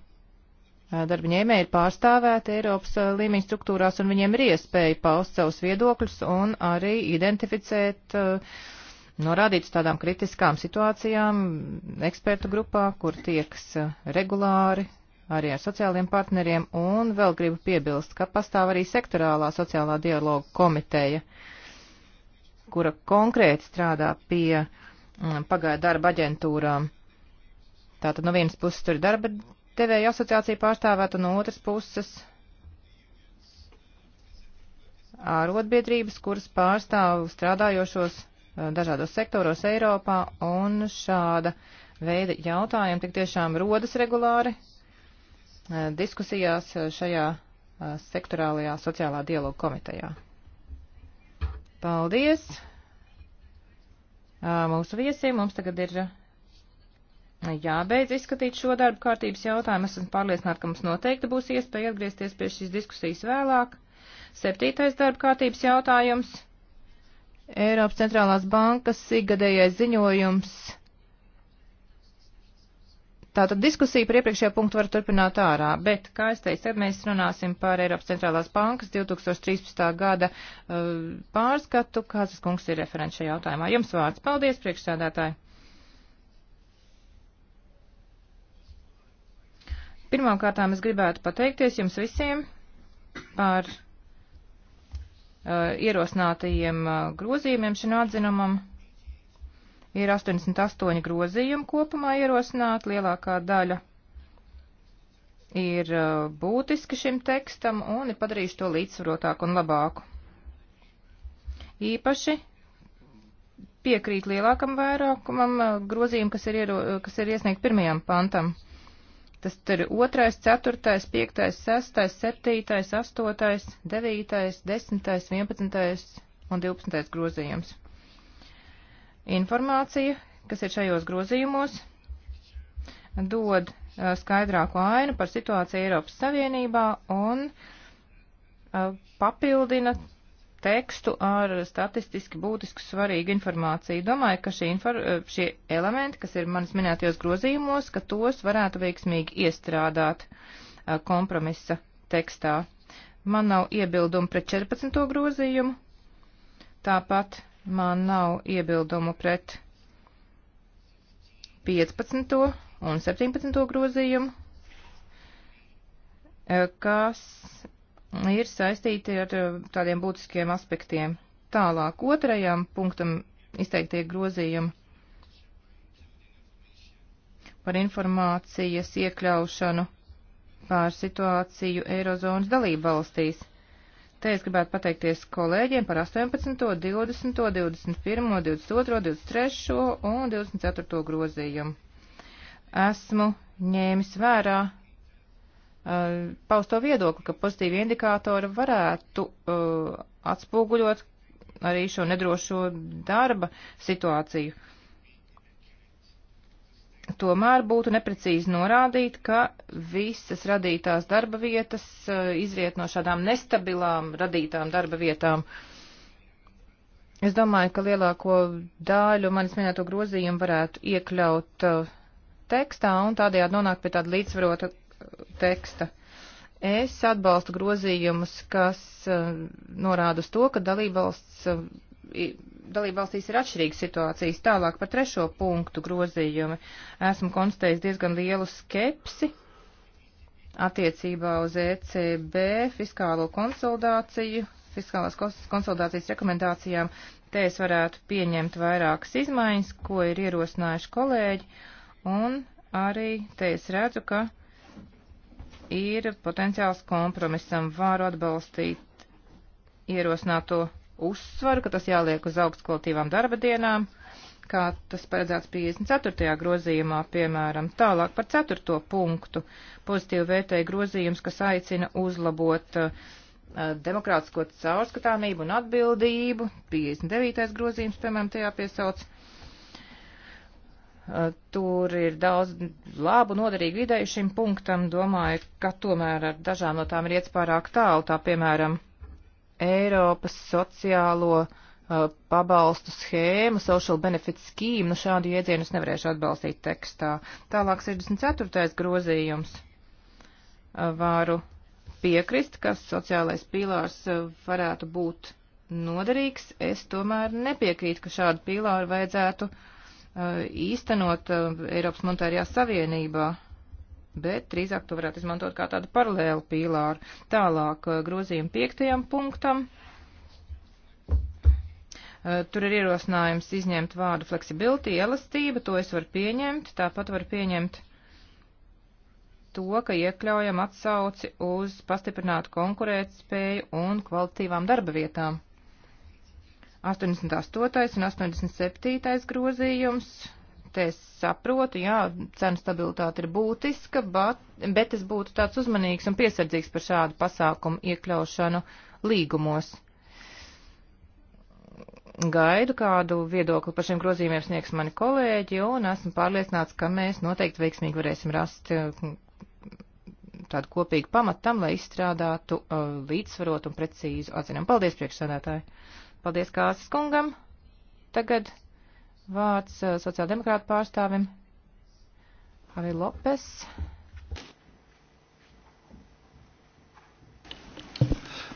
Darba ņēmēji ir pārstāvēti Eiropas līmeņa struktūrās, un viņiem ir iespēja paust savus viedokļus un arī identificēt uh, norādīts tādām kritiskām situācijām ekspertu grupā, kur tieks eh, regulāri arī ar sociāliem partneriem, un vēl gribu piebilst, ka pastāv arī sektorālā sociālā dialoga komiteja, kura konkrēti strādā pie mm, pagaidu darba aģentūrām. Tātad no vienas puses tur ir darba devēja asociācija pārstāvēta, no otras puses ārotbiedrības, kuras pārstāv strādājošos Eh, dažādos sektoros Eiropā, un šāda veida jautājumi tik tiešām rodas regulāri eh, diskusijās eh, šajā sektorālajā sociālā dialoga komitejā. Paldies! Mūsu viesiem mums tagad ir jābeidz izskatīt šo darbu kārtības jautājumu. Esmu pārliecināta, ka mums noteikti būs iespēja atgriezties pie šīs diskusijas vēlāk. Septītais darba kārtības jautājums. Eiropas centrālās bankas ikgadējais ziņojums. Tātad diskusija par iepriekšējo punktu var turpināt ārā, bet, kā es teicu, tad mēs runāsim par Eiropas centrālās bankas 2013. gada uh, pārskatu. Kāds kungs ir referents šajā jautājumā? Jums vārds. Paldies, priekšsēdētāji. Pirmkārtām es gribētu pateikties jums visiem par Eh, ierosinātajiem eh, grozījumiem šim atzinumam. Ir 88 grozījumi kopumā ierosināti, lielākā daļa ir eh, būtiski šim tekstam un ir padarījuši to līdzsvarotāku un labāku. Īpaši piekrīt lielākam vairākumam grozījumu, kas ir, iero, kas ir iesniegt pirmajam pantam. Uh, Tas tur ir 2, 4, 5, 6, 7, 8, 9, 10, 11 un 12 grozījums. Informācija, kas ir šajos grozījumos, dod skaidrāku ainu par situāciju Eiropas Savienībā un papildina tekstu ar statistiski būtisku svarīgu informāciju. Domāju, ka šie, infor, šie elementi, kas ir manis minētajos grozījumos, ka tos varētu veiksmīgi iestrādāt kompromisa tekstā. Man nav iebildumu pret 14. grozījumu, tāpat man nav iebildumu pret 15. un 17. grozījumu, kas ir saistīti ar eh, tādiem būtiskiem aspektiem. Tālāk otrajam punktam izteiktie grozījumi par informācijas iekļaušanu pār situāciju Eirozonas dalību valstīs. Te es gribētu pateikties kolēģiem par 18., 20., 21., 22., 23. un 24. grozījumu. Esmu ņēmis vērā Eh, pausto viedokli, ka pozitīvi indikātori varētu uh, atspoguļot arī šo nedrošo darba situāciju. Tomēr būtu neprecīzi norādīt, ka visas radītās darba vietas uh, izriet no šādām nestabilām radītām darba vietām. Es domāju, ka lielāko daļu manis minēto grozījumu varētu iekļaut uh, tekstā un tādējādi nonākt pie tāda līdzsvarota teksta. Es atbalstu grozījumus, kas eh, norāda uz to, ka dalībvalsts, eh, dalībvalstīs ir atšķirīgas situācijas. Tālāk par trešo punktu grozījumu esmu konstatējis diezgan lielu skepsi attiecībā uz ECB fiskālo konsolidāciju, fiskālās konsolidācijas rekomendācijām. Te es varētu pieņemt vairākas izmaiņas, ko ir ierosinājuši kolēģi, un arī te es redzu, ka ir potenciāls kompromisam. Varu atbalstīt ierosināto uzsvaru, ka tas jāliek uz augstkvalitīvām darba dienām, kā tas paredzēts 54. grozījumā, piemēram, tālāk par 4. punktu. Pozitīvi vērtēja grozījums, kas aicina uzlabot uh, demokrātisko caurskatāmību un atbildību. 59. grozījums, piemēram, tajā piesauc. Uh, Eh, tur ir daudz labu, noderīgu ideju šim punktam. Domāju, ka tomēr ar dažām no tām ir iets pārāk tālu. Tā piemēram, Eiropas sociālo uh, pabalstu schēmu, social benefit scheme, nu šādu iedzienu es nevarēšu atbalstīt tekstā. Tālāk 64. grozījums. Uh, varu piekrist, ka sociālais pīlārs uh, varētu būt noderīgs. Es tomēr nepiekrītu, ka šādu pīlāru vajadzētu uh, Eh, īstenot eh, Eiropas monetārajā savienībā, bet drīzāk to varētu izmantot kā tādu paralēlu pīlāru. Tālāk eh, grozījumu piektajam punktam. Tur ir ierosinājums izņemt vārdu flexibility, elastība, to es varu pieņemt, tāpat varu pieņemt to, ka iekļaujam atsauci uz pastiprinātu konkurētspēju un kvalitīvām darba vietām. 88. un 87. grozījums. Te es saprotu, jā, cenu stabilitāte ir būtiska, bet, bet es būtu tāds uzmanīgs un piesardzīgs par šādu pasākumu iekļaušanu līgumos. Gaidu kādu viedokli par šiem grozījumiem sniegs mani kolēģi, un esmu pārliecināts, ka mēs noteikti veiksmīgi varēsim rast eh, tādu kopīgu pamatu tam, lai izstrādātu uh, eh, līdzsvarotu un precīzu atzinumu. Paldies, priekšsēdētāji! Paldies Kāsas kungam. Tagad vārds sociāldemokrāta pārstāvim Javi Lopes.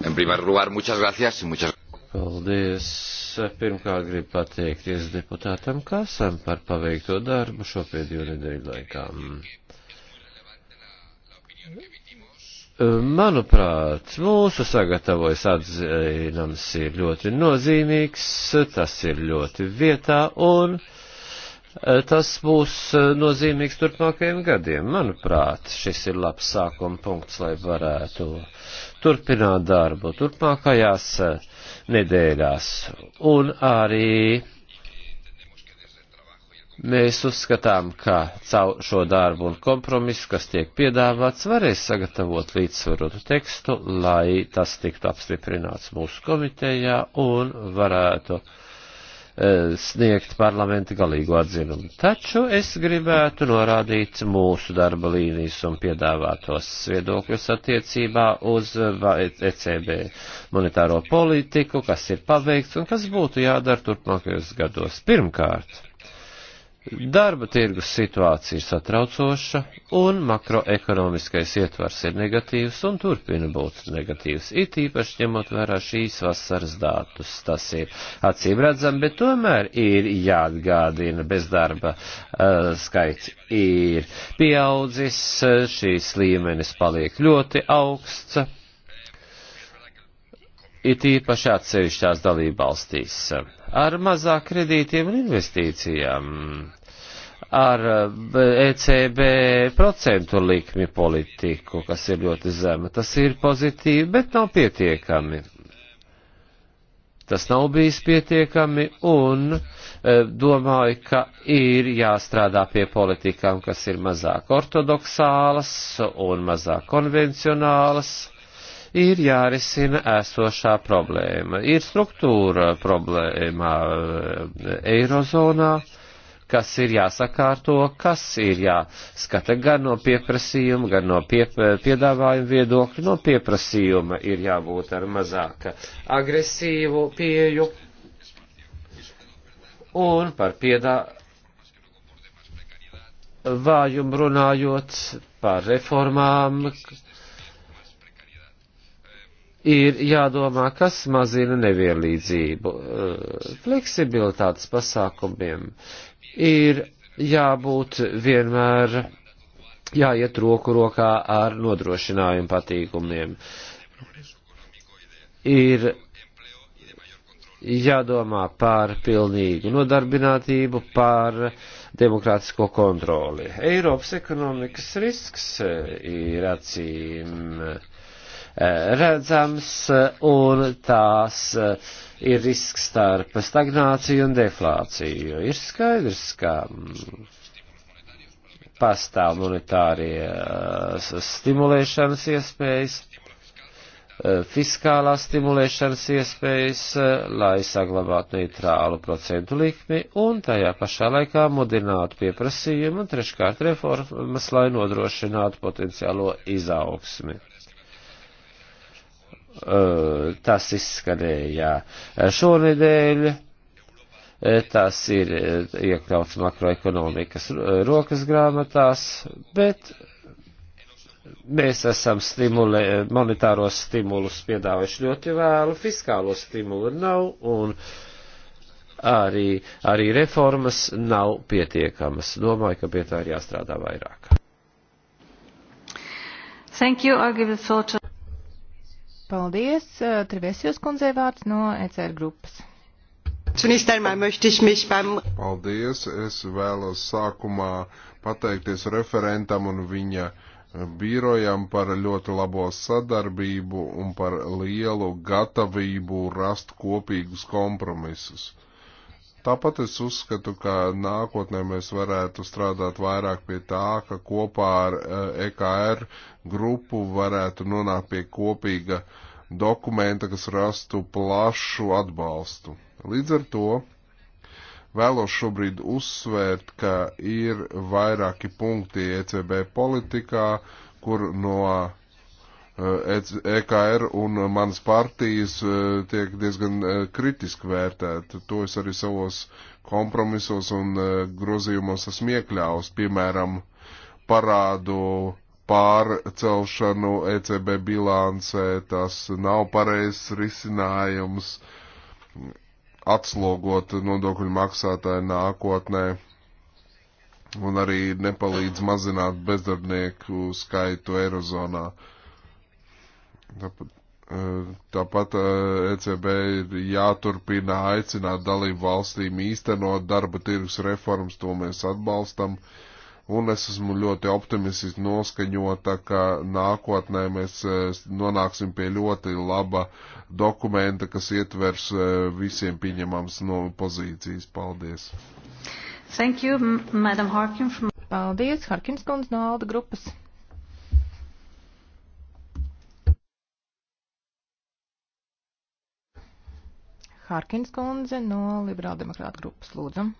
En primer lugar, muchas gracias y muchas Paldies. Pirmkārt gribu pateikties deputātam Kāsam par paveikto darbu šo pēdējo nedēļu laikā. Manuprāt, mūsu sagatavojas atzinums ir ļoti nozīmīgs, tas ir ļoti vietā un e, tas būs nozīmīgs turpmākajiem gadiem. Manuprāt, šis ir labs sākuma punkts, lai varētu turpināt darbu turpmākajās e, nedēļās un arī Mēs uzskatām, ka caur šo darbu un kompromisu, kas tiek piedāvāts, varēs sagatavot līdzsvarotu tekstu, lai tas tiktu apstiprināts mūsu komitejā un varētu e, sniegt parlamenta galīgo atzinumu. Taču es gribētu norādīt mūsu darba līnijas un piedāvātos viedokļus attiecībā uz ECB monetāro politiku, kas ir paveikts un kas būtu jādara turpmākajos gados. Pirmkārt, Darba tirgus situācija ir satraucoša, un makroekonomiskais ietvars ir negatīvs un turpina būt negatīvs, it īpaši ņemot vērā šīs vasaras datus. Tas ir acīm redzam, bet tomēr ir jāatgādina bezdarba uh, skaits ir pieaudzis, šīs līmenis paliek ļoti augsts, it īpaši atsevišķās dalībvalstīs. Uh, ar mazāk kredītiem un investīcijām, ar ECB eh, e procentu likmi politiku, kas ir ļoti zema. Tas ir pozitīvi, bet nav pietiekami. Tas nav bijis pietiekami un eh, domāju, ka ir jāstrādā pie politikām, kas ir mazāk ortodoksālas un mazāk konvencionālas ir jārisina esošā problēma. Ir struktūra problēma e, Eirozonā kas ir jāsakārto, kas ir jāskata gan no pieprasījuma, gan no pie, piedāvājuma viedokļa. No pieprasījuma ir jābūt ar mazāk agresīvu pieju un par piedāvājumu runājot par reformām, ir jādomā, kas mazina nevienlīdzību. Eh, fleksibilitātes pasākumiem ir jābūt vienmēr jāiet roku rokā ar nodrošinājumu patīkumiem. Ir jādomā par pilnīgu nodarbinātību, par demokrātisko kontroli. Eiropas ekonomikas risks eh, ir acīm uh, redzams un tās eh, ir risks starp stagnāciju un deflāciju. Ir skaidrs, ka mm, pastāv monetārie eh, stimulēšanas iespējas, eh, fiskālā stimulēšanas iespējas, lai saglabātu neitrālu procentu likmi un tajā pašā laikā mudinātu pieprasījumu un treškārt reformas, lai nodrošinātu potenciālo izaugsmi. Eh, tas izskanēja šonedēļ, eh, tas ir eh, iekļauts makroekonomikas rokas grāmatās, bet mēs esam stimulē, monetāros stimulus piedāvājuši ļoti vēlu, fiskālo stimulu nav un arī, arī reformas nav pietiekamas. Domāju, ka pie tā ir jāstrādā vairāk. Thank you. I'll give the floor to Paldies. Eh, Trevesijos kundzei vārds no ECR grupas. Zunächst einmal möchte ich mich beim. Paldies. Es vēlos sākumā pateikties referentam un viņa eh, birojam par ļoti labo sadarbību un par lielu gatavību rast kopīgus kompromisus. Tāpat es uzskatu, ka nākotnē mēs varētu strādāt vairāk pie tā, ka kopā ar EKR eh, e grupu varētu nonākt pie kopīga dokumenta, kas rastu plašu atbalstu. Līdz ar to vēlos šobrīd uzsvērt, ka ir vairāki punkti ECB politikā, kur no EKR e un manas partijas e, tiek diezgan e, kritiski vērtēta. To es arī savos kompromisos un grozījumos esmu iekļāvis, piemēram, parādu pārcelšanu ECB bilancē, tas nav pareizs risinājums atslogot nodokļu maksātāju nākotnē un arī nepalīdz mazināt bezdarbnieku skaitu Eirozonā. Uh, Tāpat, e, tāpat ECB e ir jāturpina aicināt dalību valstīm īstenot darba tirgus reformas, to mēs atbalstam. Un es esmu ļoti optimistiski noskaņota, ka nākotnē mēs e, nonāksim pie ļoti laba dokumenta, kas ietvers visiem pieņemams no pozīcijas. Paldies! Thank you, Madam Harkin. From... Paldies, Harkins kundze no Alda grupas. Harkins kundze no Liberāldemokrāta grupas lūdzam.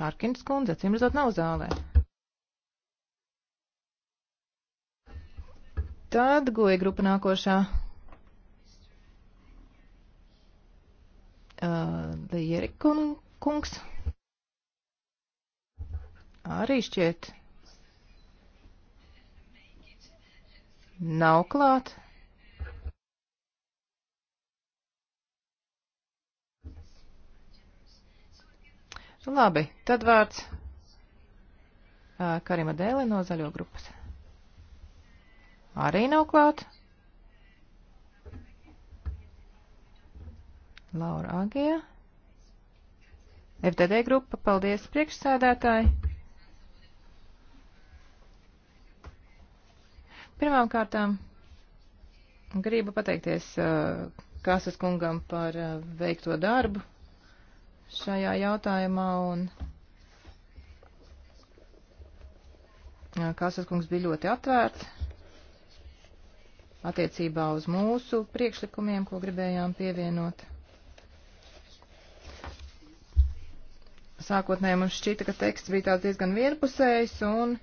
Harkins kundze, cimrzot nav zālē. Tad goja grupa nākošā. Uh, Lierik kun, kungs. Arī šķiet. Nav klāt. Labi, tad vārds Karima Dēlē no zaļo grupas. Arī nav klāt. Laura Agija. FDD grupa, paldies priekšsēdētāji. Pirmām kārtām gribu pateikties uh, Kāsas kungam par uh, veikto darbu šajā jautājumā, un Kāsas kungs bija ļoti atvērts attiecībā uz mūsu priekšlikumiem, ko gribējām pievienot. Sākotnēji mums šķita, ka teksts bija tāds diezgan vienpusējs un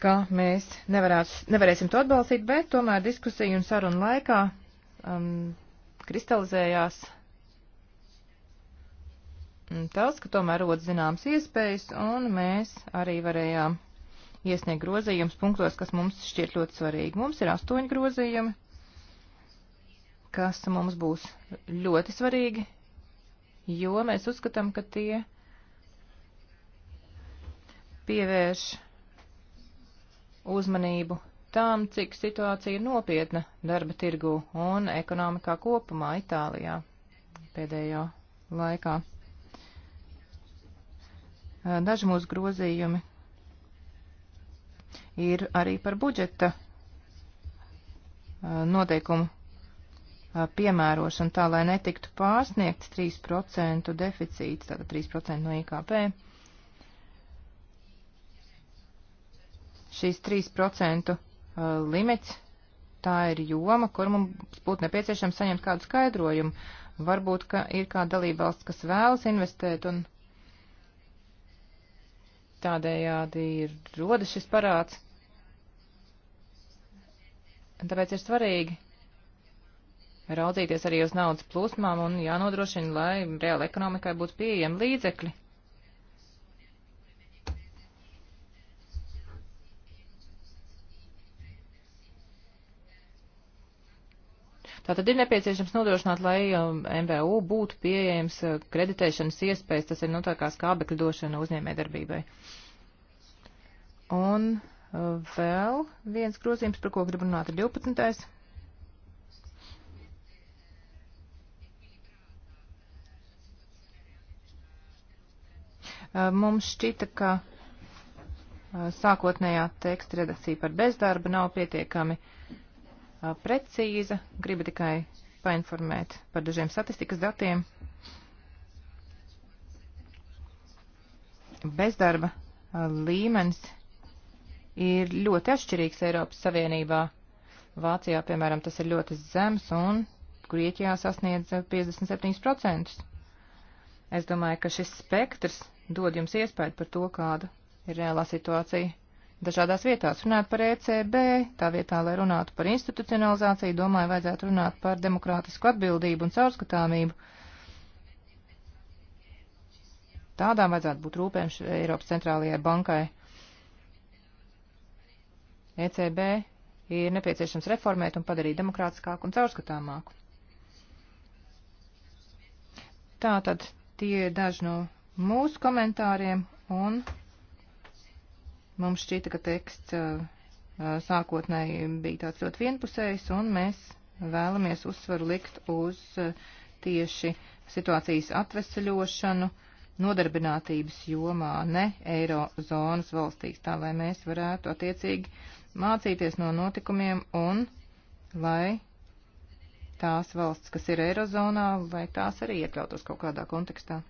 ka mēs nevarās, nevarēsim to atbalstīt, bet tomēr diskusiju un sarunu laikā um, kristalizējās tas, ka tomēr rod zināms iespējas, un mēs arī varējām iesniegt grozījumus punktos, kas mums šķiet ļoti svarīgi. Mums ir astoņi grozījumi, kas mums būs ļoti svarīgi, jo mēs uzskatām, ka tie pievērš uzmanību tām, cik situācija ir nopietna darba tirgu un ekonomikā kopumā Itālijā pēdējo laikā. Eh, daži mūsu grozījumi ir arī par budžeta eh, noteikumu eh, piemērošanu tā, lai netiktu pārsniegts 3% deficīts, tātad 3% no IKP. Šīs 3% limits, tā ir joma, kur mums būtu nepieciešams saņemt kādu skaidrojumu. Varbūt, ka ir kāda dalībvalsts, kas vēlas investēt un tādējādi ir rodas šis parāds. Un tāpēc ir svarīgi raudzīties arī uz naudas plūsmām un jānodrošina, lai reāla ekonomikai būtu pieejami līdzekļi. Tātad ir nepieciešams nodrošināt, lai MVU um, būtu pieejams uh, kreditēšanas iespējas, tas ir nu tā kā skābekļa došana uzņēmē darbībai. Un uh, vēl viens grozījums, par ko gribu runāt, ir 12. Uh, mums šķita, ka sākotnējā teksta redakcija par bezdarbu nav pietiekami uh, precīza. Gribu tikai painformēt par dažiem statistikas datiem. Bezdarba līmenis ir ļoti atšķirīgs Eiropas Savienībā. Vācijā, piemēram, tas ir ļoti zems un Grieķijā sasniedz 57%. Es domāju, ka šis spektrs dod jums iespēju par to, kāda ir reālā situācija dažādās vietās. Runājot par ECB, tā vietā, lai runātu par institucionalizāciju, domāju, vajadzētu runāt par demokrātisku atbildību un caurskatāmību. Tādām vajadzētu būt rūpēm Eiropas centrālajai bankai. ECB ir nepieciešams reformēt un padarīt demokrātiskāku un caurskatāmāku. Tātad tie ir daži no mūsu komentāriem un Mums šķita, ka teksts sākotnēji bija tāds ļoti vienpusējs, un mēs vēlamies uzsvaru likt uz tieši situācijas atveseļošanu nodarbinātības jomā, ne eirozonas valstīs, tā lai mēs varētu attiecīgi mācīties no notikumiem un lai tās valsts, kas ir eirozonā, lai tās arī iekļautos kaut kādā kontekstā.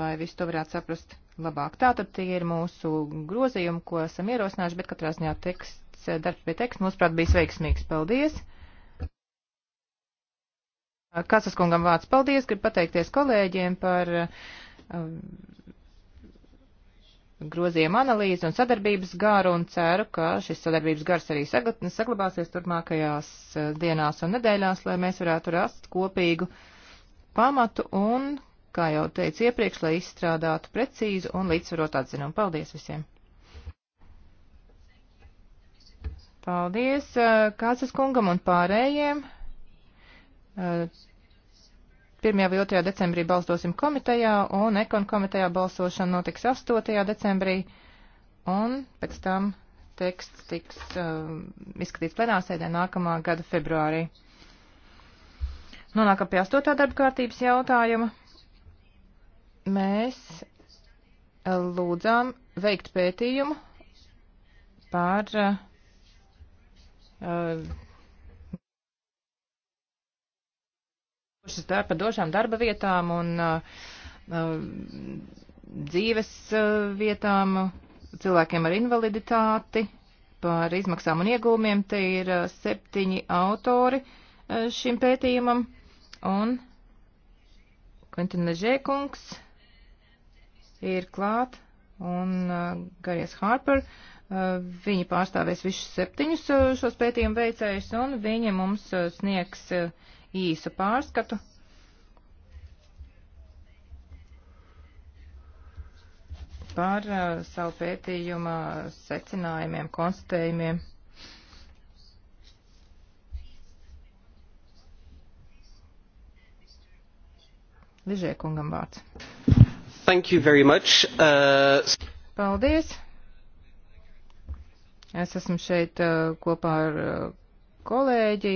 Lai visu to varētu saprast labāk. Tātad tie ir mūsu grozījumi, ko esam ierosinājuši, bet katrā ziņā teksts, darbs pie teksta, mūsuprāt, bijis veiksmīgs. Paldies! Kāds kungam vārds paldies, gribu pateikties kolēģiem par um, grozījumu analīzi un sadarbības garu un ceru, ka šis sadarbības gars arī saglabāsies turpmākajās uh, dienās un nedēļās, lai mēs varētu rast kopīgu pamatu un kā jau teicu iepriekš, lai izstrādātu precīzu un līdzsvarot atzinumu. Paldies visiem! Paldies eh, Kācas kungam un pārējiem. 1. Eh, vai 2. decembrī balsosim komitejā un ekon komitejā balsošana notiks 8. decembrī un pēc tam teksts tiks uh, izskatīts plenārsēdē nākamā gada februārī. Nonākam pie 8. darba kārtības jautājuma mēs eh, lūdzām veikt pētījumu par eh, eh, došas darba, došām darba vietām un uh, dzīves vietām cilvēkiem ar invaliditāti, par izmaksām un iegūmiem. Te ir septiņi autori šim pētījumam un Quentin Ležēkungs ir klāt un uh, Garies Harper. Uh, viņi pārstāvēs visus septiņus uh, šos pētījumu veicējus, un viņi mums uh, sniegs uh, īsu pārskatu. par uh, savu pētījuma secinājumiem, konstatējumiem. Ližē kungam vārds. Thank you very much. Uh... Paldies. Es esmu šeit uh, kopā ar uh, kolēģi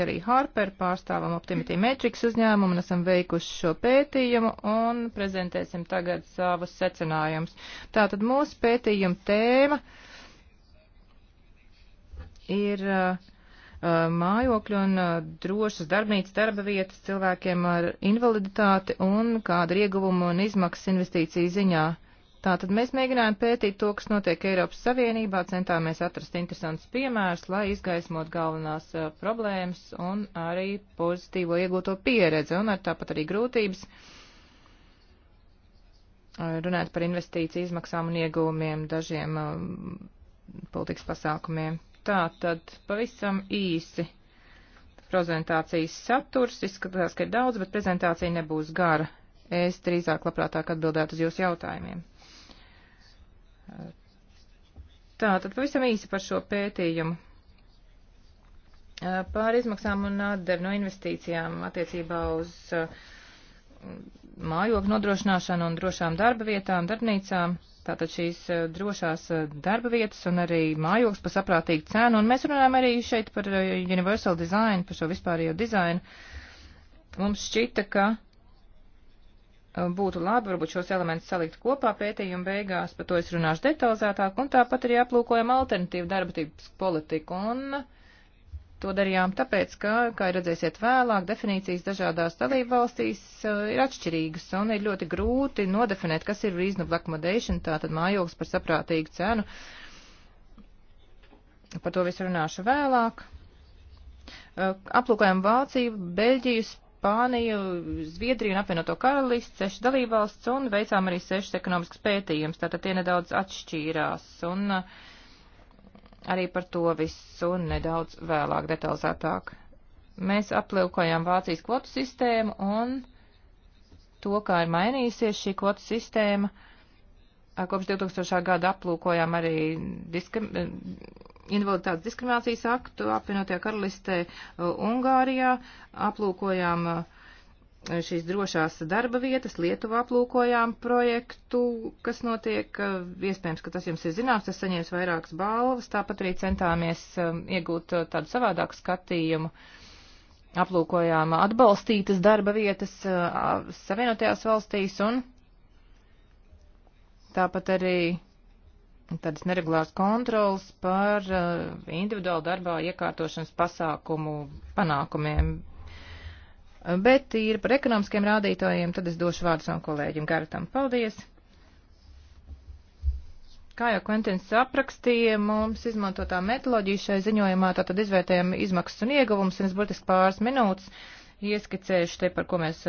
Gariju Harperu, pārstāvam Optimity Matrix uzņēmumu un esam veikuši šo pētījumu un prezentēsim tagad savus secinājumus. Tātad mūsu pētījuma tēma ir uh, Uh, mājokļu un uh, drošas darbnīcas darba vietas cilvēkiem ar invaliditāti un kāda ir ieguvuma un izmaksas investīciju ziņā. Tātad mēs mēģinājām pētīt to, kas notiek Eiropas Savienībā, centāmies atrast interesants piemērs, lai izgaismot galvenās uh, problēmas un arī pozitīvo iegūto pieredzi un ar tāpat arī grūtības. Runājot par investīciju izmaksām un ieguvumiem, dažiem um, politikas pasākumiem. Tā tad pavisam īsi prezentācijas saturs. Izskatās, ka ir daudz, bet prezentācija nebūs gara. Es drīzāk labprātāk atbildētu uz jūsu jautājumiem. Tā tad pavisam īsi par šo pētījumu. Pār izmaksām un atdevu no investīcijām attiecībā uz uh, mājokļu nodrošināšanu un drošām darba vietām, darbnīcām. Tātad šīs eh, drošās eh, darba vietas un arī mājoklis par saprātīgu cenu. Un mēs runājam arī šeit par eh, universal design, par šo vispārējo dizainu. Mums šķita, ka būtu labi varbūt šos elementus salikt kopā pētījuma beigās, par to es runāšu detalizētāk, un tāpat arī aplūkojam alternatīvu darba tīpas politiku, un To darījām tāpēc, ka, kā redzēsiet vēlāk, definīcijas dažādās dalību valstīs uh, ir atšķirīgas un ir ļoti grūti nodefinēt, kas ir reasonable accommodation, tātad mājoklis par saprātīgu cenu. Par to visu runāšu vēlāk. Uh, aplūkojam Vāciju, Beļģiju, Spāniju, Zviedriju un apvienoto karalisti, seši dalībvalsts un veicām arī sešas ekonomiskas pētījumus, tātad tie nedaudz atšķīrās. Un, uh, Arī par to visu nedaudz vēlāk detalizētāk. Mēs aplūkojām Vācijas kvotu sistēmu un to, kā ir mainījusies šī kvotu sistēma. Kopš 2000. gada aplūkojām arī diskrim, invaliditātes diskriminācijas aktu apvienotajā karalistē Ungārijā, aplūkojām uh, šīs drošās darba vietas. Lietuvā aplūkojām projektu, kas notiek. Iespējams, ka tas jums ir zināms, tas saņems vairākas balvas. Tāpat arī centāmies um, iegūt uh, tādu savādāku skatījumu. Aplūkojām atbalstītas darba vietas uh, Savienotajās valstīs un tāpat arī tādas neregulāras kontrolas par uh, individuālu darbā iekārtošanas pasākumu panākumiem Bet ir par ekonomiskiem rādītājiem, tad es došu vārdu savam kolēģim Gartam. Paldies! Kā jau Kventins aprakstīja, mums izmantotā metoloģija šai ziņojumā, tātad izvērtējam izmaksas un ieguvums, un es burtiski pāris minūtes ieskicējuši te, par ko mēs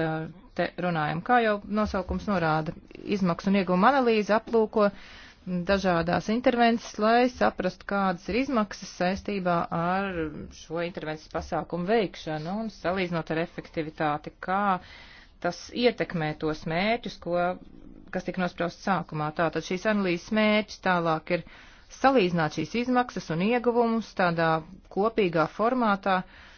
te runājam. Kā jau nosaukums norāda, izmaksu un ieguvuma analīze aplūko uh, dažādās intervences, lai saprastu, kādas ir izmaksas saistībā ar šo intervences pasākumu veikšanu un salīdzinot ar efektivitāti, kā tas ietekmē tos mērķus, ko, kas tika nospraust sākumā. Tātad šīs analīzes mērķis tālāk ir salīdzināt šīs izmaksas un ieguvumus tādā kopīgā formātā, uh,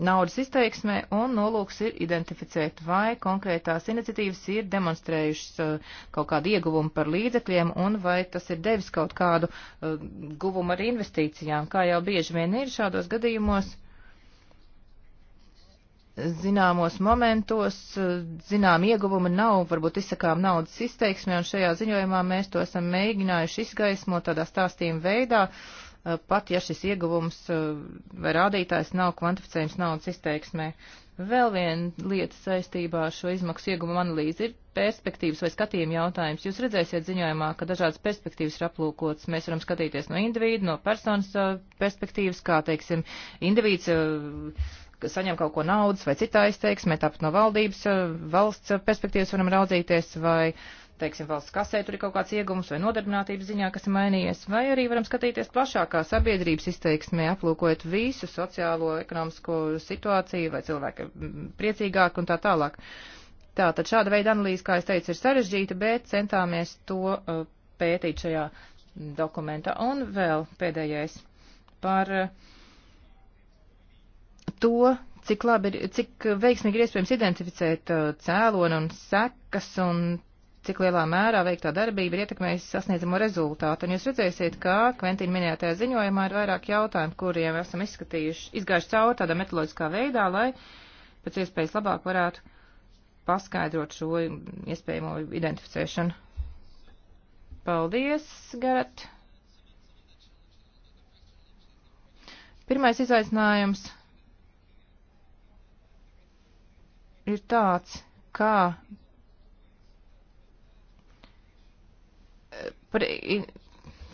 naudas izteiksmē, un nolūks ir identificēt, vai konkrētās iniciatīvas ir demonstrējušas uh, kaut kādu ieguvumu par līdzekļiem, un vai tas ir devis kaut kādu uh, guvumu ar investīcijām, kā jau bieži vien ir šādos gadījumos. Zināmos momentos, uh, zinām, ieguvumi nav, varbūt izsakām naudas izteiksmē, un šajā ziņojumā mēs to esam mēģinājuši izgaismot tādā stāstījuma veidā, uh, Eh, pat ja šis ieguvums eh, vai rādītājs nav kvantificējums naudas izteiksmē. Vēl viena lieta saistībā ar šo izmaksu ieguvumu analīzi ir perspektīvas vai skatījuma jautājums. Jūs redzēsiet ziņojumā, ka dažādas perspektīvas ir aplūkotas. Mēs varam skatīties no individu, no personas eh, perspektīvas, kā, teiksim, individs saņem kaut ko naudas vai citā izteiksmē, tāpat no valdības, valsts perspektīvas varam raudzīties vai uh, teiksim, valsts kasē tur ir kaut kāds iegums vai nodarbinātības ziņā, kas ir mainījies, vai arī varam skatīties plašākā sabiedrības izteiksmē, aplūkojot visu sociālo, ekonomisko situāciju, vai cilvēki ir mm, priecīgāki un tā tālāk. Tātad šāda veida analīze, kā es teicu, ir sarežģīta, bet centāmies to uh, pētīt šajā dokumenta. Un vēl pēdējais par uh, to, cik labi ir, cik veiksmīgi ir iespējams identificēt uh, cēloni un sekas un cik lielā mērā veiktā darbība ir ietekmējusi sasniedzamo rezultātu. Un jūs redzēsiet, ka Kventīna minētajā ziņojumā ir vairāk jautājumu, kuriem esam izskatījuši, izgājuši cauri tādā metoloģiskā veidā, lai pēc iespējas labāk varētu paskaidrot šo iespējamo identificēšanu. Paldies, Garat! Pirmais izaicinājums ir tāds, kā par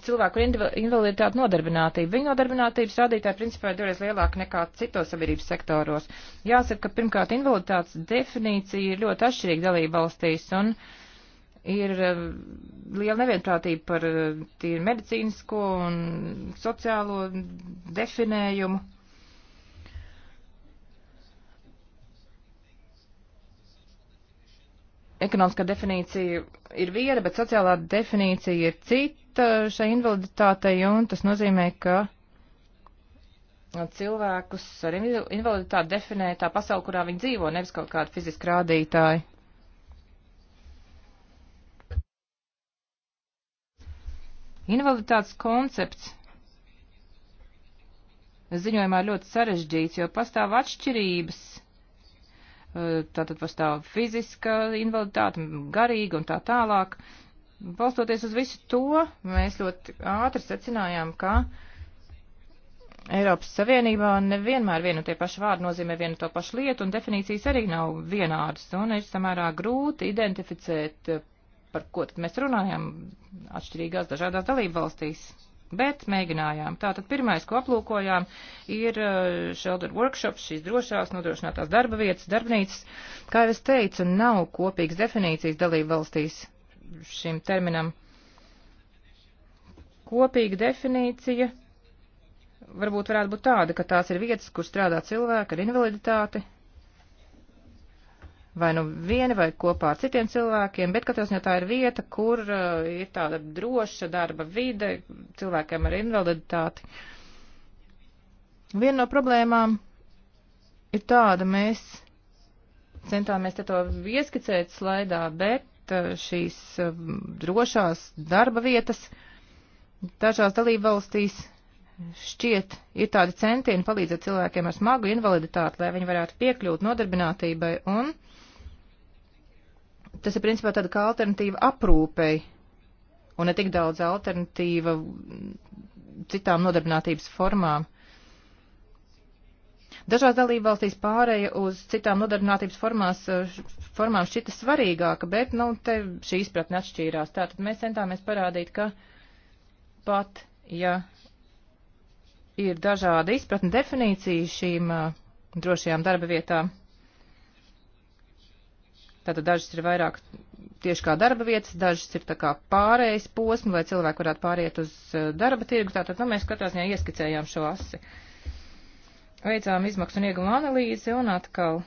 cilvēku ar invaliditāti nodarbinātību. Viņu nodarbinātības rādītāji principā ir divreiz lielāki nekā citos sabiedrības sektoros. Jāsaka, ka pirmkārt invaliditātes definīcija ir ļoti atšķirīga dalība valstīs un ir eh, liela nevienprātība par eh, tīri medicīnisko un sociālo definējumu. ekonomiskā definīcija ir viena, bet sociālā definīcija ir cita šai invaliditātei, un tas nozīmē, ka cilvēkus ar invaliditāti definē tā pasauli, kurā viņi dzīvo, nevis kaut kāda fiziska rādītāja. Invaliditātes koncepts ziņojumā ļoti sarežģīts, jo pastāv atšķirības tātad pastāv fiziska invaliditāte, garīga un tā tālāk. Balstoties uz visu to, mēs ļoti ātri secinājām, ka Eiropas Savienībā nevienmēr vienu tie paši vārdi nozīmē vienu to pašu lietu, un definīcijas arī nav vienādas, un ir samērā grūti identificēt, par ko tad mēs runājam atšķirīgās dažādās dalību valstīs. Bet mēģinājām. Tātad pirmais, ko aplūkojām, ir uh, shelter workshops, šīs drošās nodrošinātās darba vietas, darbnīcas. Kā jau es teicu, nav kopīgas definīcijas dalību valstīs šim terminam. Kopīga definīcija varbūt varētu būt tāda, ka tās ir vietas, kur strādā cilvēki ar invaliditāti, vai nu viena vai kopā ar citiem cilvēkiem, bet katrā ziņā tā ir vieta, kur uh, ir tāda droša darba vide cilvēkiem ar invaliditāti. Viena no problēmām ir tāda, mēs centāmies te to ieskicēt slaidā, bet uh, šīs uh, drošās darba vietas dažās dalība valstīs šķiet ir tādi centieni palīdzēt cilvēkiem ar smagu invaliditāti, lai viņi varētu piekļūt nodarbinātībai un uh, tas ir principā tāda kā alternatīva aprūpei un ne tik daudz alternatīva citām nodarbinātības formām. Dažās dalībvalstīs pārēja uz citām nodarbinātības formās, formām šķita svarīgāka, bet, nu, te šī izpratne atšķīrās. Tātad mēs centāmies parādīt, ka pat, ja ir dažāda izpratne definīcija šīm drošajām darba vietām, Tātad dažas ir vairāk tieši kā darba vietas, dažas ir tā kā pārējais posms, lai cilvēki varētu pāriet uz eh, darba tirgu. Tātad nu, mēs katrā ziņā ieskicējām šo asi. Veicām izmaksu un iegumu analīzi un atkal,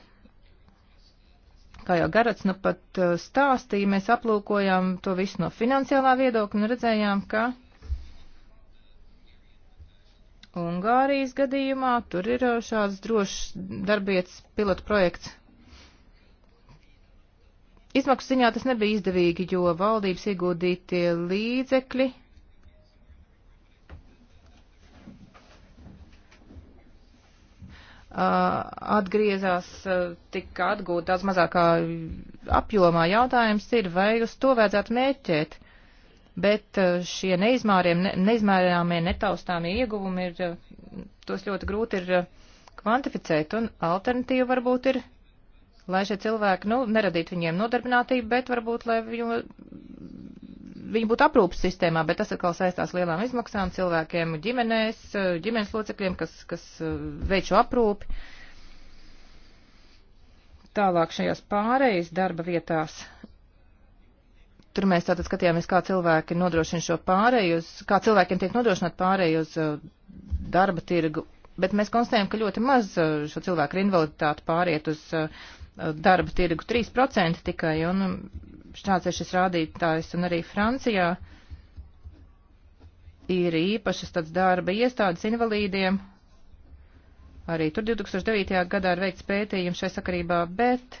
kā jau Garats nu pat eh, stāstīja, mēs aplūkojām to visu no finansiālā viedokļa un redzējām, ka Ungārijas gadījumā tur ir eh, šāds drošs darbietas pilotu projekts Izmaksu ziņā tas nebija izdevīgi, jo valdības ieguldītie līdzekļi atgriezās tika atgūt daudz mazākā apjomā. Jautājums ir, vai uz to vajadzētu mērķēt, bet šie neizmāriem, neizmērāmie, netaustāmie ieguvumi ir, tos ļoti grūti ir kvantificēt, un alternatīva varbūt ir lai šie cilvēki, nu, neradītu viņiem nodarbinātību, bet varbūt, lai viņu, viņi būtu aprūpas sistēmā, bet tas atkal saistās lielām izmaksām cilvēkiem ģimenēs, ģimenes locekļiem, kas, kas eh, veic šo aprūpi. Tālāk šajās pārejas darba vietās tur mēs tātad skatījāmies, kā cilvēki nodrošina šo pārēju, uz, kā cilvēkiem tiek nodrošināt pārēju uz eh, darba tirgu, bet mēs konstatējam, ka ļoti maz eh, šo cilvēku invaliditāti pāriet uz darba tirgu 3% tikai, un nu, šāds ir šis rādītājs, un arī Francijā ir īpašas tāds darba iestādes invalīdiem. Arī tur 2009. gadā ir veikts pētījums šai sakarībā, bet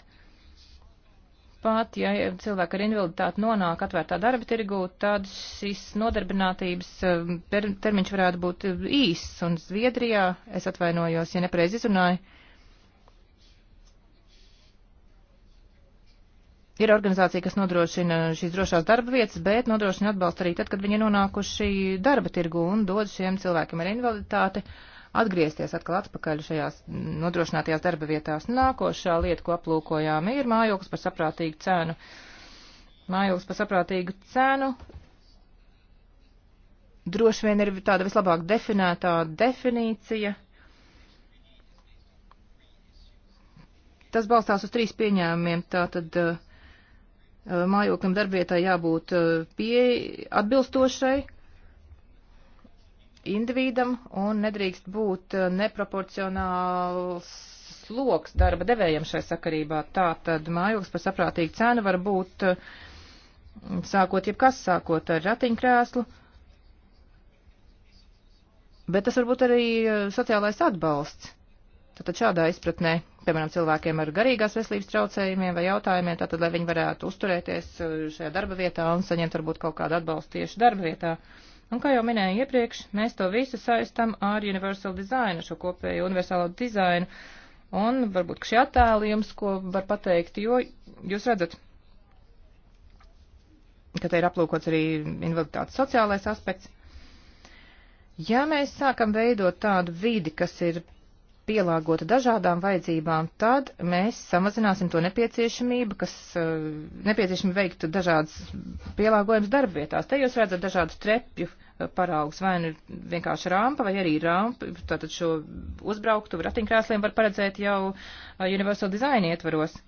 pat, ja cilvēki ar invaliditāti nonāk atvērtā darba tirgū, tad šis nodarbinātības eh, termiņš varētu būt eh, īss. Un Zviedrijā, es atvainojos, ja nepareiz izrunāju, Ir organizācija, kas nodrošina šīs drošās darba vietas, bet nodrošina atbalstu arī tad, kad viņi nonākuši darba tirgu un dod šiem cilvēkiem ar invaliditāti atgriezties atkal atpakaļ šajās nodrošinātajās darba vietās. Nākošā lieta, ko aplūkojām, ir mājoklis par saprātīgu cenu. Mājoklis par saprātīgu cenu droši vien ir tāda vislabāk definētā definīcija. Tas balstās uz trīs pieņēmumiem. Tātad uh, Eh, mājoklim darbvietai jābūt eh, pieeja atbilstošai individam un nedrīkst būt eh, neproporcionāls sloks darba devējiem šai sakarībā. Tā tad mājoklis par saprātīgu cenu var būt sākot jebkas, sākot ar ratiņkrēslu, bet tas var būt arī sociālais atbalsts. Tātad šādā izpratnē, piemēram, cilvēkiem ar garīgās veselības traucējumiem vai jautājumiem, tātad, lai viņi varētu uzturēties uh, šajā darba vietā un saņemt varbūt kaut kādu atbalstu tieši darba vietā. Un kā jau minēju iepriekš, mēs to visu saistam ar Universal Design, šo kopēju universālo dizainu. Un varbūt šī attēlījums, ko var pateikt, jo jūs redzat, ka te ir aplūkots arī invaliditātes sociālais aspekts. Ja mēs sākam veidot tādu vidi, kas ir pielāgota dažādām vajadzībām, tad mēs samazināsim to nepieciešamību, kas eh, nepieciešami veikt dažādas pielāgojumus darbvietās. Te jūs redzat dažādus trepju eh, paraugus, vai nu ir vienkārši rampa, vai arī rampa, tātad šo uzbrauktu ratiņkrēsliem var paredzēt jau eh, Universal Design ietvaros.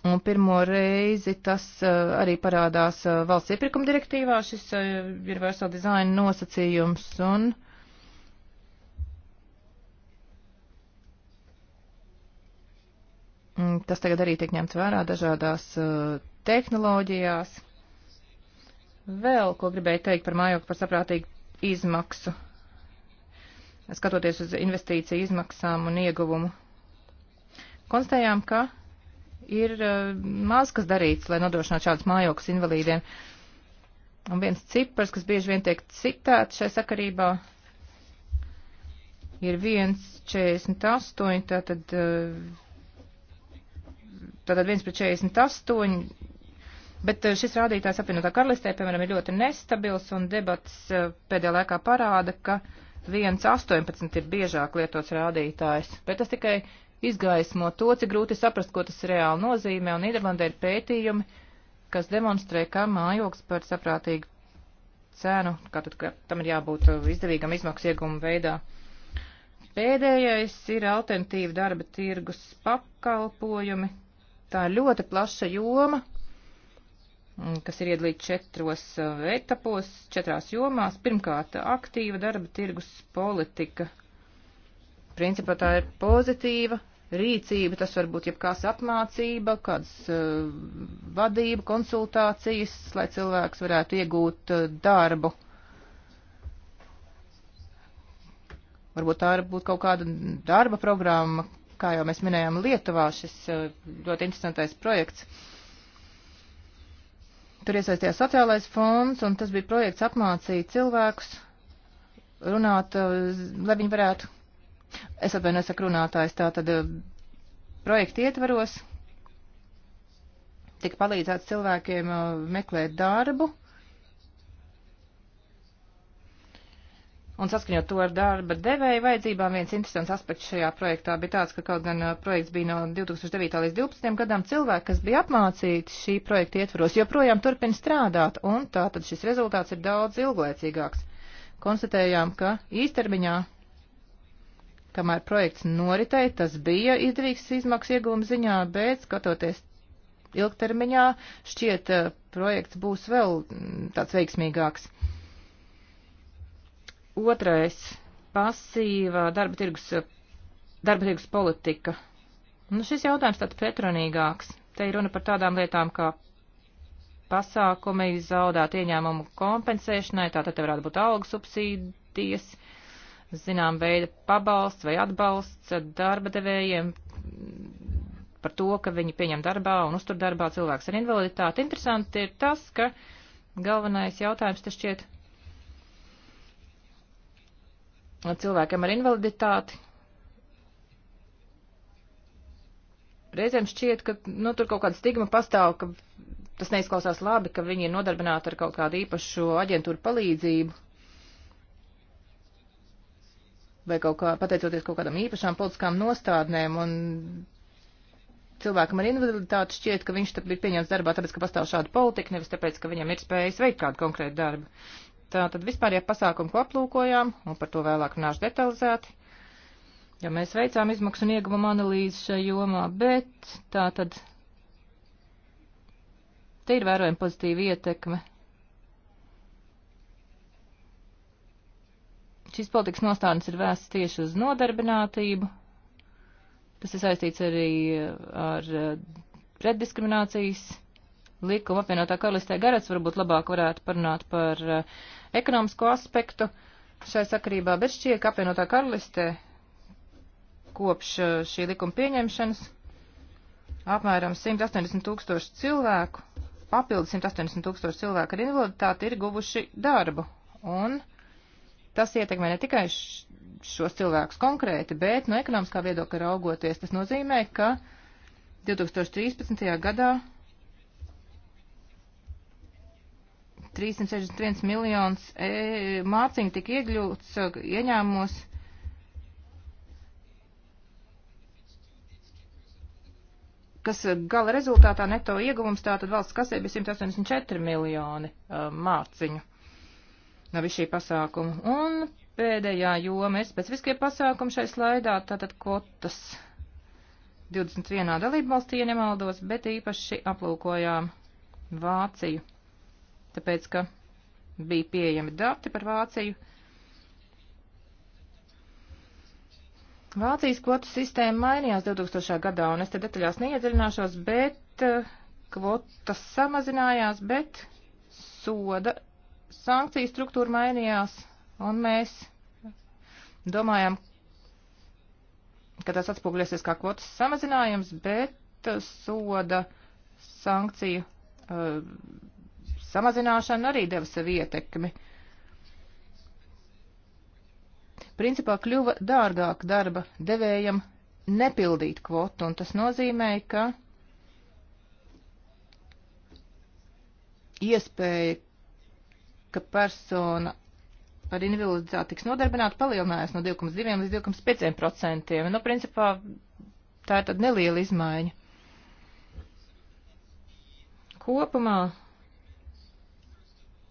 Un pirmo reizi tas uh, arī parādās uh, valsts iepirkuma direktīvā, šis uh, Universal Design nosacījums. Un, uh, Mm, tas tagad arī tiek ņemts vērā dažādās uh, tehnoloģijās. Vēl ko gribēju teikt par mājokli par saprātīgu izmaksu, skatoties uz investīciju izmaksām un ieguvumu. Konstatējām, ka ir uh, maz kas darīts, lai nodrošinātu šādus mājokļus invalīdiem. Un viens cipars, kas bieži vien tiek citēts šai sakarībā, ir 1,48, tātad uh, tātad 1 pret 48, bet eh, šis rādītājs apvienotā karalistē, piemēram, ir ļoti nestabils un debats eh, pēdējā laikā parāda, ka 1,18 ir biežāk lietots rādītājs, bet tas tikai izgaismo to, cik grūti saprast, ko tas reāli nozīmē, un Nīderlandē ir pētījumi, kas demonstrē, ka mājoklis par saprātīgu cenu, kā tad, ka tam ir jābūt eh, izdevīgam izmaksu ieguma veidā. Pēdējais ir alternatīva darba tirgus pakalpojumi, Tā ir ļoti plaša joma, kas ir iedalīta četros uh, etapos, četrās jomās. Pirmkārt, aktīva darba tirgus politika. Principā tā ir pozitīva rīcība, tas var būt jebkās apmācība, kādas uh, vadība, konsultācijas, lai cilvēks varētu iegūt uh, darbu. Varbūt tā ir būt kaut kāda darba programma, kā jau mēs minējām Lietuvā, šis uh, ļoti interesantais projekts. Tur iesaistījās sociālais fonds, un tas bija projekts apmācīt cilvēkus runāt, uh, lai viņi varētu, es atvainojos, saku runātājs, tā tad uh, projekta ietvaros tika palīdzēts cilvēkiem meklēt darbu, Un saskaņot to ar darba devēja vajadzībām, viens interesants aspekts šajā projektā bija tāds, ka kaut gan uh, projekts bija no 2009. līdz 2012. gadam, cilvēki, kas bija apmācīti šī projekta ietvaros, joprojām turpina strādāt, un tātad šis rezultāts ir daudz ilglaicīgāks. Konstatējām, ka īstermiņā, kamēr projekts noritēja, tas bija izdevīgs izmaksu ieguvuma ziņā, bet skatoties ilgtermiņā, šķiet uh, projekts būs vēl mm, tāds veiksmīgāks. Otrais - pasīvā darba tirgus, darba tirgus politika. Nu, šis jautājums tāds pretrunīgāks. Te ir runa par tādām lietām kā pasākumi zaudēt ieņēmumu kompensēšanai, tātad te varētu būt algu subsīdijas, zinām veida pabalsts vai atbalsts darba devējiem par to, ka viņi pieņem darbā un uztur darbā cilvēks ar invaliditāti. Interesanti ir tas, ka galvenais jautājums tas šķiet cilvēkiem ar invaliditāti. Reizēm šķiet, ka nu, tur kaut kāda stigma pastāv, ka tas neizklausās labi, ka viņi ir nodarbināti ar kaut kādu īpašu aģentūru palīdzību. Vai kaut kā, pateicoties kaut kādam īpašām politiskām nostādnēm, un cilvēkam ar invaliditāti šķiet, ka viņš ir pieņemts darbā, tāpēc, ka pastāv šāda politika, nevis tāpēc, ka viņam ir spējas veikt kādu konkrētu darbu. Tātad vispārējie ja pasākumi, ko aplūkojām, un par to vēlāk runāšu detalizēti, jo mēs veicām izmaksu un ieguvumu analīzi šajā jomā, bet tātad te ir vērojama pozitīva ietekme. Šīs politikas nostādnes ir vēstas tieši uz nodarbinātību. Tas ir saistīts arī ar eh, preddiskriminācijas likumu. Apvienotā karalistē Garats varbūt labāk varētu parunāt par eh, ekonomisko aspektu šai sakarībā, bet šķiet, ka apvienotā karalistē kopš eh, šī likuma pieņemšanas apmēram 180 tūkstoši cilvēku, papildus 180 tūkstoši cilvēku ar invaliditāti ir guvuši darbu. Un tas ietekmē ne tikai šos cilvēkus konkrēti, bet no ekonomiskā viedokļa raugoties, tas nozīmē, ka 2013. gadā 361 miljonus e, mārciņu tika iegļūts e, ieņēmumos. kas e, gala rezultātā neto ieguvums tātad valsts kasē bija 184 miljoni uh, mārciņu no visu šī pasākumu. Un pēdējā joma ir specifiskie pasākumi šai slaidā, tātad kvotas 21. dalību valstī, ja nemaldos, bet īpaši aplūkojām Vāciju tāpēc, ka bija pieejami dati par Vāciju. Vācijas kvotu sistēma mainījās 2000. gadā, un es te detaļās neiedziļināšos, bet eh, kvotas samazinājās, bet soda sankciju struktūra mainījās, un mēs domājam, ka tas atspūgļiesies kā kvotas samazinājums, bet eh, soda sankciju uh, samazināšana arī deva savu ietekmi. Principā kļuva dārgāk darba devējam nepildīt kvotu, un tas nozīmē, ka iespēja, ka persona ar invaliditāti tiks nodarbināta, palielinājās no 2,2 līdz 2,5 procentiem. Nu, principā tā ir tad neliela izmaiņa. Kopumā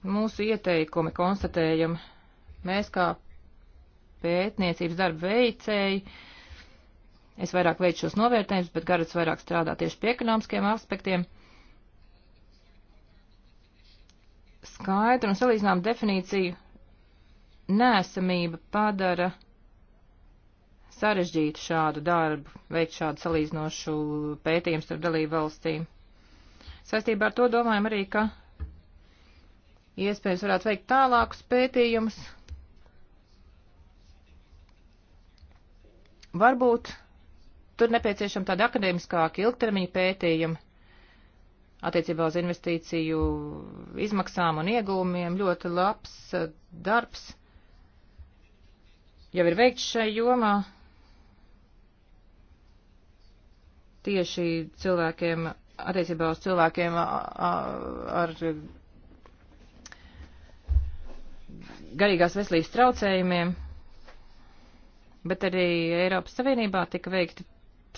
Mūsu ieteikumi konstatējam, mēs kā pētniecības darba veicēji, es vairāk veicu šos novērtējumus, bet Garats vairāk strādā tieši pie ekonomiskiem aspektiem. Skaidru un salīdzinām definīciju nēsamība padara sarežģītu šādu darbu, veikt šādu salīdzinošu pētījumu starp dalību valstīm. Saistībā ar to domājam arī, ka Iespējams, varētu veikt tālākus pētījumus. Varbūt tur nepieciešama tāda akadēmiskāka ilgtermiņa pētījuma attiecībā uz investīciju izmaksām un iegūmiem. Ļoti labs eh, darbs jau ir veikts šai jomā. Tieši cilvēkiem, attiecībā uz cilvēkiem ar garīgās veselības traucējumiem, bet arī Eiropas Savienībā tika veikti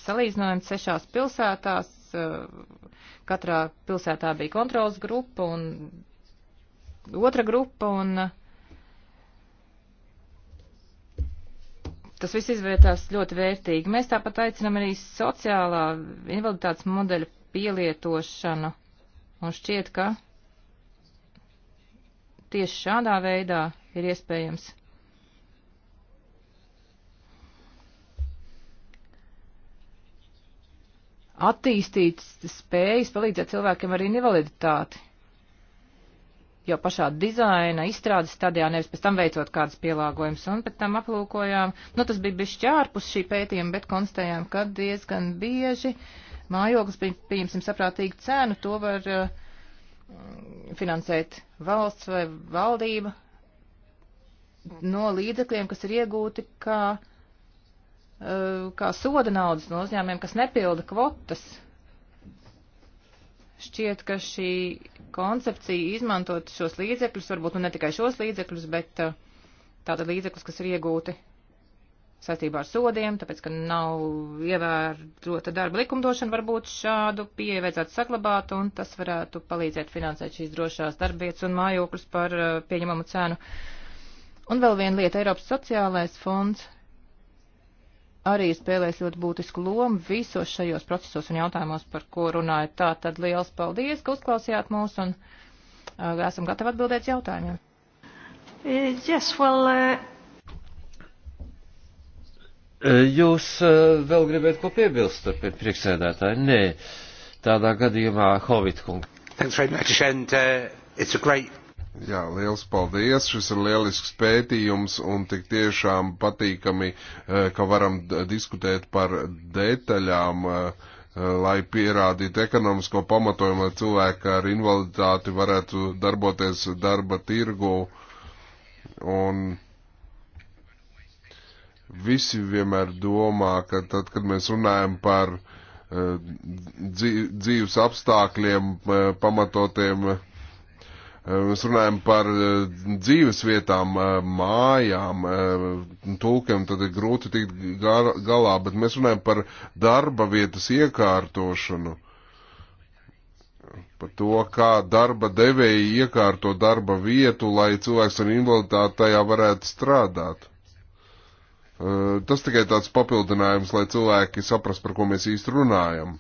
salīdzinājumi sešās pilsētās. Eh, katrā pilsētā bija kontrols grupa un otra grupa, un eh, tas viss izvērtās ļoti vērtīgi. Mēs tāpat aicinam arī sociālā invaliditātes modeļa pielietošanu, un šķiet, ka tieši šādā veidā ir iespējams. Attīstīt spējas palīdzēt cilvēkiem ar invaliditāti jau pašā dizaina izstrādes stadijā, nevis pēc tam veicot kādas pielāgojumus, un pēc tam aplūkojām, nu tas bija bez ķērpus šī pētījuma, bet konstatējām, ka diezgan bieži mājoklis bija, pieņemsim, saprātīgu cenu, to var uh, Mm, finansēt valsts vai valdība no līdzekļiem, kas ir iegūti kā, eh, kā soda naudas no uzņēmiem, kas nepilda kvotas. Šķiet, ka šī koncepcija izmantot šos līdzekļus, varbūt nu ne tikai šos līdzekļus, bet eh, tātad līdzekļus, kas ir iegūti saistībā ar sodiem, tāpēc, ka nav ievērota darba likumdošana, varbūt šādu pieeju vajadzētu saglabāt, un tas varētu palīdzēt finansēt šīs drošās darbietas un mājokļus par uh, pieņemamu cenu. Un vēl viena lieta - Eiropas sociālais fonds arī spēlēs ļoti būtisku lomu visos šajos procesos un jautājumos, par ko runāju. Tā tad liels paldies, ka uzklausījāt mūs, un uh, esam gatavi atbildēt jautājumiem. Uh, yes, well, uh... E, jūs e, vēl gribētu ko piebilst, priekšsēdētāji? Nē, tādā gadījumā Hovitkungs. Uh, Jā, liels paldies. Šis ir lielisks pētījums un tik tiešām patīkami, e, ka varam diskutēt par detaļām, lai pierādītu ekonomisko pamatojumu, lai cilvēki ar invaliditāti varētu darboties darba tirgu. Un Visi vienmēr domā, ka tad, kad mēs runājam par eh, dzīves apstākļiem eh, pamatotiem, eh, mēs runājam par dzīves vietām, mājām, tulkiem, tad ir grūti tikt galā, bet mēs runājam par darba vietas iekārtošanu par to, kā darba devēji iekārto darba vietu, lai cilvēks ar invaliditāti tajā varētu strādāt. Eh, tas tikai tāds papildinājums, lai cilvēki saprast, par ko mēs īsti runājam.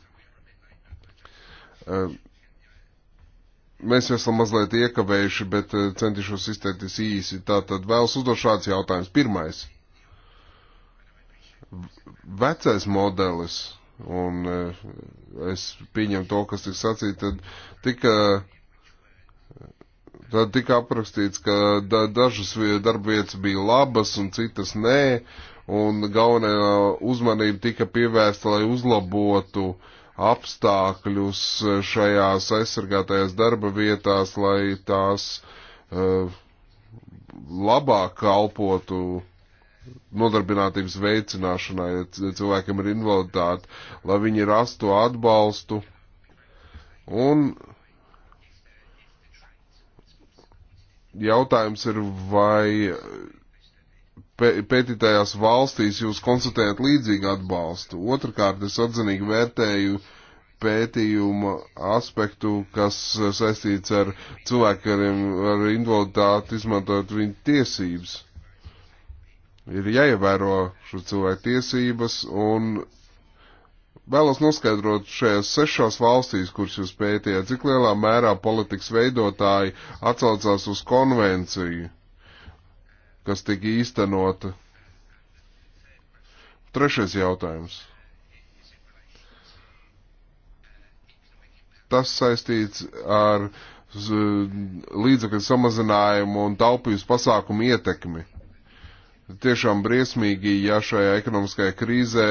Eh, mēs esam mazliet iekavējuši, bet eh, centīšos izteikties īsi. Tātad vēlas uzdot šāds jautājums. Pirmais. Vecais modelis, un es pieņemu to, kas tika sacīts, tad tika, tad tika aprakstīts, ka da, dažas darba vietas bija labas un citas nē, un galvenā uzmanība tika pievērsta, lai uzlabotu apstākļus šajās aizsargātajās darba vietās, lai tās uh, labāk kalpotu nodarbinātības veicināšanai, ja cilvēkam ir invaliditāte, lai viņi rastu atbalstu un jautājums ir, vai pētītajās valstīs jūs konstatējat līdzīgu atbalstu. Otrakārt, es atzinīgi vērtēju pētījumu aspektu, kas saistīts ar cilvēkiem ar invaliditāti, izmantojot viņu tiesības. Ir jāievēro šo cilvēku tiesības un vēlos noskaidrot šajās sešās valstīs, kuras jūs pētījāt, cik lielā mērā politikas veidotāji atsaucās uz konvenciju kas tika īstenota. Trešais jautājums. Tas saistīts ar līdzekļu samazinājumu un taupības pasākumu ietekmi. Tiešām briesmīgi, ja šajā ekonomiskajā krīzē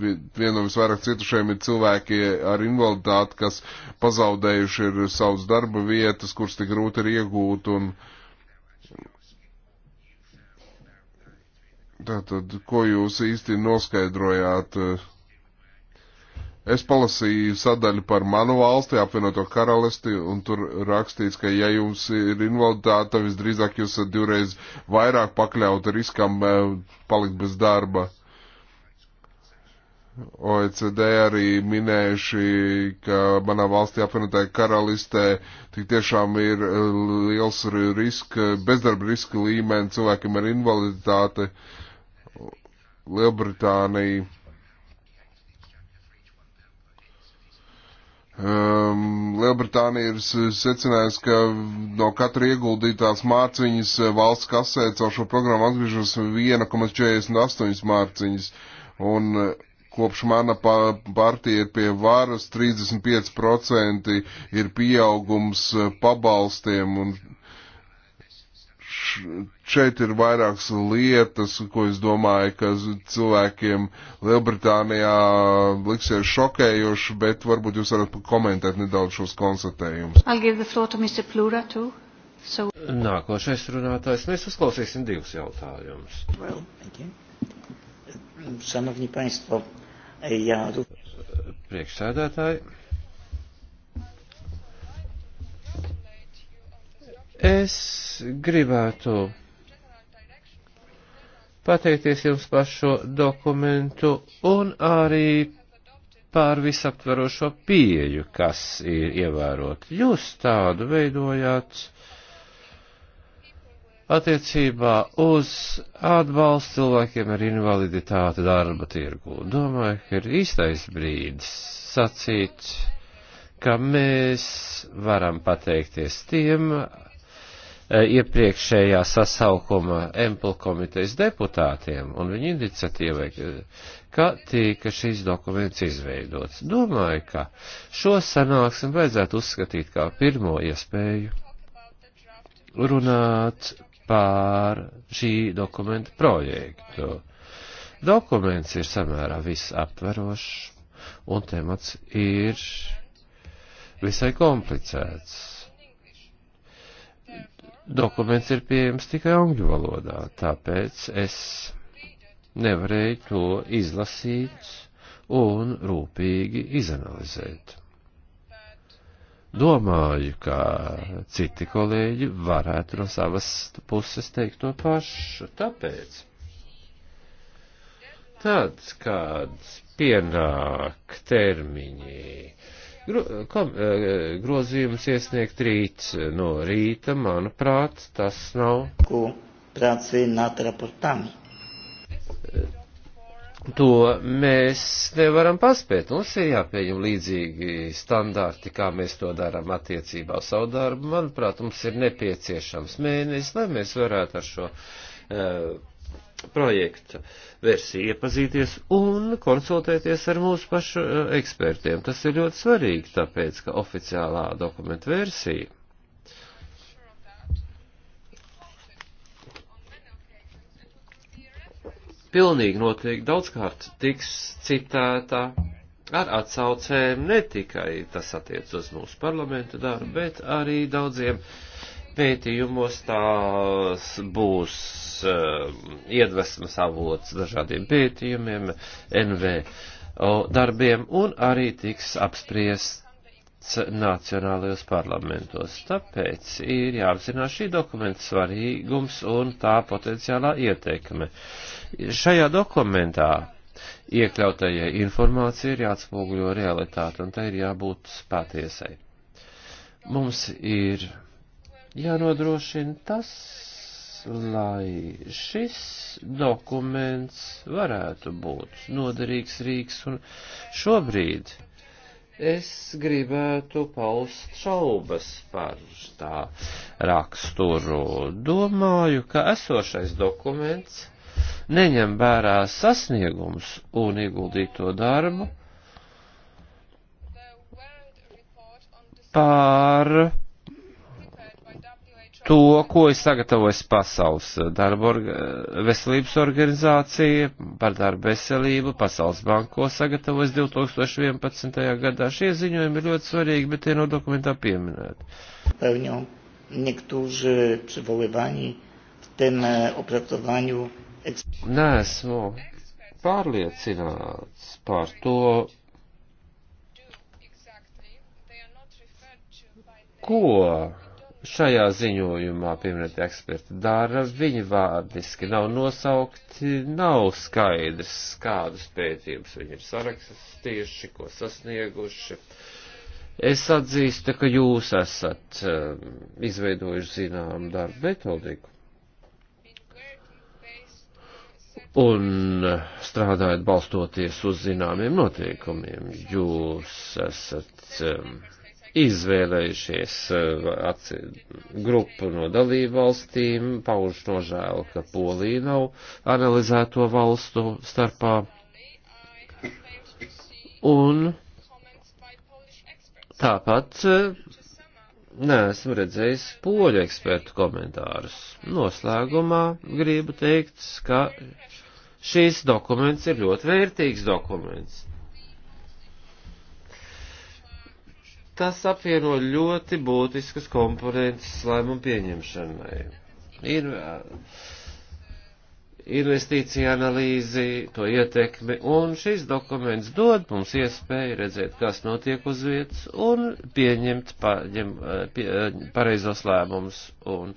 viena no visvairāk cietušajiem ir cilvēki ar invaliditāti, kas pazaudējuši ir savus darba vietas, kuras tik grūti ir iegūt un uh, Tātad, ko jūs īsti noskaidrojāt? Es palasīju sadaļu par manu valsti, apvienoto karalisti, un tur rakstīts, ka ja jums ir invaliditāte, visdrīzāk jūs esat divreiz vairāk pakļauti riskam eh, palikt bez darba. OECD arī minējuši, ka manā valstī apvienotāja karalistē tik tiešām ir eh, liels riska, bezdarba riska līmeni cilvēkiem ar invaliditāti. Uh, Lielbritānija Um, Lielbritānija ir secinājusi, ka no katra ieguldītās mārciņas eh, valsts kasē caur šo programmu atgriežas 1,48 mārciņas. Un eh, kopš mana partija ir pie varas 35% ir pieaugums eh, pabalstiem un šeit ir vairākas lietas, ko es domāju, ka cilvēkiem Lielbritānijā liksies šokējoši, bet varbūt jūs varat komentēt nedaudz šos konstatējumus. To so... Nākošais runātājs, mēs uzklausīsim divus jautājumus. Well, Priekšsēdētāji. Es gribētu pateikties jums par šo dokumentu un arī par visaptverošo pieju, kas ir ievērot. Jūs tādu veidojāt attiecībā uz atbalstu cilvēkiem ar invaliditāti darba tirgu. Domāju, ka ir īstais brīdis sacīt, ka mēs varam pateikties tiem E, iepriekšējā sasaukuma Empla komitejas deputātiem un viņa iniciatīvai, e, ka tika šīs dokuments izveidots. Domāju, ka šo sanāksmi vajadzētu uzskatīt kā pirmo iespēju runāt pār šī dokumenta projektu. Dokuments ir samērā visaptverošs, un temats ir visai komplicēts dokuments ir pieejams tikai angļu valodā, tāpēc es nevarēju to izlasīt un rūpīgi izanalizēt. Domāju, ka citi kolēģi varētu no savas puses teikt to pašu, tāpēc. Tad, kad pienāk termiņi E, Grozījums iesniegt rīt no rīta, manuprāt, tas nav. Ko transvināt raportām? To mēs nevaram paspēt. Mums ir jāpieņem līdzīgi standarti, kā mēs to darām attiecībā uz savu darbu. Manuprāt, mums ir nepieciešams mēnesis, lai mēs varētu ar šo uh, projekta versiju iepazīties un konsultēties ar mūsu pašu e, ekspertiem. Tas ir ļoti svarīgi, tāpēc, ka oficiālā dokumenta versija pilnīgi noteikti daudzkārt tiks citēta ar atsaucēm ne tikai tas attiec uz mūsu parlamentu darbu, bet arī daudziem uh, pētījumos tās būs eh, iedvesmas avots dažādiem pētījumiem, NVO darbiem un arī tiks apspriests nacionālajos parlamentos. Tāpēc ir jāapzinās šī dokumenta svarīgums un tā potenciālā ietekme. Šajā dokumentā iekļautajai informācija ir jāatspoguļo realitāte un tai ir jābūt patiesai. Mums ir jānodrošina tas, lai šis dokuments varētu būt noderīgs rīks, un šobrīd es gribētu paust šaubas par tā raksturu. Domāju, ka esošais dokuments neņem vērā sasniegums un ieguldīto darbu pār to, ko ir sagatavojis Pasaules eh, darba orga, eh, veselības organizācija par darba veselību, Pasaules banko sagatavojis 2011. gadā. Šie ziņojumi ir ļoti svarīgi, bet tie nav no dokumentā pieminēti. Pewnią niektórzy przywoływani w tym e, opracowaniu. Nē, esmu pārliecināts par to, ko šajā ziņojumā pieminēti eksperti dara, viņi vārdiski nav nosaukti, nav skaidrs, kādus pētījumus viņi ir sarakstījuši, ko sasnieguši. Es atzīstu, ka jūs esat um, izveidojuši zinām darbu metodiku. Un strādājat balstoties uz zināmiem noteikumiem. Jūs esat um, izvēlējušies eh, grupu no dalību valstīm, pauž nožēlu, ka Polija nav analizēto valstu starpā. Un tāpat eh, neesmu redzējis poļu ekspertu komentārus. Noslēgumā gribu teikt, ka šīs dokuments ir ļoti vērtīgs dokuments Tas apvieno ļoti būtiskas komponentes lēmumu pieņemšanai. Ir uh, investīcija analīzi, to ietekmi, un šis dokuments dod mums iespēju redzēt, kas notiek uz vietas, un pieņemt paņem, uh, pie, uh, pareizos lēmumus un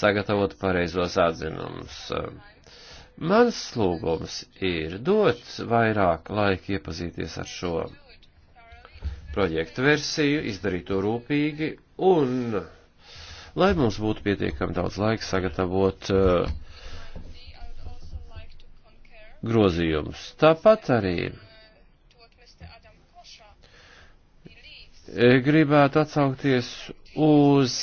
sagatavot pareizos atzinumus. Mans lūgums ir dot vairāk laika iepazīties ar šo projektu versiju, izdarīt to rūpīgi un lai mums būtu pietiekami daudz laika sagatavot uh, grozījumus. Tāpat arī eh, gribētu atsaukties uz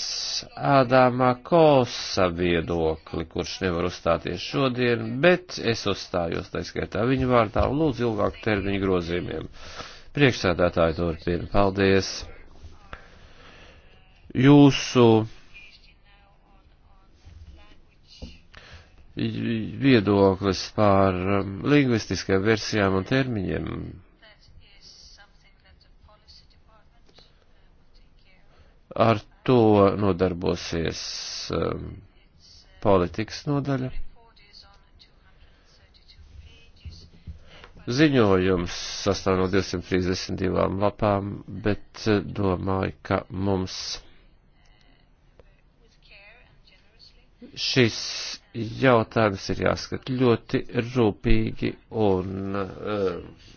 Ādāmā Kosa viedokli, kurš nevar uzstāties šodien, bet es uzstājos, tā skaitā viņa vārdā, un lūdzu ilgāku termiņu grozījumiem. Priekšsēdētāji turpina. Paldies. Jūsu viedoklis par um, lingvistiskajām versijām un termiņiem. Ar to nodarbosies um, politikas nodaļa. Ziņojums sastāv no 232 lapām, bet eh, domāju, ka mums šis jautājums ir jāskat ļoti rūpīgi un uh,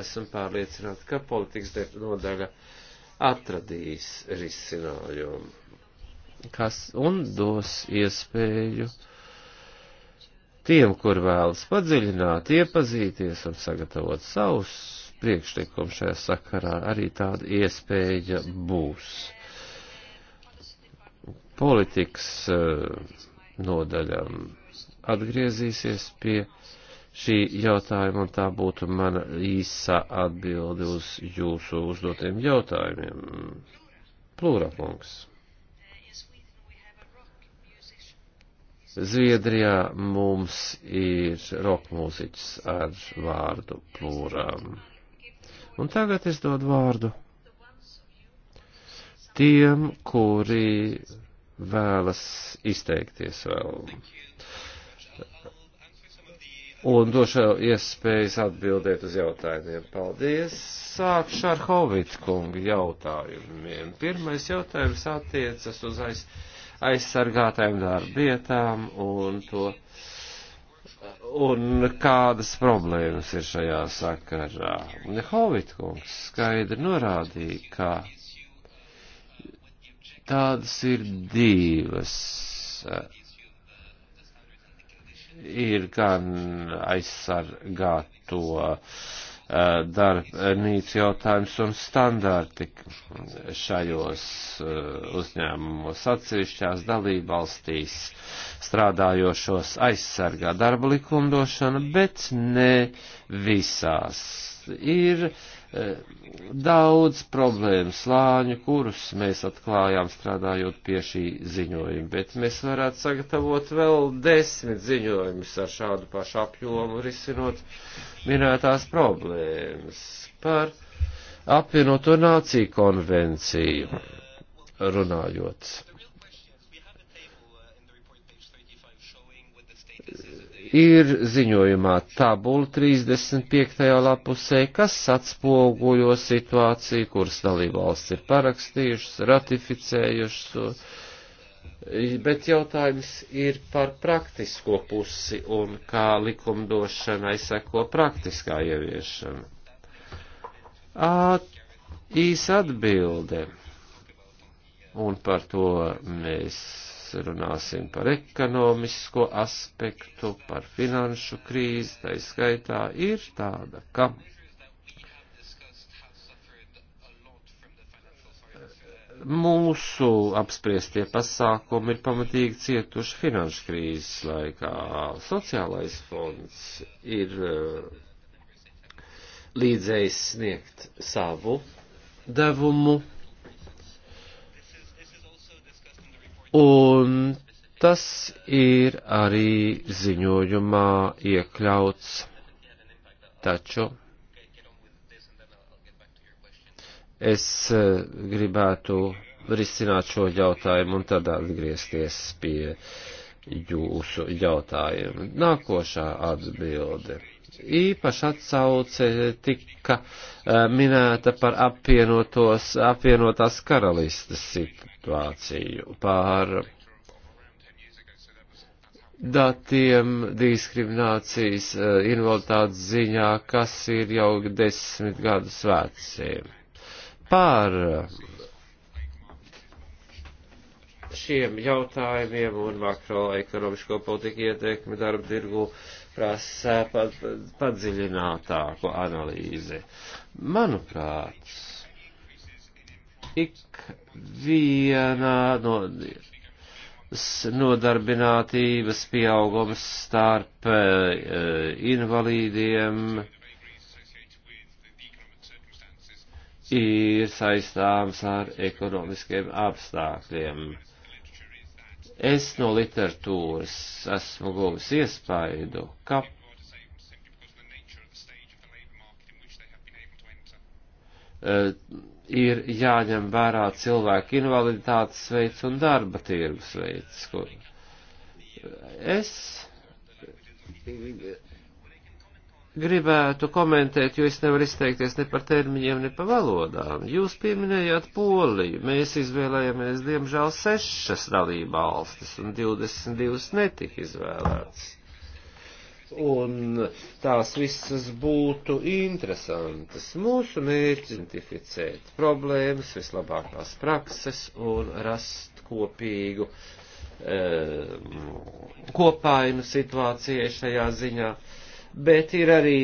esam pārliecināti, ka politikas nodaļa atradīs risinājumu, kas un dos iespēju uh, tiem, kur vēlas padziļināt, iepazīties un sagatavot savus priekšlikumus šajā sakarā, arī tāda iespēja būs. Politikas eh, nodaļam atgriezīsies pie šī jautājuma, un tā būtu mana īsa atbilde uz jūsu uzdotiem jautājumiem. Plūrakungs. Zviedrijā mums ir rokmūziķis ar vārdu plūrām. Un tagad es dodu vārdu tiem, kuri vēlas izteikties vēl. Un došu iespējas atbildēt uz jautājumiem. Paldies! Sākšu ar Hovita kunga jautājumiem. Pirmais jautājums attiecas uz aiz. Uh, aizsargātājiem darbvietām un to, un kādas problēmas ir šajā sakarā. Nehovitkungs skaidri norādīja, ka tādas ir divas. Ir gan aizsargāto uh, Eh, darbnīcu jautājums un standarti šajos eh, uzņēmumos atsevišķās dalībvalstīs strādājošos aizsargā darba likumdošana, bet ne visās. Ir uh, Eh, daudz problēmu slāņu, kurus mēs atklājām strādājot pie šī ziņojuma, bet mēs varētu sagatavot vēl desmit ziņojumus ar šādu pašu apjomu risinot minētās problēmas par apvienoto nāciju konvenciju runājot. ir ziņojumā tabula 35. lapusē, kas atspoguļo situāciju, kuras dalībvalsts ir parakstījušas, ratificējušas, bet jautājums ir par praktisko pusi un kā likumdošanai seko praktiskā ieviešana. At, īs atbilde, un par to mēs runāsim par ekonomisko aspektu, par finanšu krīzi, tai skaitā ir tāda, ka mūsu apspriestie pasākumi ir pamatīgi cietuši finanšu krīzes laikā. Sociālais fonds ir eh, līdzējis sniegt savu devumu Un tas ir arī ziņojumā iekļauts. Taču es eh, gribētu risināt šo jautājumu un tad atgriezties pie jūsu jautājumu. Nākošā atbilde. Īpaši atsauce tika eh, minēta par apvienotās karalistas situāciju, par datiem diskriminācijas eh, invaliditātes ziņā, kas ir jau desmit gadus veci. Par šiem jautājumiem un makroekonomisko politiku ieteikumu darba tirgu prasa padziļinātāku analīzi. Manuprāt, Ik vienā no nodarbinātības pieaugums starp uh, invalīdiem ir saistāms ar ekonomiskiem apstākļiem. Es no literatūras esmu guvis iespaidu, ka Eh, ir jāņem vērā cilvēku invaliditātes veids un darba tirgus veids. Kur es gribētu komentēt, jo es nevaru izteikties ne par termiņiem, ne par valodām. Jūs pieminējāt Poliju. Mēs izvēlējāmies, diemžēl, sešas dalība valstis, un 22 netika izvēlētas un tās visas būtu interesantas. Mūsu mērķis identificēt problēmas, vislabākās prakses un rast kopīgu eh, kopainu situācijai šajā ziņā, bet ir arī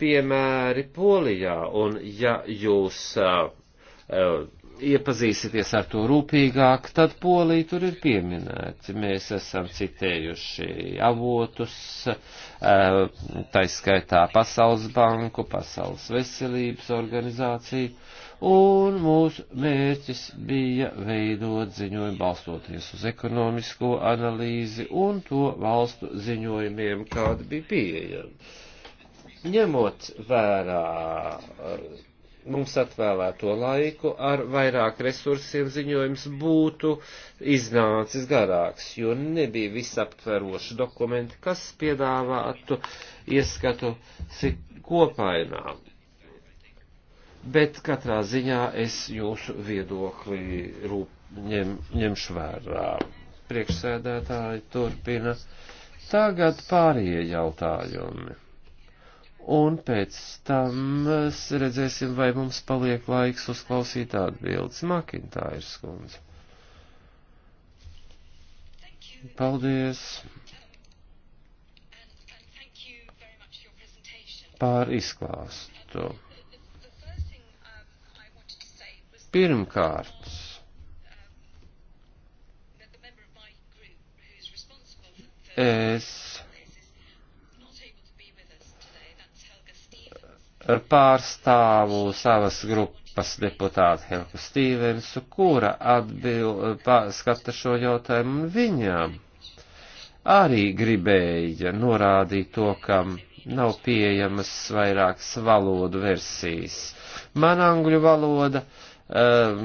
piemēri Polijā, un ja jūs eh, iepazīsieties ar to rūpīgāk, tad polija tur ir pieminēti. Mēs esam citējuši avotus, eh, taiskaitā Pasaules banku, Pasaules veselības organizāciju, un mūsu mērķis bija veidot ziņojumu balstoties uz ekonomisko analīzi un to valstu ziņojumiem, kāda bija pieejama. Ņemot vērā mums atvēlēto laiku ar vairāk resursiem ziņojums būtu iznācis garāks, jo nebija visaptveroši dokumenti, kas piedāvātu ieskatu kopainā. Bet katrā ziņā es jūsu viedokli rūp, ņem, ņemšu vērā. Priekšsēdētāji turpina. Tagad pārējie jautājumi un pēc tam redzēsim, vai mums paliek laiks uzklausīt atbildes Makintājas kundze. Paldies pār izklāstu. Pirmkārt, es pārstāvu savas grupas deputātu Helku Stīvensu, kura atbil, skata šo jautājumu viņām. Arī gribēja norādīt to, kam nav pieejamas vairākas valodu versijas. Man angļu valoda, um,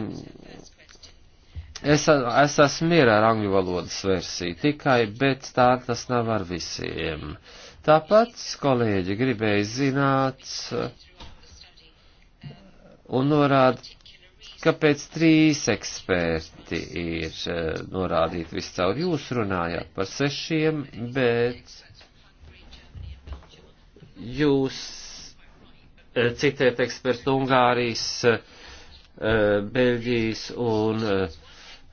es, es esmu mierā ar angļu valodas versiju tikai, bet tā tas nav ar visiem. Uh, Tāpat kolēģi gribēja zināt eh, un norāda, kāpēc trīs eksperti ir eh, norādīti viscaur. Jūs runājāt par sešiem, bet jūs eh, citēt ekspertu Ungārijas, Beļģijas un uh,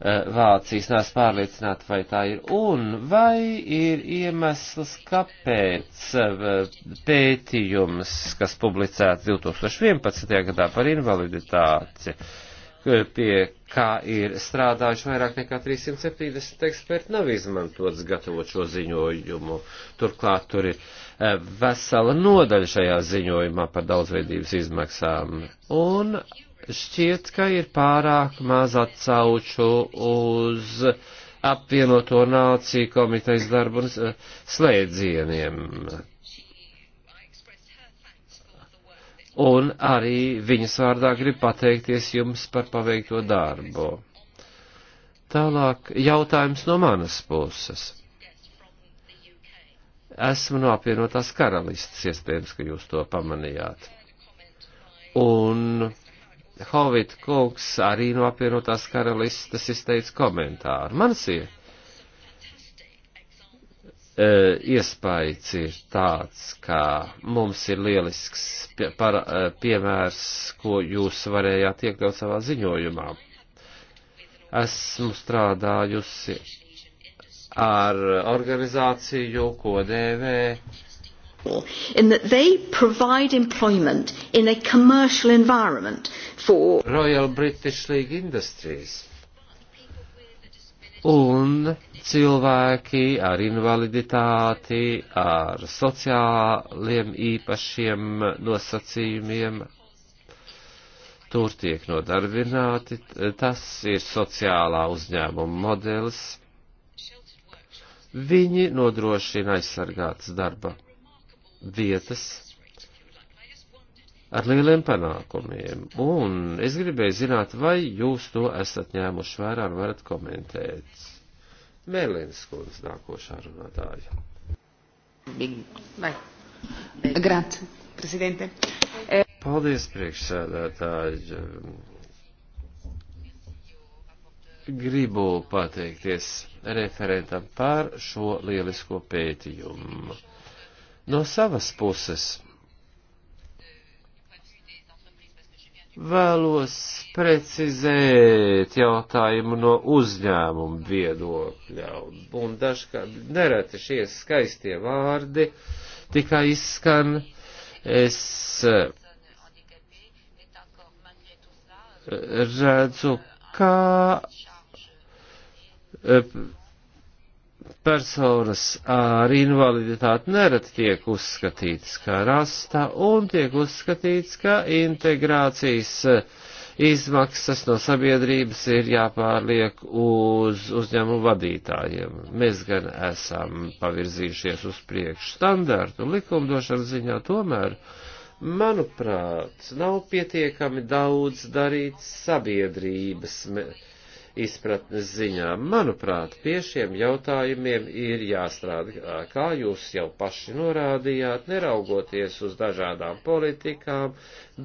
Eh, Vācijas nās pārliecināti, vai tā ir, un vai ir iemesls, kāpēc eh, pētījums, kas publicēts 2011. gadā par invaliditāti, eh, pie kā ir strādājuši vairāk nekā 370 eksperti, nav izmantots gatavot šo ziņojumu. Turklāt tur ir vesela nodaļa šajā ziņojumā par daudzveidības izmaksām. Un šķiet, ka ir pārāk maz atsauču uz apvienoto nāciju komitejas darbu un eh, slēdzieniem. Un arī viņas vārdā grib pateikties jums par paveikto darbu. Tālāk jautājums no manas puses. Esmu no apvienotās karalistes, iespējams, ka jūs to pamanījāt. Un Hovita kungs arī no apvienotās karalistas izteica komentāru. Mans ir e, iespējas ir tāds, ka mums ir lielisks par, e, piemērs, ko jūs varējāt iekļaut savā ziņojumā. Esmu strādājusi ar organizāciju, ko dēvē in that they provide employment in a commercial environment for Royal British League Industries. Un cilvēki ar invaliditāti, ar sociāliem īpašiem nosacījumiem, tur tiek nodarbināti. Tas ir sociālā uzņēmuma modelis. Viņi nodrošina aizsargātas darba vietas ar lieliem panākumiem. Un es gribēju zināt, vai jūs to esat ņēmuši vērā un varat komentēt. Mērlīnas kundze nākošā runātāja. Grāts, prezidente. Paldies, priekšsēdētāji. Gribu pateikties referentam par šo lielisko pētījumu No savas puses vēlos precizēt jautājumu no uzņēmuma viedokļa, un dažkārt nereti šie skaistie vārdi tikai izskan. Es eh, redzu, kā eh, personas ar invaliditāti nerad tiek uzskatītas kā rasta un tiek uzskatīts, ka integrācijas eh, izmaksas no sabiedrības ir jāpārliek uz uzņēmumu vadītājiem. Mēs gan esam pavirzījušies uz priekšu standārtu un likumdošanu ziņā tomēr manuprāt, nav pietiekami daudz darīts sabiedrības izpratnes ziņā. Manuprāt, pie šiem jautājumiem ir jāstrādā, kā jūs jau paši norādījāt, neraugoties uz dažādām politikām,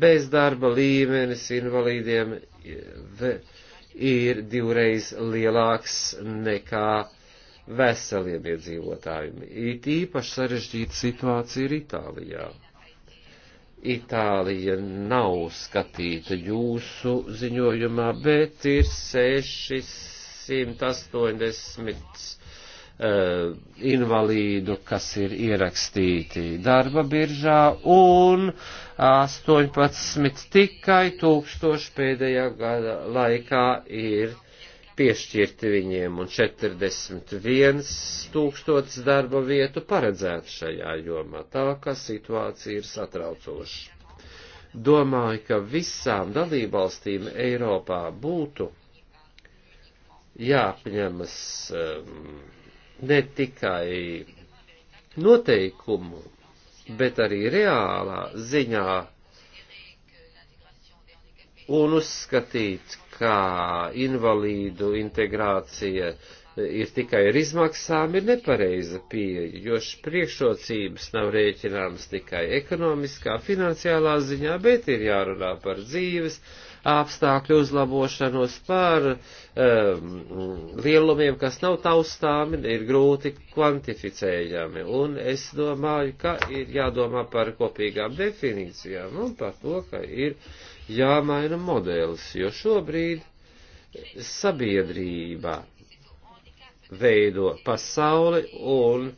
bezdarba līmenis invalīdiem e, ir divreiz lielāks nekā veseliem iedzīvotājiem. It īpaši sarežģīta situācija ir Itālijā. Itālija nav skatīta jūsu ziņojumā, bet ir 680 uh, eh, invalīdu, kas ir ierakstīti darba biržā, un 18 tikai tūkstoši pēdējā gada laikā ir piešķirti viņiem un 41 tūkstotis darba vietu paredzētu šajā jomā. Tā kā situācija ir satraucoša. Domāju, ka visām dalībvalstīm Eiropā būtu jāapņemas um, ne tikai noteikumu, bet arī reālā ziņā un uzskatīt, kā invalīdu integrācija ir tikai ar izmaksām, ir nepareiza pieeja, jo priekšrocības nav rēķināmas tikai ekonomiskā, finansiālā ziņā, bet ir jārunā par dzīves apstākļu uzlabošanos, par um, lielumiem, kas nav taustāmi, ir grūti kvantificējami. Un es domāju, ka ir jādomā par kopīgām definīcijām un par to, ka ir jāmaina modelis, jo šobrīd sabiedrība veido pasauli un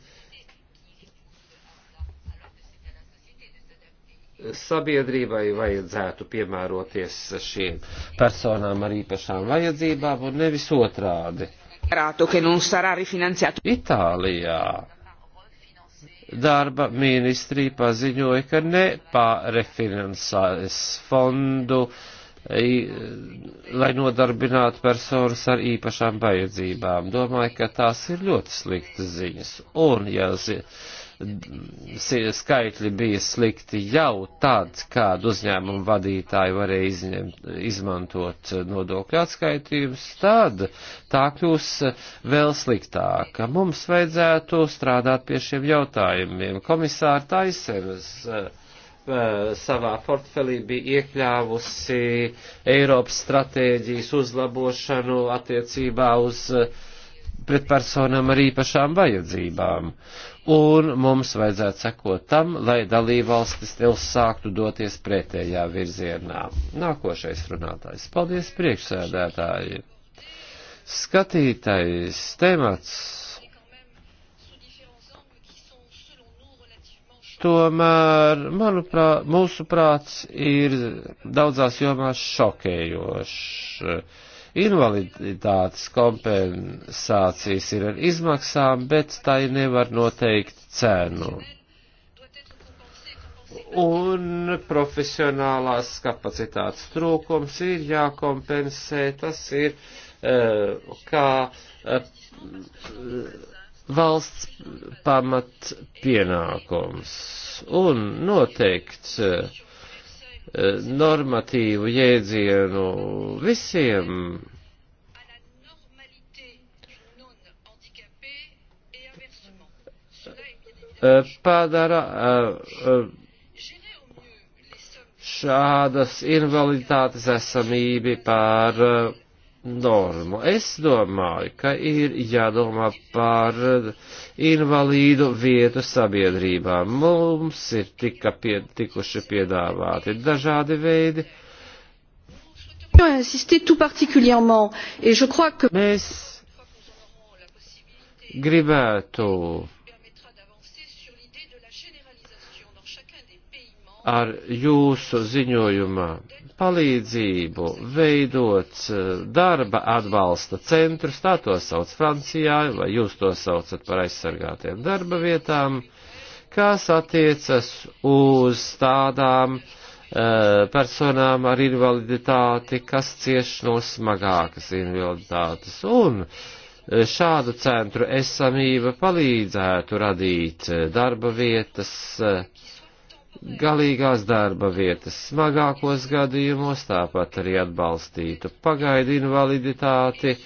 sabiedrībai vajadzētu piemēroties šīm personām ar īpašām vajadzībām un nevis otrādi. Nu Itālijā darba ministrija paziņoja, ka nepārefinansēs fondu, lai nodarbinātu personas ar īpašām vajadzībām. Domāju, ka tās ir ļoti sliktas ziņas. Un, ja, skaitļi bija slikti jau tad, kad uzņēmumu vadītāji varēja izņemt, izmantot nodokļu atskaitījumus, tad tā kļūs vēl sliktāka. Mums vajadzētu strādāt pie šiem jautājumiem. Komisāra Taisemes eh, savā portfelī bija iekļāvusi Eiropas stratēģijas uzlabošanu attiecībā uz uh, pret personām ar īpašām vajadzībām. Un mums vajadzētu sekot tam, lai dalībvalstis neuzsāktu doties pretējā virzienā. Nākošais runātājs. Paldies, priekšsēdētāji. Skatītais temats. tomēr, manuprāt, mūsu prāts ir daudzās jomās šokējošs invaliditātes kompensācijas ir ar izmaksām, bet tai nevar noteikt cenu. Un profesionālās kapacitātes trūkums ir jākompensē, tas ir eh, kā eh, valsts pamat pienākums. Un noteikts uh, normatīvu jēdzienu visiem. Padara šādas invaliditātes esamību par eh, normu. Es domāju, ka ir jādomā par uh, invalīdu vietu sabiedrībā. Mums ir tika pie, tikuši piedāvāti dažādi veidi. Mēs gribētu ar jūsu ziņojumā palīdzību veidot eh, darba atbalsta centrus, tā to sauc Francijā, vai jūs to saucat par aizsargātiem darba vietām, kas attiecas uz tādām uh, personām ar invaliditāti, kas cieš no smagākas invaliditātes. Un eh, šādu centru esamība palīdzētu radīt darba vietas, uh, galīgās darba vietas smagākos gadījumos, tāpat arī atbalstītu pagaidu invaliditāti.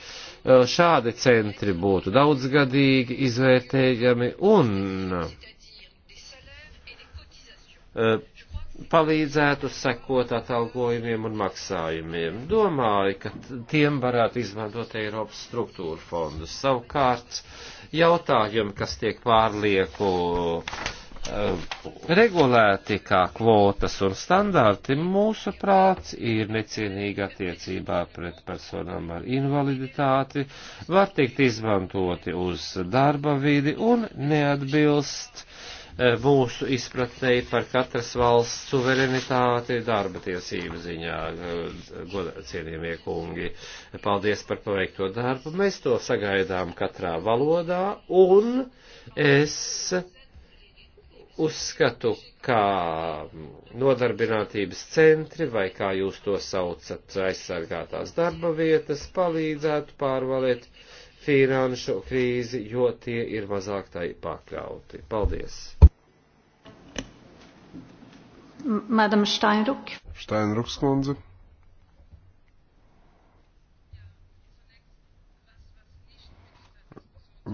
Šādi centri būtu daudzgadīgi izvērtējami un palīdzētu sekot atalgojumiem un maksājumiem. Domāju, ka tiem varētu izmantot Eiropas struktūra fondus. Savukārt jautājumi, kas tiek pārlieku uh, Eh, regulēti kā kvotas un standarti, mūsu prāts ir necienīgi attiecībā pret personām ar invaliditāti, var tikt izmantoti uz darba vidi un neatbilst eh, mūsu izpratnei par katras valsts suverenitāti darba tiesību ziņā, eh, cienījamie kungi. Paldies par paveikto darbu. Mēs to sagaidām katrā valodā un es Uzskatu, kā nodarbinātības centri vai kā jūs to saucat aizsargātās darba vietas palīdzētu pārvalēt finanšu krīzi, jo tie ir mazāk tai pakļauti. Paldies! Madam Steinruk. Steinruk skundze.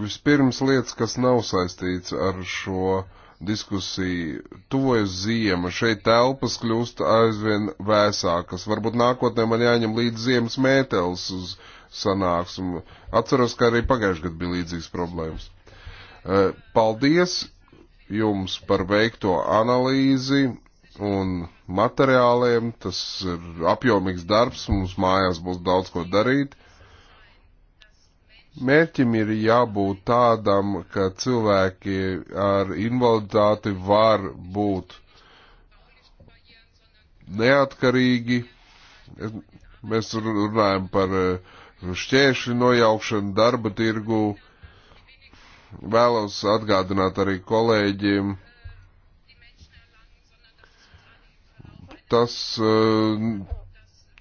Vispirms lietas, kas nav saistīts ar šo uh, diskusija tuvojas ziema, šeit telpas kļūst aizvien vēsākas. Varbūt nākotnē man jāņem līdz ziemas mētels uz sanāksmu. Atceros, ka arī pagājušajā gadā bija līdzīgas problēmas. E, paldies jums par veikto analīzi un materiāliem. Tas ir apjomīgs darbs, mums mājās būs daudz ko darīt. Mērķim ir jābūt tādam, ka cilvēki ar invaliditāti var būt neatkarīgi. Mēs runājam par eh, šķēršļu nojaukšanu darba tirgu. Vēlos atgādināt arī kolēģiem, tas uh,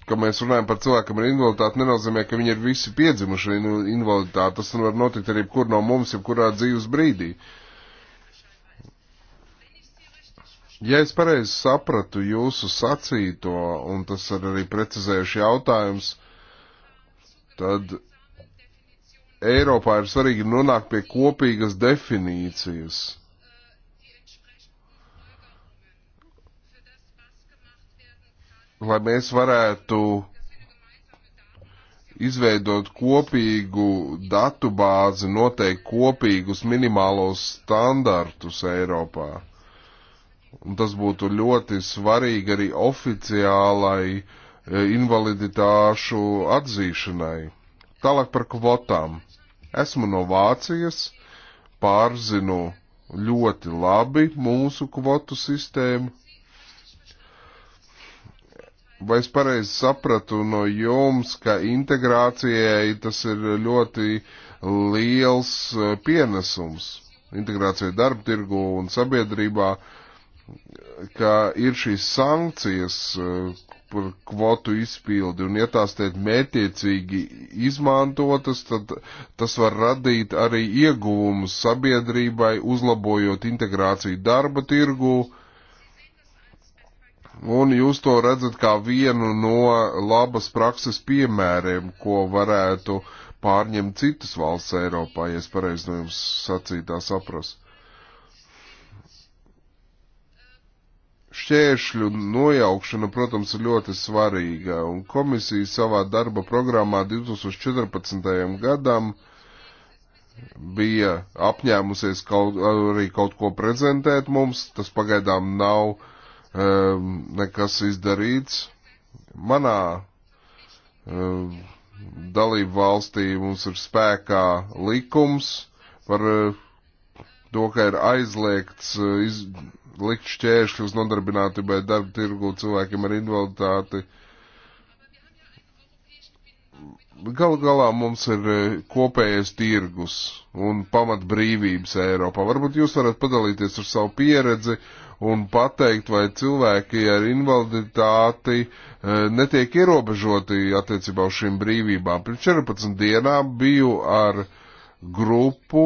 ka mēs runājam par cilvēkam ar invaliditāti, nenozīmē, ka viņi ir visi piedzimuši ar invaliditāti. Tas var notikt arī kur no mums, jebkurā dzīves brīdī. Ja es pareizi sapratu jūsu sacīto, un tas ir arī precizējuši jautājums, tad Eiropā ir svarīgi nonākt pie kopīgas definīcijas lai mēs varētu izveidot kopīgu datu bāzi, noteikt kopīgus minimālos standartus Eiropā. Un tas būtu ļoti svarīgi arī oficiālai e, invaliditāšu atzīšanai. Tālāk par kvotām. Esmu no Vācijas, pārzinu ļoti labi mūsu kvotu sistēmu, Vai es pareizi sapratu no jums, ka integrācijai tas ir ļoti liels eh, pienesums? Integrācijai darba tirgu un sabiedrībā, ka ir šīs sankcijas eh, par kvotu izpildi, un ja tās tiek mētiecīgi izmantotas, tad tas var radīt arī ieguvumus sabiedrībai, uzlabojot integrāciju darba tirgu, uh, Un jūs to redzat kā vienu no labas prakses piemēriem, ko varētu pārņemt citas valsts Eiropā, ja es pareizi no jums sacītā saprastu. Šķēršļu nojaukšana, protams, ir ļoti svarīga, un komisija savā darba programmā 2014. gadam bija apņēmusies kaut, arī kaut ko prezentēt mums, tas pagaidām nav uh, Ehm, nekas izdarīts. Manā ehm, dalību valstī mums ir spēkā likums par eh, to, ka ir aizliegts eh, iz, likt šķēršļus nodarbinātībai darba tirgu cilvēkiem ar invaliditāti. Galu galā mums ir eh, kopējais tirgus un pamat brīvības Eiropā. Varbūt jūs varat padalīties ar savu pieredzi un pateikt, vai cilvēki ar invaliditāti eh, netiek ierobežoti attiecībā uz šīm brīvībām. Pirms 14 dienām biju ar grupu,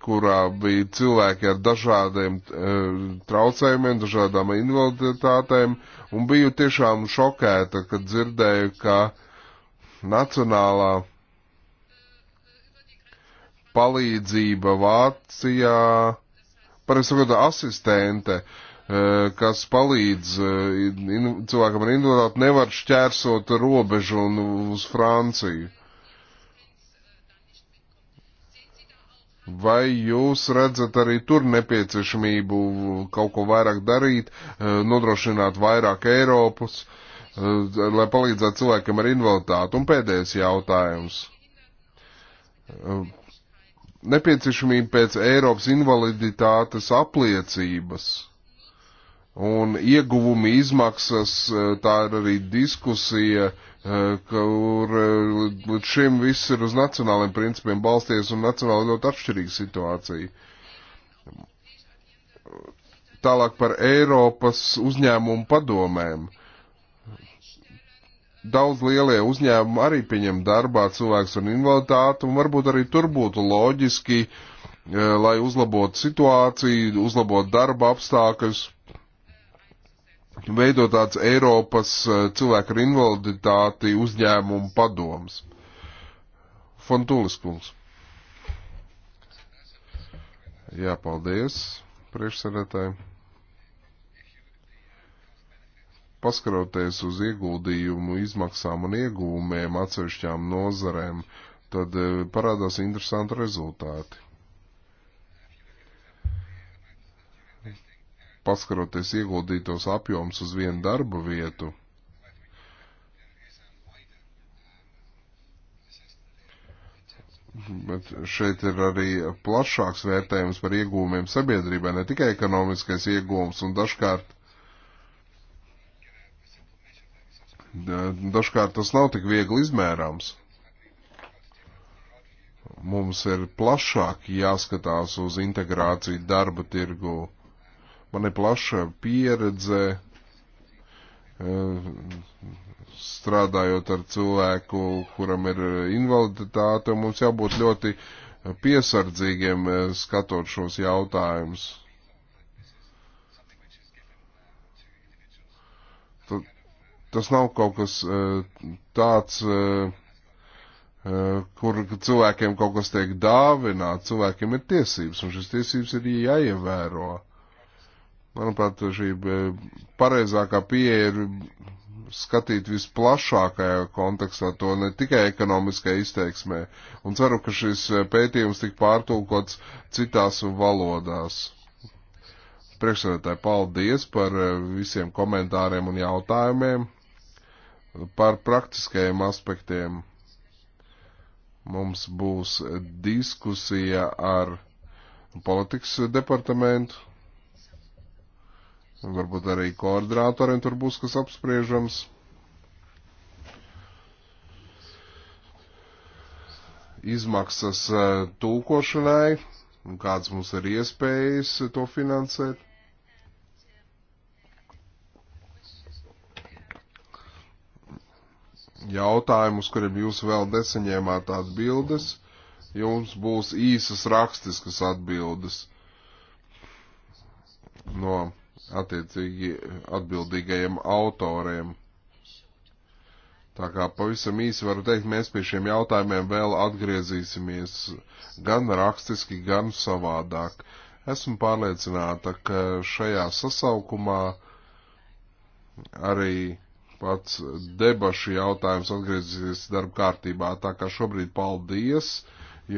kurā bija cilvēki ar dažādiem eh, traucējumiem, dažādām invaliditātēm, un biju tiešām šokēta, kad dzirdēju, ka nacionālā palīdzība Vācijā, pareizi sakot, asistente uh, Eh, kas palīdz eh, cilvēkam ar invaliditāti, nevar šķērsot robežu un uz Franciju. Vai jūs redzat arī tur nepieciešamību kaut ko vairāk darīt, eh, nodrošināt vairāk Eiropas, lai palīdzētu cilvēkam ar invaliditāti? Un pēdējais jautājums. Nepieciešamība pēc Eiropas invaliditātes apliecības un ieguvumi izmaksas, eh, tā ir arī diskusija, eh, kur eh, līdz šim viss ir uz nacionāliem principiem balsties un nacionāli ļoti atšķirīga situācija. Tālāk par Eiropas uzņēmumu padomēm. Daudz lielie uzņēmumi arī pieņem darbā cilvēks ar invaliditāti, un varbūt arī tur būtu loģiski, lai uzlabotu situāciju, uzlabotu darba apstākļus, veidot tāds Eiropas eh, cilvēku ar invaliditāti uzņēmumu padoms. Fontūlis kungs. Jā, paldies priekšsēdētāji. Paskaroties uz ieguldījumu izmaksām un iegūmiem atsevišķām nozarēm, tad eh, parādās interesanti rezultāti paskaroties ieguldītos apjoms uz vienu darba vietu, Bet šeit ir arī plašāks vērtējums par iegūmiem sabiedrībai, ne tikai ekonomiskais iegūms un dažkārt. Dažkārt tas nav tik viegli izmērāms. Mums ir plašāk jāskatās uz integrāciju darba tirgu Man ir plaša pieredze eh, strādājot ar cilvēku, kuram ir invaliditāte, un mums jābūt ļoti piesardzīgiem eh, skatot šos jautājumus. Tas nav kaut kas eh, tāds, kur cilvēkiem kaut kas tiek dāvināts, cilvēkiem ir tiesības, un šis tiesības ir jāievēro. Manuprāt, šī e, pareizākā pieeja ir skatīt visplašākajā kontekstā, to ne tikai ekonomiskajā izteiksmē. Un ceru, ka šis e, pētījums tik pārtulkots citās valodās. Priekšsēdētāji, paldies par e, visiem komentāriem un jautājumiem, par praktiskajiem aspektiem. Mums būs diskusija ar politikas departamentu Varbūt arī koordinātoriem tur būs kas apspriežams. Izmaksas eh, tūkošanai, kāds mums ir iespējas to finansēt. Jautājumus, kuriem jūs vēl nesaņēmāt atbildes, jums būs īsas rakstiskas atbildes no attiecīgi atbildīgajiem autoriem. Tā kā pavisam īsi varu teikt, mēs pie šiem jautājumiem vēl atgriezīsimies gan rakstiski, gan savādāk. Esmu pārliecināta, ka šajā sasaukumā arī pats debašu jautājums atgriezīsies darba kārtībā. Tā kā šobrīd paldies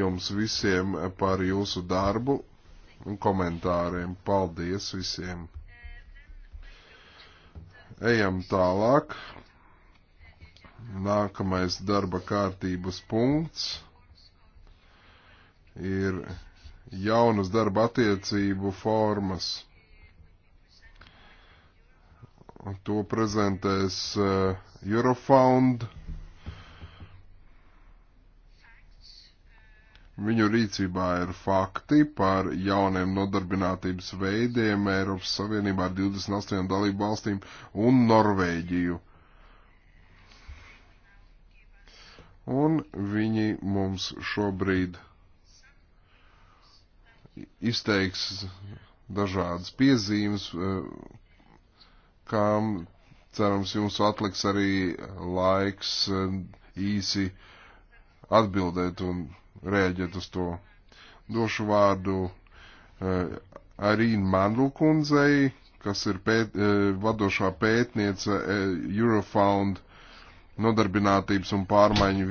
jums visiem par jūsu darbu un komentāriem. Paldies visiem! Ejam tālāk. Nākamais darba kārtības punkts ir jaunas darba attiecību formas. To prezentēs eh, Eurofound. Uh, Viņu rīcībā ir fakti par jauniem nodarbinātības veidiem Eiropas Savienībā ar 28 dalību valstīm un Norvēģiju. Un viņi mums šobrīd izteiks dažādas piezīmes, eh, kam cerams jums atliks arī laiks eh, īsi atbildēt un rēģēt uz to. Došu vārdu e, Arīna Manlukundzei, kas ir pēt, e, vadošā pētniece e, Eurofound nodarbinātības un pārmaiņu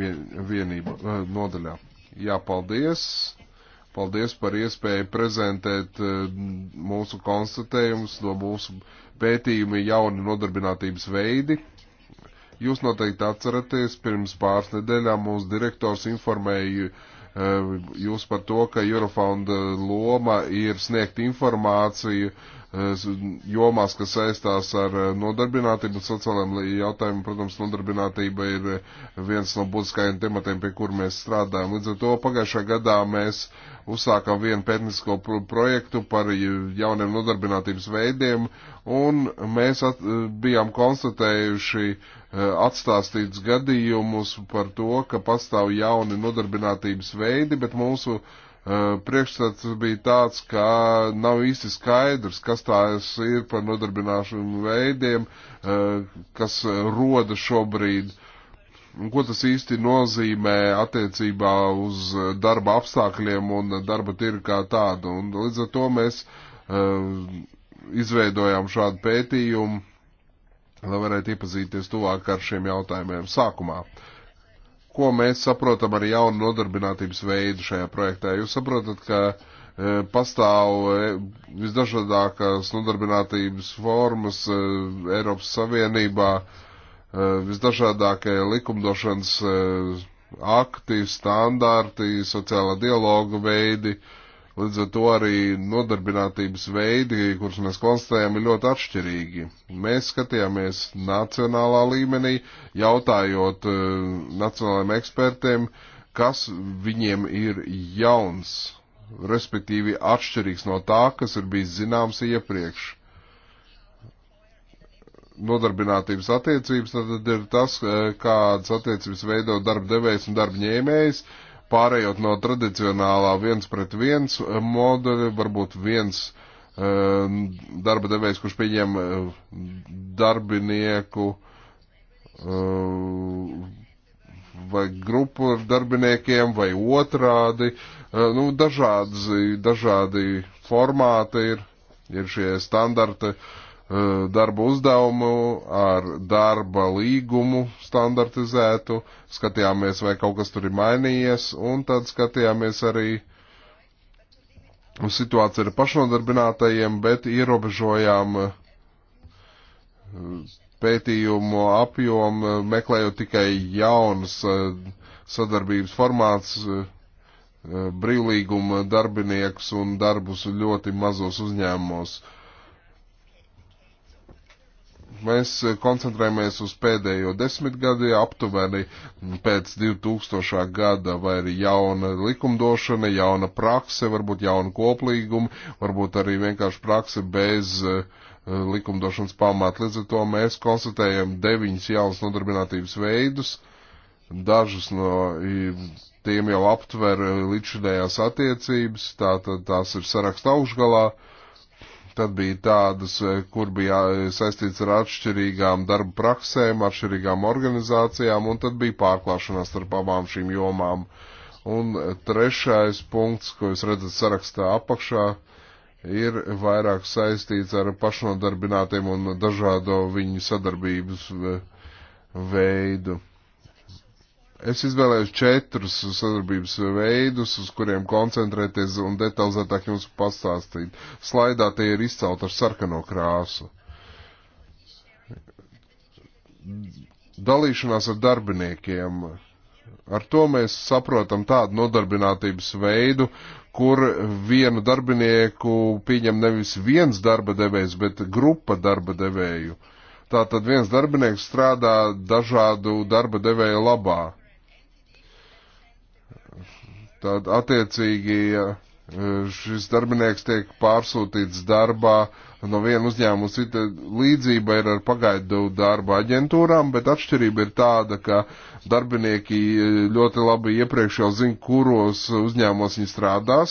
vienība nodaļā. Jā, paldies! Paldies par iespēju prezentēt mūsu konstatējumus no mūsu pētījumi jauni nodarbinātības veidi Jūs noteikti atceraties, pirms pāris nedēļām mūsu direktors informēja e, jūs par to, ka Eurofonda loma ir sniegt informāciju jomās, kas saistās ar eh, nodarbinātību un sociālajiem jautājumiem. Protams, nodarbinātība ir eh, viens no būtiskajiem tematiem, pie kur mēs strādājam. Līdz ar to pagājušā gadā mēs uzsākām vienu pētnisko projektu par jauniem nodarbinātības veidiem, un mēs at, bijām konstatējuši eh, atstāstīts gadījumus par to, ka pastāv jauni nodarbinātības veidi, bet mūsu uh, priekšstats bija tāds, ka nav īsti skaidrs, kas tās ir par nodarbināšanu veidiem, kas roda šobrīd, un ko tas īsti nozīmē attiecībā uz darba apstākļiem un darba tirgu kā tādu. Un līdz ar to mēs izveidojām šādu pētījumu, lai varētu iepazīties tuvāk ar šiem jautājumiem sākumā ko mēs saprotam ar jaunu nodarbinātības veidu šajā projektā. Jūs saprotat, ka e, pastāv e, visdažādākās nodarbinātības formas e, Eiropas Savienībā, e, visdažādākie likumdošanas e, akti, standarti, sociālā dialoga veidi, uh, Līdz ar to arī nodarbinātības veidi, kurus mēs konstatējam, ir ļoti atšķirīgi. Mēs skatījāmies nacionālā līmenī, jautājot uh, nacionālajiem ekspertiem, kas viņiem ir jauns, respektīvi atšķirīgs no tā, kas ir bijis zināms iepriekš nodarbinātības attiecības, tad ir tas, eh, kādas attiecības veido darba devējs un darba ņēmējs, pārējot no tradicionālā viens pret viens eh, modeļa, varbūt viens eh, darba devējs, kurš pieņem eh, darbinieku vai grupu ar darbiniekiem vai otrādi. Nu, dažādi, dažādi formāti ir, ir šie standarti. Uh, Uh, darba uzdevumu, ar darba līgumu standartizētu, skatījāmies, vai kaut kas tur ir mainījies, un tad skatījāmies arī uz situāciju ar pašnodarbinātajiem, bet ierobežojām uh, pētījumu apjomu, meklējot tikai jaunas uh, sadarbības formāts, brīvlīguma darbiniekus un darbus ļoti mazos uzņēmumos. Uh, Mēs eh, koncentrējamies uz pēdējo desmitgadi, aptuveni mm, pēc 2000. gada vai ir jauna likumdošana, jauna prakse, varbūt jauna koplīguma, varbūt arī vienkārši prakse bez eh, likumdošanas pamata. Līdz ar to mēs konstatējam deviņas jaunas nodarbinātības veidus, dažus no tiem jau aptver eh, līdzšinējās attiecības, tātad tā, tās ir saraksta augšgalā. Uh, Tad bija tādas, eh, kur bija eh, saistīts ar atšķirīgām darba praksēm, atšķirīgām organizācijām, un tad bija pārklāšanās starp abām šīm jomām. Un eh, trešais punkts, ko jūs redzat sarakstā apakšā, ir vairāk saistīts ar pašnodarbinātiem un dažādo viņu sadarbības veidu. Es izvēlējos četrus sadarbības veidus, uz kuriem koncentrēties un detalizētāk jums pastāstīt. Slaidā tie ir izcelt ar sarkano krāsu. Dalīšanās ar darbiniekiem. Ar to mēs saprotam tādu nodarbinātības veidu, kur vienu darbinieku pieņem nevis viens darba devējs, bet grupa darba devēju. Tātad viens darbinieks strādā dažādu darba devēju labā Tad attiecīgi e, šis darbinieks tiek pārsūtīts darbā no viena uzņēmuma uz citu. Līdzība ir ar pagaidu darba aģentūrām, bet atšķirība ir tāda, ka darbinieki e, ļoti labi iepriekš jau zina, kuros uzņēmumos viņi strādās.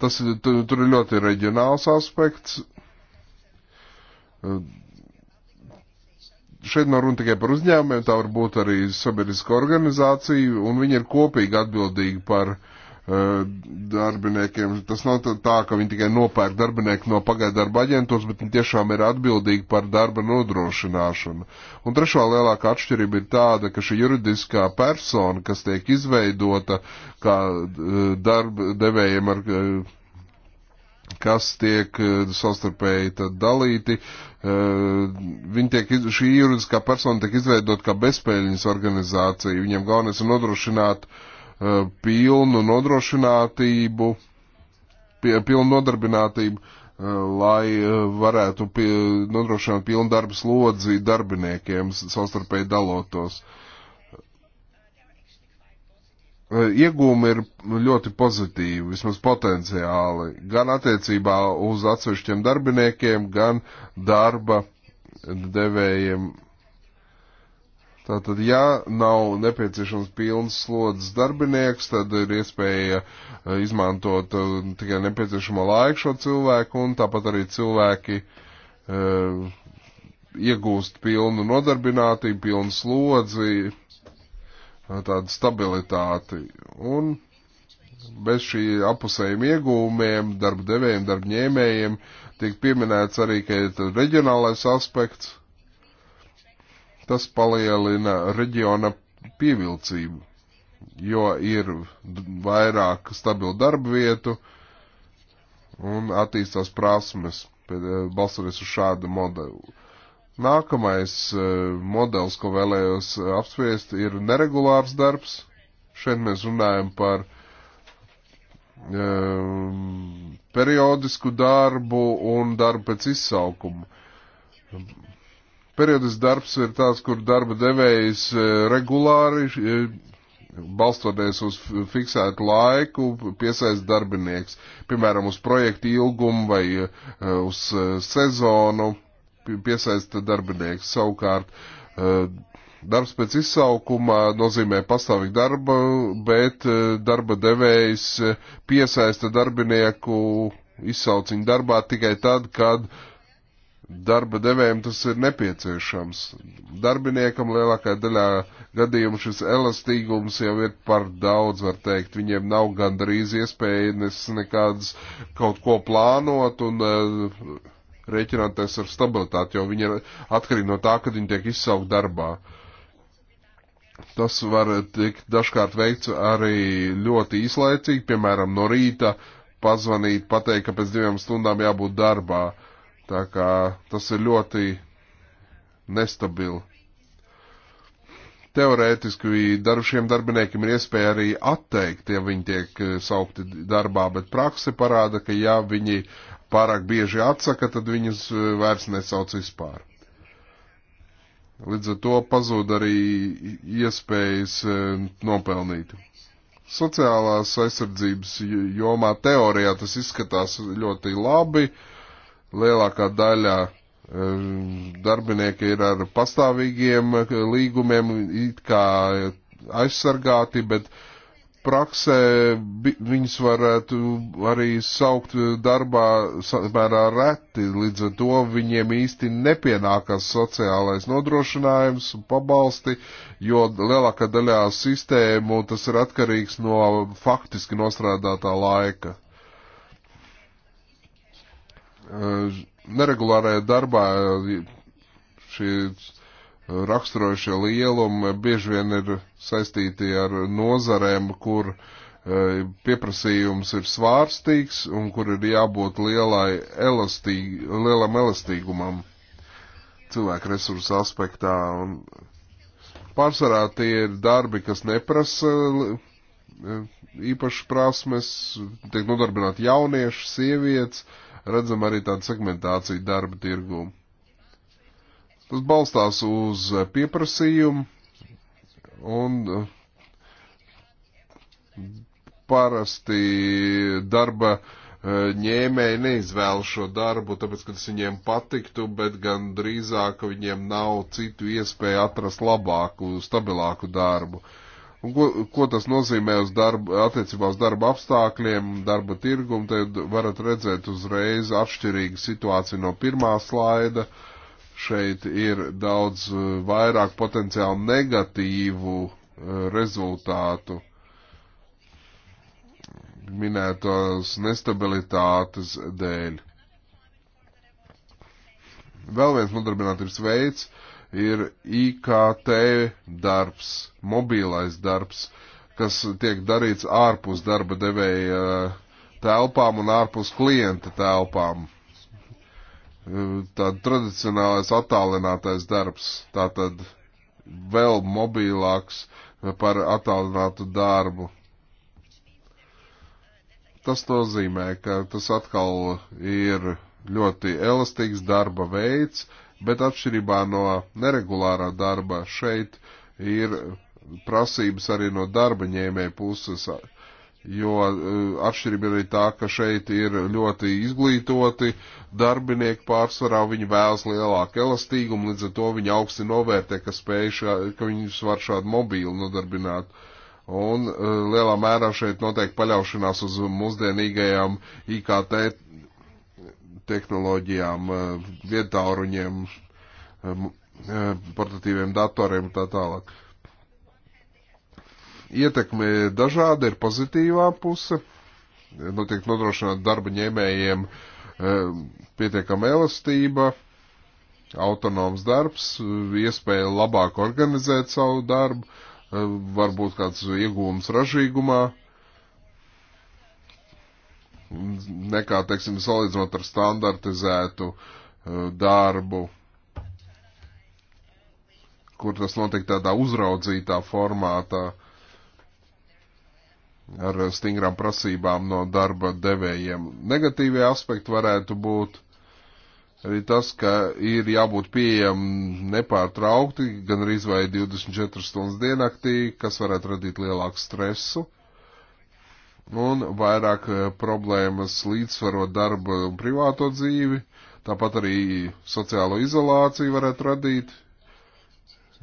Tas tur ir ļoti reģionāls aspekts. E, šeit nav runa tikai par uzņēmumiem, tā var būt arī sabiedriska organizācija, un viņi ir kopīgi atbildīgi par uh, darbiniekiem. Tas nav tā, ka viņi tikai nopērk darbinieku no pagaidu darba aģentūras, bet viņi tiešām ir atbildīgi par darba nodrošināšanu. Un trešā lielākā atšķirība ir tāda, ka šī juridiskā persona, kas tiek izveidota kā uh, eh, darba devējiem ar uh, kas tiek eh, savstarpēji dalīti. Eh, viņi tiek, šī juridiskā persona tiek izveidot kā bezpēļņas organizācija. Viņam galvenais ir nodrošināt eh, pilnu nodrošinātību, pilnu nodarbinātību, lai varētu pie, nodrošināt pilnu darbu slodzi darbiniekiem savstarpēji dalotos. Uh, Eh, iegūmi ir ļoti pozitīvi, vismaz potenciāli, gan attiecībā uz atsevišķiem darbiniekiem, gan darba devējiem. Tātad, ja nav nepieciešams pilns slodzes darbinieks, tad ir iespēja eh, izmantot eh, tikai nepieciešamo laiku šo cilvēku, un tāpat arī cilvēki uh, iegūst pilnu nodarbinātību, pilnu slodzi, tādu stabilitāti. Un bez šī apusējuma iegūmiem, darba devējiem, darba ņēmējiem tiek pieminēts arī, ka ir reģionālais aspekts. Tas palielina reģiona pievilcību, jo ir vairāk stabilu darba vietu un attīstās prasmes, balstoties uz šādu modeli. Nākamais eh, modelis, ko vēlējos eh, apspriest, ir neregulārs darbs. Šeit mēs runājam par um, periodisku darbu un darbu pēc izsaukuma. Periodisks darbs ir tāds, kur darba devējs regulāri, balstoties uz fiksētu laiku, piesaist darbinieks, piemēram, uz projektu ilgumu vai uz sezonu piesaista darbinieks. Savukārt, eh, darbs pēc izsaukuma nozīmē pastāvīgu darbu, bet eh, darba devējs eh, piesaista darbinieku izsauciņu darbā tikai tad, kad darba devējiem tas ir nepieciešams. Darbiniekam lielākajā daļā gadījumu šis elastīgums jau ir par daudz, var teikt. Viņiem nav gandrīz iespējas nekādas kaut ko plānot un uh, rēķināties ar stabilitāti, jo viņi ir atkarīgi no tā, kad viņi tiek izsaukt darbā. Tas var tikt dažkārt veikts arī ļoti īslaicīgi, piemēram, no rīta pazvanīt, pateikt, ka pēc divām stundām jābūt darbā. Tā kā tas ir ļoti nestabili. Teorētiski darušiem darbiniekiem ir iespēja arī atteikt, ja viņi tiek saukti darbā, bet prakse parāda, ka ja viņi uh, pārāk bieži atsaka, tad viņus e, vairs nesauc vispār. Līdz ar to pazūd arī iespējas e, nopelnīt. Sociālās aizsardzības jomā teorijā tas izskatās ļoti labi. Lielākā daļa e, darbinieki ir ar pastāvīgiem līgumiem, it kā aizsargāti, bet uh, praksē viņus varētu arī saukt darbā samērā reti, līdz ar to viņiem īsti nepienākas sociālais nodrošinājums un pabalsti, jo lielākā daļā sistēmu tas ir atkarīgs no faktiski nostrādātā laika. Neregulārajā darbā šie raksturojušie lielumi bieži vien ir saistīti ar nozarēm, kur e, pieprasījums ir svārstīgs un kur ir jābūt lielai elastī, lielam elastīgumam cilvēku resursu aspektā. Un pārsvarā tie ir darbi, kas neprasa e, īpašas prasmes, tiek nodarbināti jaunieši, sievietes, redzam arī tādu segmentāciju darba tirgumu. Tas balstās uz pieprasījumu un uh, parasti darba uh, ņēmēji neizvēlu šo darbu, tāpēc, ka tas viņiem patiktu, bet gan drīzāk viņiem nav citu iespēju atrast labāku, stabilāku darbu. Un ko, ko tas nozīmē uz darba, attiecībā uz darba apstākļiem, darba tirgumu, te varat redzēt uzreiz atšķirīgu situāciju no pirmā slaida. Uh, šeit ir daudz eh, vairāk potenciāli negatīvu eh, rezultātu. Minētos nestabilitātes dēļ. Vēl viens nodarbinātības veids ir IKT darbs, mobilais darbs, kas tiek darīts ārpus darba devēja eh, telpām un ārpus klienta telpām tāda tradicionālais attālinātais darbs, tātad vēl mobīlāks par attālinātu darbu. Tas nozīmē, ka tas atkal ir ļoti elastīgs darba veids, bet atšķirībā no neregulārā darba šeit ir prasības arī no darba ņēmē puses jo eh, atšķirība ir arī tā, ka šeit ir ļoti izglītoti darbinieki pārsvarā, viņi vēlas lielāku elastīgumu, līdz ar to viņi augsti novērtē, ka spēj, šā, ka viņus var šādu mobīlu nodarbināt. Un eh, lielā mērā šeit notiek paļaušanās uz mūsdienīgajām IKT tehnoloģijām, eh, vietāruņiem, portatīviem datoriem un tā tālāk. Ietekme dažāda ir pozitīvā puse, notiek nodrošināt darba ņēmējiem e, pietiekama elastība, autonoms darbs, iespēja labāk organizēt savu darbu, e, varbūt kāds iegūms ražīgumā, nekā, teiksim, salīdzinot ar standartizētu e, darbu, kur tas notiek tādā uzraudzītā formātā ar stingrām prasībām no darba devējiem. Negatīvie aspekti varētu būt arī tas, ka ir jābūt pieejam nepārtraukti, gan arī vai 24 stundas diennaktī, kas varētu radīt lielāku stresu un vairāk eh, problēmas līdzsvarot darbu un privāto dzīvi. Tāpat arī sociālo izolāciju varētu radīt,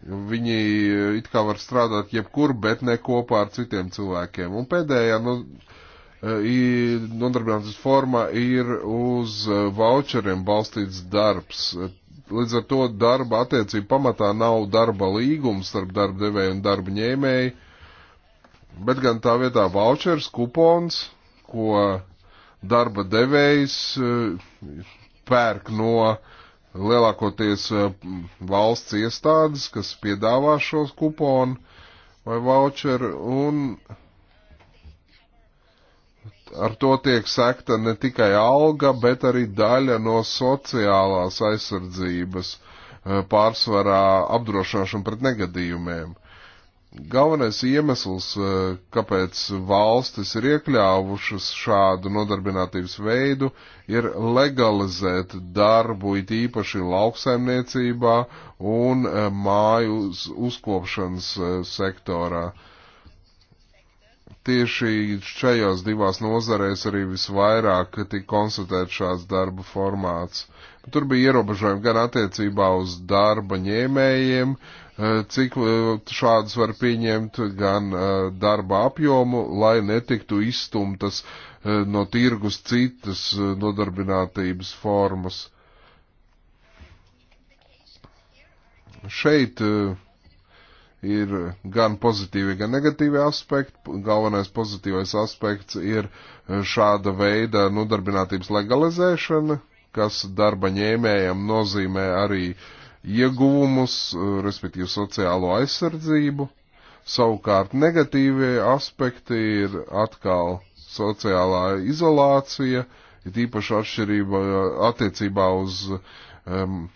Nu, viņi eh, it kā var strādāt jebkur, bet ne kopā ar citiem cilvēkiem. Un pēdējā nu, nodarbinātības forma ir uz eh, voucheriem balstīts darbs. Līdz ar to darba attiecība pamatā nav darba līgums starp darba devēju un darba ņēmēju, bet gan tā vietā vouchers, kupons, ko darba devējs pērk no uh, lielākoties eh, valsts iestādes, kas piedāvā šos kuponu vai voucheru, un ar to tiek sekta ne tikai alga, bet arī daļa no sociālās aizsardzības eh, pārsvarā apdrošināšana pret negadījumiem. Galvenais iemesls, eh, kāpēc valstis ir iekļāvušas šādu nodarbinātības veidu, ir legalizēt darbu, it īpaši lauksaimniecībā un eh, māju uz, uzkopšanas eh, sektorā. Tieši šajās divās nozarēs arī visvairāk tika konstatēts šāds darba formāts. Tur bija ierobežojumi gan attiecībā uz darba ņēmējiem, uh, Eh, cik eh, šādas var pieņemt gan eh, darba apjomu, lai netiktu izstumtas no tirgus citas nodarbinātības formas. Šeit ir gan pozitīvi, gan negatīvi aspekti. Galvenais pozitīvais aspekts ir šāda veida nodarbinātības legalizēšana, kas darba ņēmējam nozīmē arī uh, ieguvumus, eh, respektīvi sociālo aizsardzību. Savukārt negatīvie aspekti ir atkal sociālā izolācija, ir īpaši atšķirība eh, attiecībā uz um,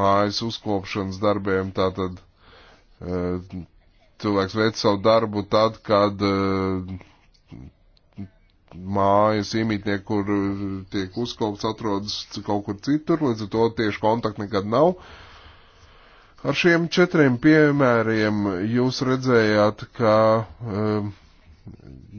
mājas uzkopšanas darbiem. Tātad uh, cilvēks veic savu darbu tad, kad uh, mājas iemītnieki, kur uh, tiek uzkalts, atrodas kaut kur citur, līdz ar to tieši kontakti nekad nav. Ar šiem četriem piemēriem jūs redzējāt, ka um,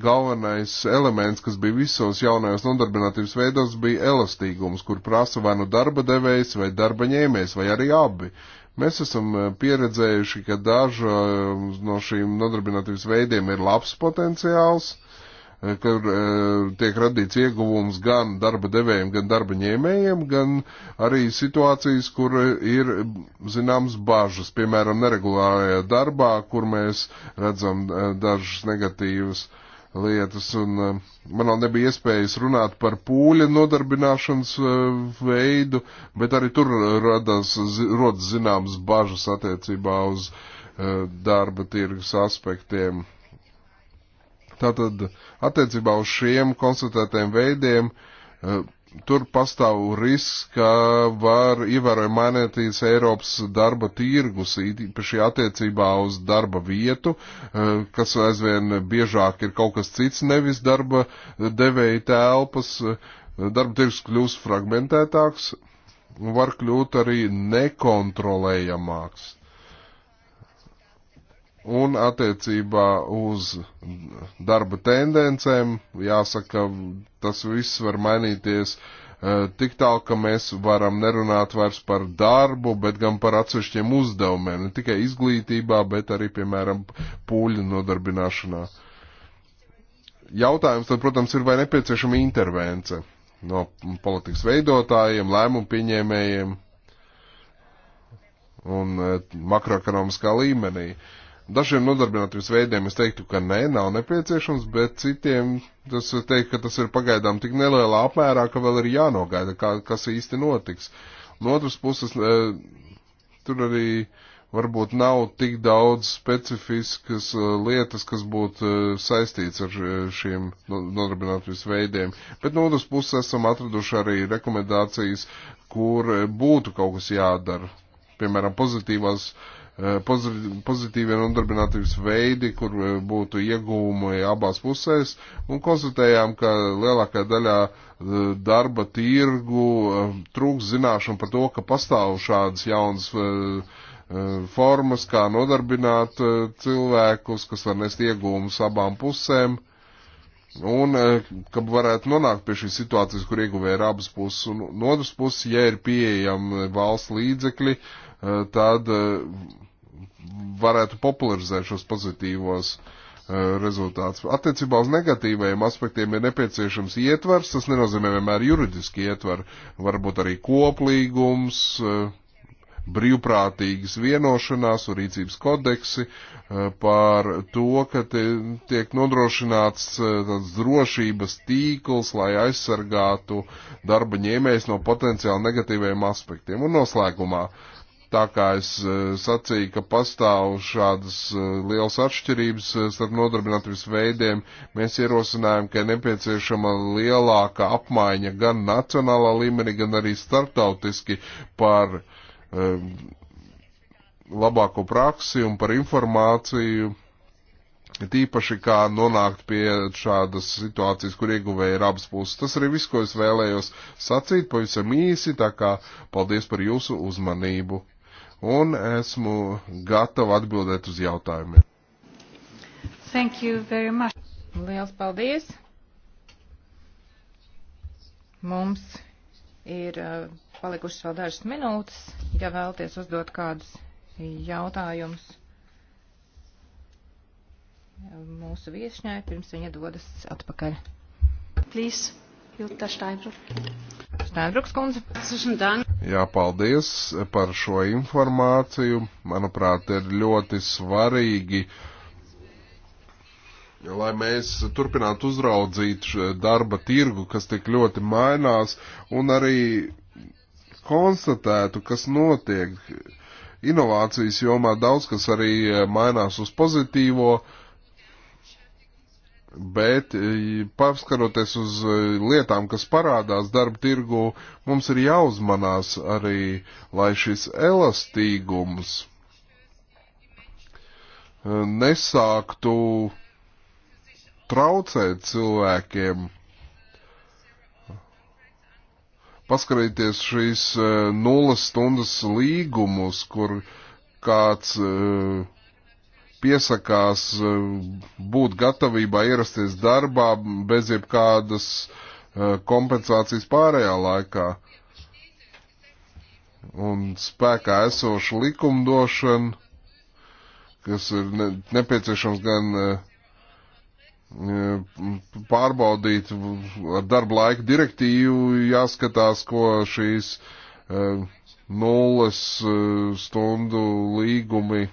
galvenais elements, kas bija visos jaunajos nodarbinātības veidos, bija elastīgums, kur prasa vai nu darba devējs, vai darba ņēmējs, vai arī abi. Mēs esam uh, pieredzējuši, ka daža um, no šīm nodarbinātības veidiem ir labs potenciāls, uh, Eh, kur eh, tiek radīts ieguvums gan darba devējiem, gan darba ņēmējiem, gan arī situācijas, kur ir zināms bažas, piemēram, neregulārajā darbā, kur mēs redzam eh, dažas negatīvas lietas, un man vēl nebija iespējas runāt par pūļa nodarbināšanas veidu, bet arī tur radās, rodas zināmas bažas attiecībā uz darba tirgus aspektiem. Tātad attiecībā uz šiem konstatētiem veidiem eh, tur pastāv risks, ka var ievērojami mainīties Eiropas darba tirgus, īpaši attiecībā uz darba vietu, eh, kas aizvien biežāk ir kaut kas cits, nevis darba devēja telpas. Darba tirgus kļūst fragmentētāks, var kļūt arī nekontrolējamāks. Un attiecībā uz darba tendencēm, jāsaka, tas viss var mainīties e, tik tālu, ka mēs varam nerunāt vairs par darbu, bet gan par atsevišķiem uzdevumiem, ne tikai izglītībā, bet arī, piemēram, pūļu nodarbināšanā. Jautājums tad, protams, ir, vai nepieciešama intervence no politikas veidotājiem, lēmumu pieņēmējiem un e, makroekonomiskā līmenī. Uh, Dažiem nodarbinātības veidiem es teiktu, ka nē, nav nepieciešams, bet citiem tas teikt, ka tas ir pagaidām tik nelielā apmērā, ka vēl ir jānogaida, kā, kas īsti notiks. No otras puses, e, tur arī varbūt nav tik daudz specifiskas e, lietas, kas būtu e, saistīts ar šiem nodarbinātības veidiem. Bet no otras puses esam atraduši arī rekomendācijas, kur būtu kaut kas jādara. Piemēram, pozitīvās uh, Eh, pozitīvie nodarbinātības veidi, kur eh, būtu iegūmi abās pusēs, un konstatējām, ka lielākā daļā eh, darba tirgu trūks zināšanu par to, ka pastāv šādas jaunas formas, kā nodarbināt cilvēkus, kas var nest iegūmus abām pusēm. Un, ka varētu nonākt pie šīs situācijas, kur ieguvēja ir abas puses. Un no otras puses, ja ir pieejami valsts līdzekļi, tad uh, varētu popularizēt šos pozitīvos eh, rezultātus. Attiecībā uz negatīvajiem aspektiem ir nepieciešams ietvars, tas nenozīmē vienmēr juridiski ietvaru, varbūt arī koplīgums, eh, brīvprātīgas vienošanās un rīcības kodeksi eh, par to, ka tiek nodrošināts tāds drošības tīkls, lai aizsargātu darba ņēmējs no potenciāli negatīviem aspektiem. Un noslēgumā tā kā es eh, sacīju, ka pastāv šādas eh, liels atšķirības eh, starp nodarbinātības veidiem, mēs ierosinājām, ka nepieciešama lielāka apmaiņa gan nacionālā līmenī, gan arī startautiski par um, labāko praksi un par informāciju. Tīpaši kā nonākt pie šādas situācijas, kur ieguvēja ir abas puses. Tas arī viss, ko es vēlējos sacīt, pavisam īsi, tā kā paldies par jūsu uzmanību un esmu gatava atbildēt uz jautājumiem. Thank you very much. Liels paldies. Mums ir uh, palikušas vēl dažas minūtes, ja vēlties uzdot kādus jautājumus uh, mūsu viesņai, pirms viņa dodas atpakaļ. Please. Jutta Steinbrück. Steinbruks kundze. Jā, paldies par šo informāciju. Manuprāt, ir ļoti svarīgi, lai mēs turpinātu uzraudzīt darba tirgu, kas tik ļoti mainās, un arī konstatētu, kas notiek. Inovācijas jomā daudz kas arī mainās uz pozitīvo, uh, Bet, e, paskaroties uz e, lietām, kas parādās darba tirgu, mums ir jāuzmanās arī, lai šis elastīgums e, nesāktu traucēt cilvēkiem. Paskarieties šīs nulles stundas līgumus, kur kāds uh, piesakās eh, būt gatavībā ierasties darbā bez jebkādas eh, kompensācijas pārējā laikā. Un spēkā esoša likumdošana, kas ir nepieciešams gan eh, pārbaudīt ar darba laika direktīvu, jāskatās, ko šīs nulles stundu līgumi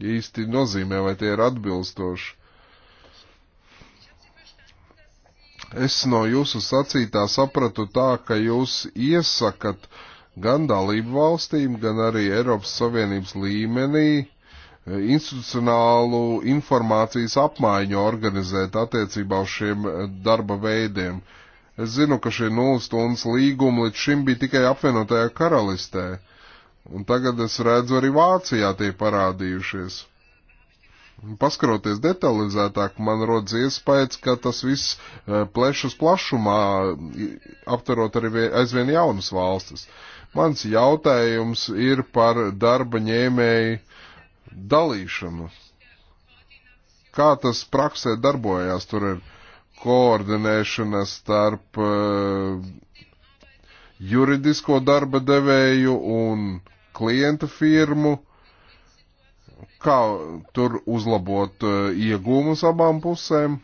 īsti nozīmē, vai tie ir atbilstoši. Es no jūsu sacītā sapratu tā, ka jūs iesakat gan dalību valstīm, gan arī Eiropas Savienības līmenī eh, institucionālu informācijas apmaiņu organizēt attiecībā uz šiem eh, darba veidiem. Es zinu, ka šie nulles stundas līgumi līdz šim bija tikai apvienotajā karalistē. Uh, Un tagad es redzu arī Vācijā tie parādījušies. Paskaroties detalizētāk, man rodas iespējas, ka tas viss e, plešas plašumā aptarot arī aizvien jaunas valstis. Mans jautājums ir par darba ņēmēju dalīšanu. Kā tas praksē darbojās? Tur ir koordinēšana starp uh, juridisko darba devēju un uh, klientu firmu, kā tur uzlabot e, iegūmus abām pusēm,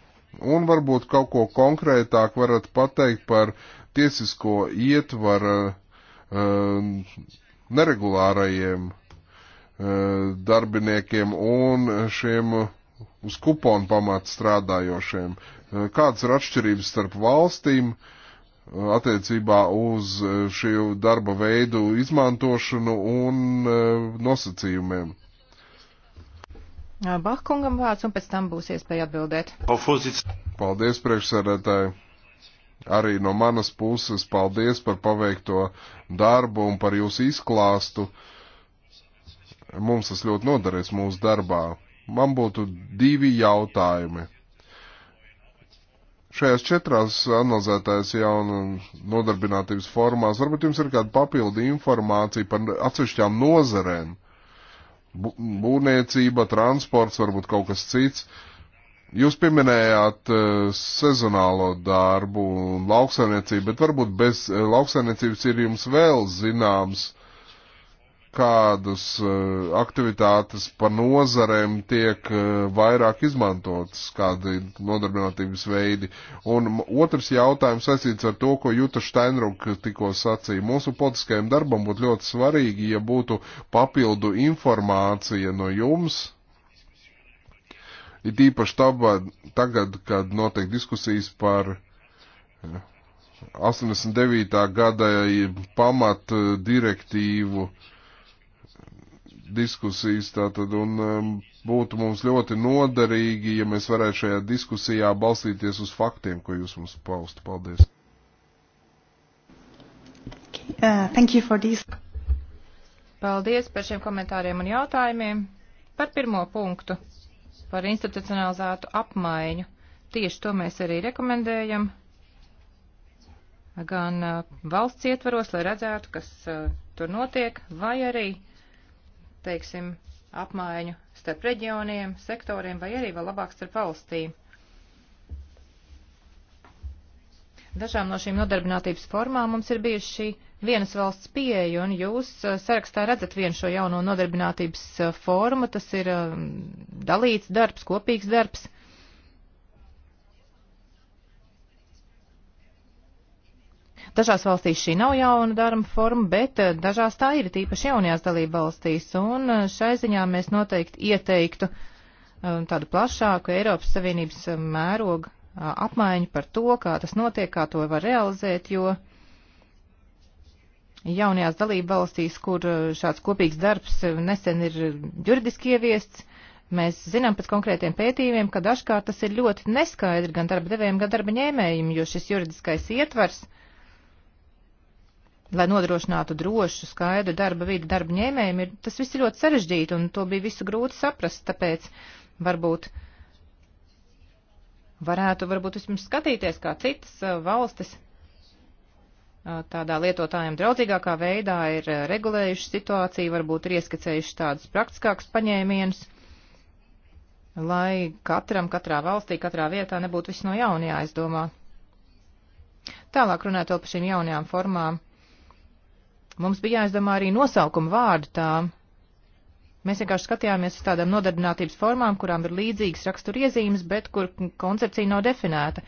un varbūt kaut ko konkrētāk varat pateikt par tiesisko ietvaru e, neregulārajiem e, darbiniekiem un šiem uz kuponu pamatu strādājošiem. Kādas ir atšķirības starp valstīm? Uh, attiecībā uz e, šī darba veidu izmantošanu un e, nosacījumiem. Bahkungam vārds un pēc tam būs iespēja atbildēt. Paldies, priekšsēdētāji! Arī no manas puses paldies par paveikto darbu un par jūsu izklāstu. Mums tas ļoti noderēs mūsu darbā. Man būtu divi jautājumi Šajās četrās analizētājās jaunu nodarbinātības formās, varbūt jums ir kāda papildu informācija par atsevišķām nozarēm būvniecība, transports, varbūt kaut kas cits. Jūs pieminējāt uh, sezonālo darbu un lauksaimniecību, bet varbūt bez uh, lauksaimniecības ir jums vēl zināms kādas eh, aktivitātes pa nozarēm tiek eh, vairāk izmantotas, kādi nodarbinātības veidi. Un otrs jautājums saistīts ar to, ko Juta Steinruk tikko sacīja. Mūsu politiskajam darbam būtu ļoti svarīgi, ja būtu papildu informācija no jums. Ir īpaši tabā, tagad, kad notiek diskusijas par 89. Eh, gada pamat direktīvu uh, diskusijas, tātad, un um, būtu mums ļoti noderīgi, ja mēs varētu šajā diskusijā balstīties uz faktiem, ko jūs mums paustu. Paldies! Uh, thank you for this. Paldies par šiem komentāriem un jautājumiem. Par pirmo punktu, par institucionalizētu apmaiņu. Tieši to mēs arī rekomendējam gan uh, valsts ietvaros, lai redzētu, kas uh, tur notiek, vai arī teiksim, apmaiņu starp reģioniem, sektoriem vai arī vēl labāk starp valstīm. Dažām no šīm nodarbinātības formām mums ir bijusi šī vienas valsts pieeja, un jūs eh, sarakstā redzat vienu šo jauno nodarbinātības eh, formu, tas ir eh, dalīts darbs, kopīgs darbs. Dažās valstīs šī nav jauna darba forma, bet eh, dažās tā ir tīpaši jaunajās dalība valstīs, un eh, šai ziņā mēs noteikti ieteiktu eh, tādu plašāku Eiropas Savienības mērogu apmaiņu par to, kā tas notiek, kā to var realizēt, jo jaunajās dalība valstīs, kur šāds kopīgs darbs nesen ir juridiski ieviests, mēs zinām pēc konkrētiem pētījumiem, ka dažkārt tas ir ļoti neskaidri gan darba devējiem, gan darba ņēmējiem, jo šis juridiskais ietvars uh, lai nodrošinātu drošu, skaidru darba vidi darba ņēmējiem, ir, tas viss ir ļoti sarežģīti un to bija visu grūti saprast, tāpēc varbūt varētu varbūt vismaz skatīties, kā citas uh, valstis uh, tādā lietotājiem draudzīgākā veidā ir uh, regulējuši situāciju, varbūt ir ieskicējuši tādus praktiskākus paņēmienus, lai katram, katrā valstī, katrā vietā nebūtu viss no jauna jāizdomā. Tālāk runāt vēl par šīm jaunajām formām Mums bija jāizdomā arī nosaukuma vārdu tām. Mēs vienkārši skatījāmies uz tādām nodarbinātības formām, kurām ir līdzīgas rakstura iezīmes, bet kur koncepcija nav definēta.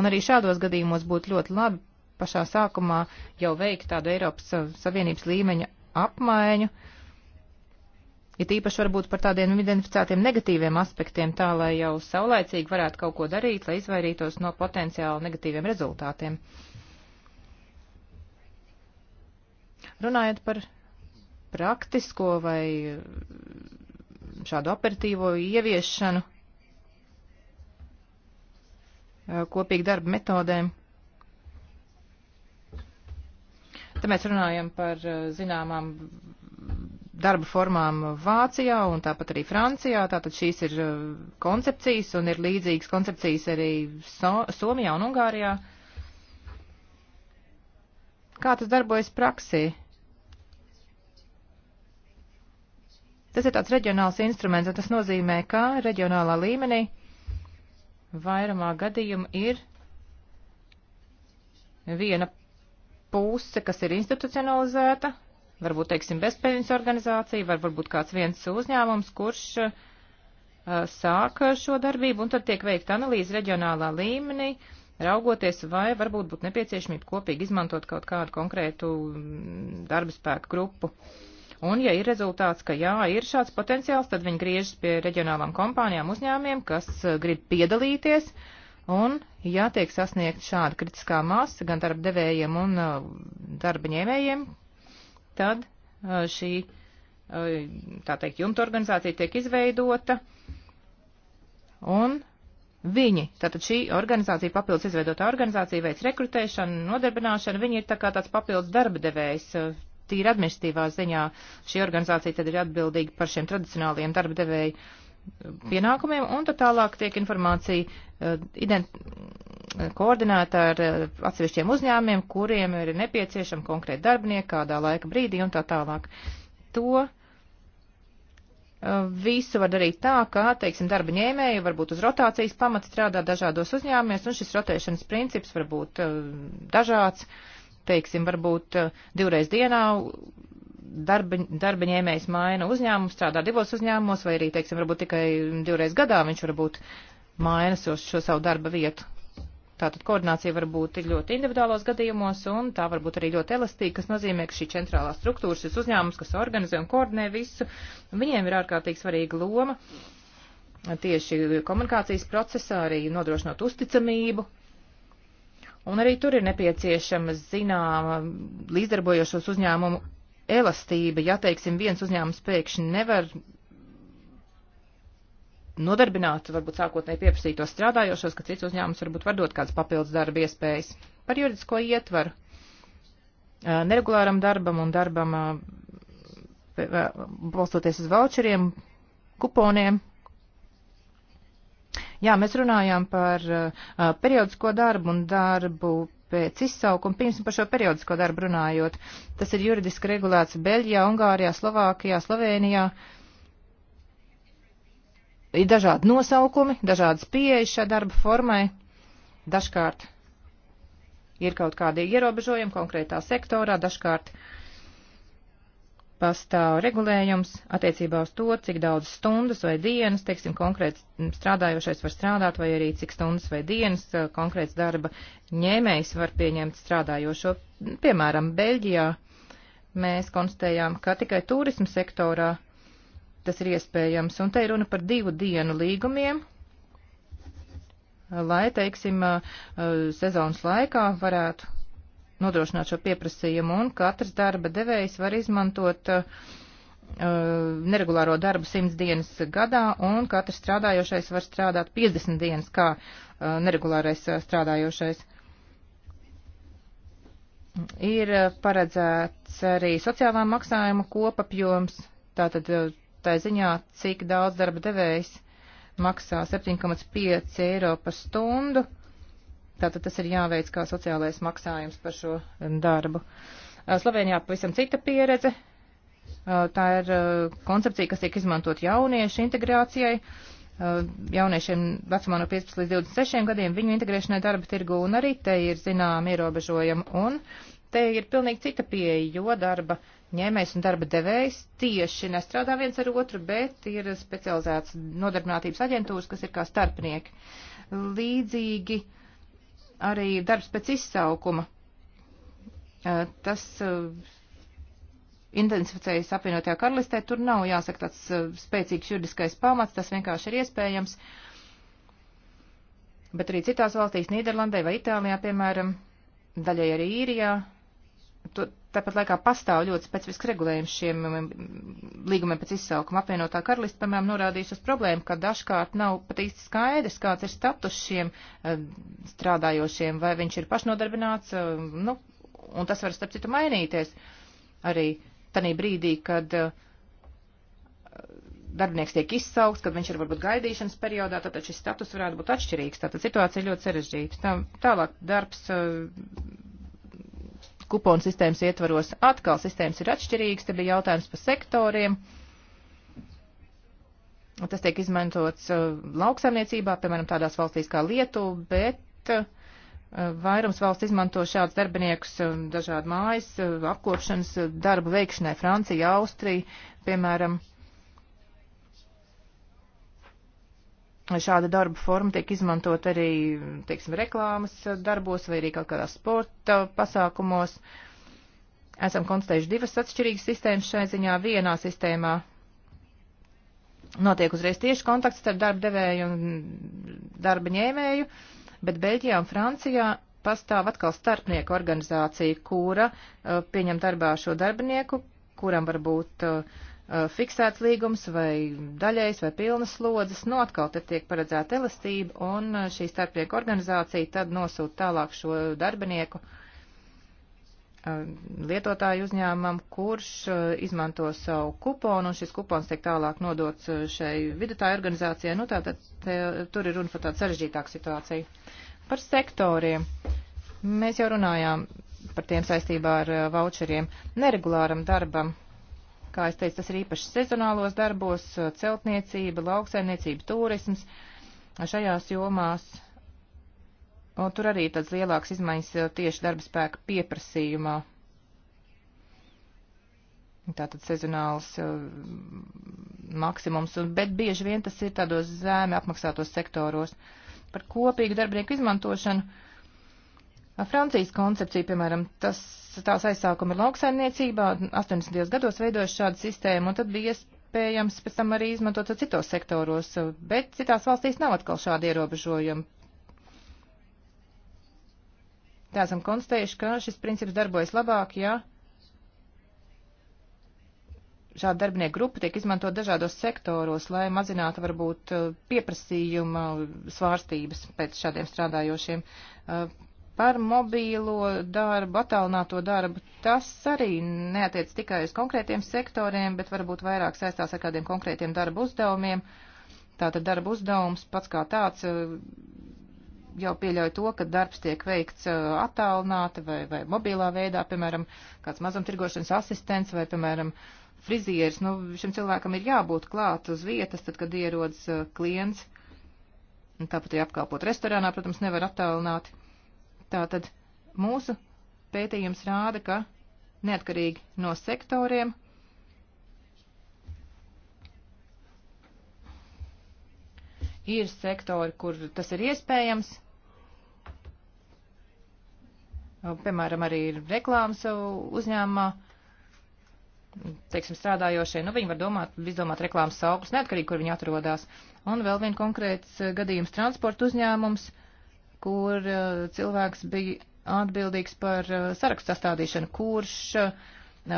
Un arī šādos gadījumos būtu ļoti labi pašā sākumā jau veikt tādu Eiropas Savienības līmeņa apmaiņu, ir ja tīpaši varbūt par tādiem identificētiem negatīviem aspektiem, tā lai jau saulēcīgi varētu kaut ko darīt, lai izvairītos no potenciāli negatīviem rezultātiem. Runājot par praktisko vai uh, šādu operatīvo ieviešanu uh, kopīgi darba metodēm. Te mēs runājam par uh, zināmām darba formām Vācijā un tāpat arī Francijā. Tātad šīs ir koncepcijas un ir līdzīgas koncepcijas arī so Somijā un Ungārijā. Kā tas darbojas praksī? Tas ir tāds reģionāls instruments, un tas nozīmē, ka reģionālā līmenī vairumā gadījumu ir viena puse, kas ir institucionalizēta, varbūt, teiksim, bezpēļņas organizācija, var, varbūt kāds viens uzņēmums, kurš uh, sāk šo darbību, un tad tiek veikta analīze reģionālā līmenī, raugoties, vai varbūt būtu nepieciešamība kopīgi izmantot kaut kādu konkrētu mm, darba spēku grupu. Uh, Un, ja ir rezultāts, ka jā, ir šāds potenciāls, tad viņi griežas pie reģionālām kompānijām, uzņēmiem, kas eh, grib piedalīties. Un, ja tiek sasniegt šāda kritiskā masa gan darba devējiem un eh, darba ņēmējiem, tad eh, šī, tā teikt, jumta organizācija tiek izveidota. Un Viņi, tātad šī organizācija, papildus izveidotā organizācija, veic rekrutēšanu, nodarbināšanu, viņi ir tā kā tāds papildus darba devējs tīri administratīvā ziņā šī organizācija tad ir atbildīga par šiem tradicionāliem darba devēju eh, pienākumiem, un tad tālāk tiek informācija eh, ident, koordinēta ar eh, atsevišķiem uzņēmumiem, kuriem ir nepieciešama konkrēta darbinieka kādā laika brīdī un tā tālāk. To visu var darīt tā, ka, teiksim, darba ņēmēji varbūt uz rotācijas pamata strādā dažādos uzņēmumos, un šis rotēšanas princips var būt dažāds. Uh, teiksim, varbūt eh, divreiz dienā darba, darba ņēmējs maina uzņēmumu, strādā divos uzņēmumos, vai arī, teiksim, varbūt tikai divreiz gadā viņš varbūt maina šo, šo savu darba vietu. Tātad koordinācija var būt ļoti individuālos gadījumos, un tā var būt arī ļoti elastīga, kas nozīmē, ka šī centrālā struktūra, šis uzņēmums, kas organizē un koordinē visu, viņiem ir ārkārtīgi svarīga loma tieši komunikācijas procesā, arī nodrošinot uzticamību Un arī tur ir nepieciešama zināma līdzdarbojošos uzņēmumu elastība, ja, teiksim, viens uzņēmums pēkšņi nevar nodarbināt, varbūt sākotnēji pieprasītos strādājošos, ka cits uzņēmums varbūt var dot kādas papildus darba iespējas par juridisko ietvaru neregulāram darbam un darbam balstoties uz voucheriem, kuponiem, Jā, mēs runājām par uh, periodisko darbu un darbu pēc izsaukuma, pirms par šo periodisko darbu runājot. Tas ir juridiski regulēts Beļģijā, Ungārijā, Slovākijā, Slovenijā. Ir dažādi nosaukumi, dažādas pieejas šai darba formai. Dažkārt ir kaut kādi ierobežojumi konkrētā sektorā, dažkārt uh, pastāv regulējums attiecībā uz to, cik daudz stundas vai dienas, teiksim, konkrēts strādājošais var strādāt, vai arī cik stundas vai dienas e, konkrēts darba ņēmējs var pieņemt strādājošo. Piemēram, Beļģijā mēs konstatējām, ka tikai turismu sektorā tas ir iespējams, un te ir runa par divu dienu līgumiem, lai, teiksim, e, e, sezonas laikā varētu nodrošināt šo pieprasījumu, un katrs darba devējs var izmantot uh, neregulāro darbu 100 dienas gadā, un katrs strādājošais var strādāt 50 dienas kā uh, neregulārais uh, strādājošais. Ir uh, paredzēts arī sociālā maksājuma kopapjoms, tātad uh, tā ziņā, cik daudz darba devējs maksā 7,5 eiro par stundu. Uh, Tātad tas ir jāveic kā sociālais maksājums par šo darbu. Slovenijā pavisam cita pieredze. Tā ir koncepcija, kas tiek izmantot jauniešu integrācijai. Jauniešiem vecumā no 15 līdz 26 gadiem viņu integrēšanai darba tirgu un arī te ir zinām ierobežojumi. Un te ir pilnīgi cita pieeja, jo darba ņēmējs un darba devējs tieši nestrādā viens ar otru, bet ir specializēts nodarbinātības aģentūras, kas ir kā starpnieki. Līdzīgi uh, arī darbs pēc izsaukuma. Eh, tas eh, intensificējas apvienotajā karalistē, tur nav jāsaka tāds eh, spēcīgs juridiskais pamats, tas vienkārši ir iespējams. Bet arī citās valstīs, Nīderlandē vai Itālijā, piemēram, daļai arī īrijā, to, tāpat laikā pastāv ļoti specifisks regulējums šiem um, um, līgumiem pēc izsaukuma. Apvienotā karalista, piemēram, norādījusi uz problēmu, ka dažkārt nav pat īsti skaidrs, kāds ir status šiem um, strādājošiem, vai viņš ir pašnodarbināts, nu, un tas var starp citu mainīties arī tanī brīdī, kad uh, darbinieks tiek izsaukts, kad viņš ir varbūt gaidīšanas periodā, tātad šis status varētu būt atšķirīgs, tātad situācija ir ļoti sarežģīta. Tā, tālāk darbs uh, kuponu sistēmas ietvaros. Atkal sistēmas ir atšķirīgas, te bija jautājums par sektoriem. Tas tiek izmantots uh, lauksaimniecībā, piemēram, tādās valstīs kā Lietuva, bet uh, vairums valsts izmanto šādus darbiniekus uh, dažādu mājas apkopšanas darbu veikšanai Francija, Austrija, piemēram. šāda darba forma tiek izmantot arī, teiksim, reklāmas darbos vai arī kaut kādā sporta pasākumos. Esam konstatējuši divas atšķirīgas sistēmas šai ziņā. Vienā sistēmā notiek uzreiz tieši kontakts starp darba devēju un darba ņēmēju, bet Beļģijā un Francijā pastāv atkal starpnieku organizācija, kura uh, pieņem darbā šo darbinieku, kuram varbūt uh, Uh, fiksēts līgums vai daļais vai pilnas slodzes, nu atkal te tiek paredzēta elastība un uh, šī starpnieku organizācija tad nosūta tālāk šo darbinieku uh, lietotāju uzņēmumam, kurš izmanto savu kuponu, un šis kupons tiek tālāk nodots šai vidutāju organizācijai. Nu, tātad te, tur ir runa par tādu sarežģītāku situāciju. Par sektoriem. Mēs jau runājām par tiem saistībā ar voucheriem. Neregulāram darbam Kā es teicu, tas ir īpaši sezonālos darbos, eh, celtniecība, lauksaimniecība, turisms šajās jomās. Un tur arī tāds lielāks izmaiņas eh, tieši darba spēka pieprasījumā. Tātad sezonāls eh, maksimums, un, bet bieži vien tas ir tādos zēmi apmaksātos sektoros. Par kopīgu darbinieku izmantošanu Francijas koncepcija, piemēram, tas, tās aizsākuma ir lauksaimniecībā, 80. gados veidojas šāda sistēma, un tad bija iespējams pēc tam arī izmantot to citos sektoros, bet citās valstīs nav atkal šādi ierobežojumi. Tā esam konstatējuši, ka šis princips darbojas labāk, ja šāda darbinieku grupa tiek izmantot dažādos sektoros, lai mazinātu varbūt uh, pieprasījuma svārstības pēc šādiem strādājošiem. Uh, Par mobīlo darbu, attālināto darbu, tas arī neatiec tikai uz konkrētiem sektoriem, bet varbūt vairāk saistās ar kādiem konkrētiem darbu uzdevumiem. Tātad darba uzdevums pats kā tāds eh, jau pieļauj to, ka darbs tiek veikts eh, attālināti vai, vai mobilā veidā, piemēram, kāds mazumtirgošanas asistents vai, piemēram, frizieris, nu, šim cilvēkam ir jābūt klāt uz vietas, tad, kad ierodas uh, klients. Un tāpat arī apkalpot restorānā, protams, nevar attālināt. Tātad mūsu pētījums rāda, ka neatkarīgi no sektoriem ir sektori, kur tas ir iespējams. Piemēram, arī ir reklāmas uzņēmumā, teiksim, strādājošie, nu viņi var domāt, izdomāt reklāmas sauklus, neatkarīgi, kur viņi atrodas. Un vēl viens konkrēts eh, gadījums transporta uzņēmums. Uh, kur eh, cilvēks bija atbildīgs par eh, sarakstu sastādīšanu, kurš eh,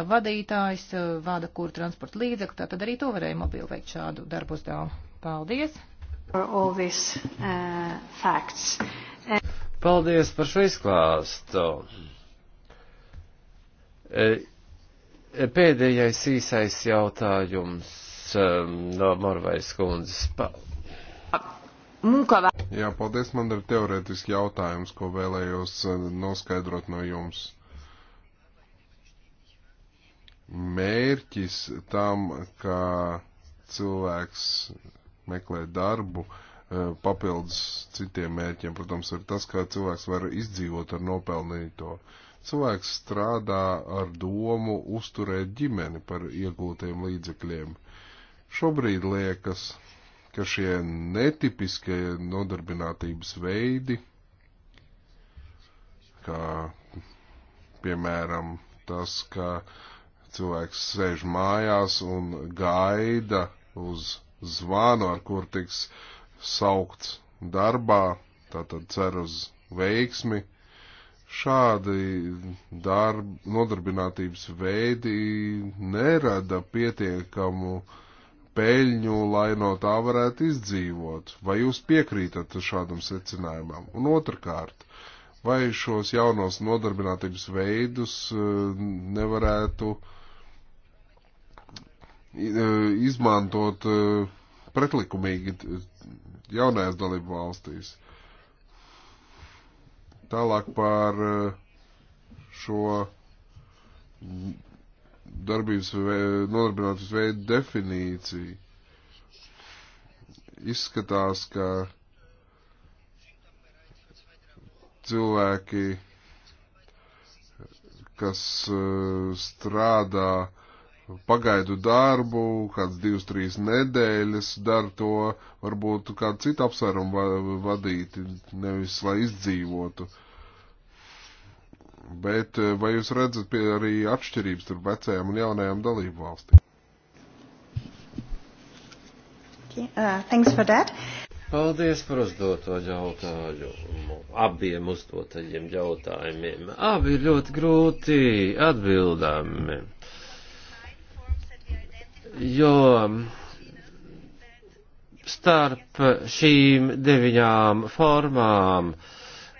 vadītājs vada kuru transporta līdzekli, tātad arī to varēja mobili veikt šādu darbu uzdevumu. Paldies! These, uh, And... Paldies par šo izklāstu! E, e, pēdējais īsais jautājums um, no Morvais kundzes. Munkavā. Jā, paldies. Man ir teorētiski jautājums, ko vēlējos eh, noskaidrot no jums. Mērķis tam, ka cilvēks meklē darbu, eh, papildus citiem mērķiem, protams, ir tas, kā cilvēks var izdzīvot ar nopelnīto. Cilvēks strādā ar domu uzturēt ģimeni par iegūtiem līdzekļiem. Šobrīd liekas, ka šie netipiskie nodarbinātības veidi, kā piemēram tas, ka cilvēks sēž mājās un gaida uz zvanu, ar kur tiks saukts darbā, tātad cer uz veiksmi. Šādi darb, nodarbinātības veidi nerada pietiekamu uh, peļņu, lai no tā varētu izdzīvot. Vai jūs piekrītat šādam secinājumam? Un otrkārt, vai šos jaunos nodarbinātības veidus e, nevarētu e, izmantot e, pretlikumīgi jaunajās dalību valstīs? Tālāk par šo darbības vē, nodarbinātības veidu definīciju. Izskatās, ka cilvēki, kas e, strādā pagaidu darbu, kāds divas, trīs nedēļas, dara to varbūt kādu citu apsvērumu vadīti, nevis lai izdzīvotu. Uh, Bet eh, vai jūs redzat arī atšķirības starp vecajām un jaunajām dalību valstīm? Uh, thanks for that. Paldies par uzdoto jautājumu, abiem uzdotajiem jautājumiem. Abi ir ļoti grūti atbildami, jo starp šīm deviņām formām uh,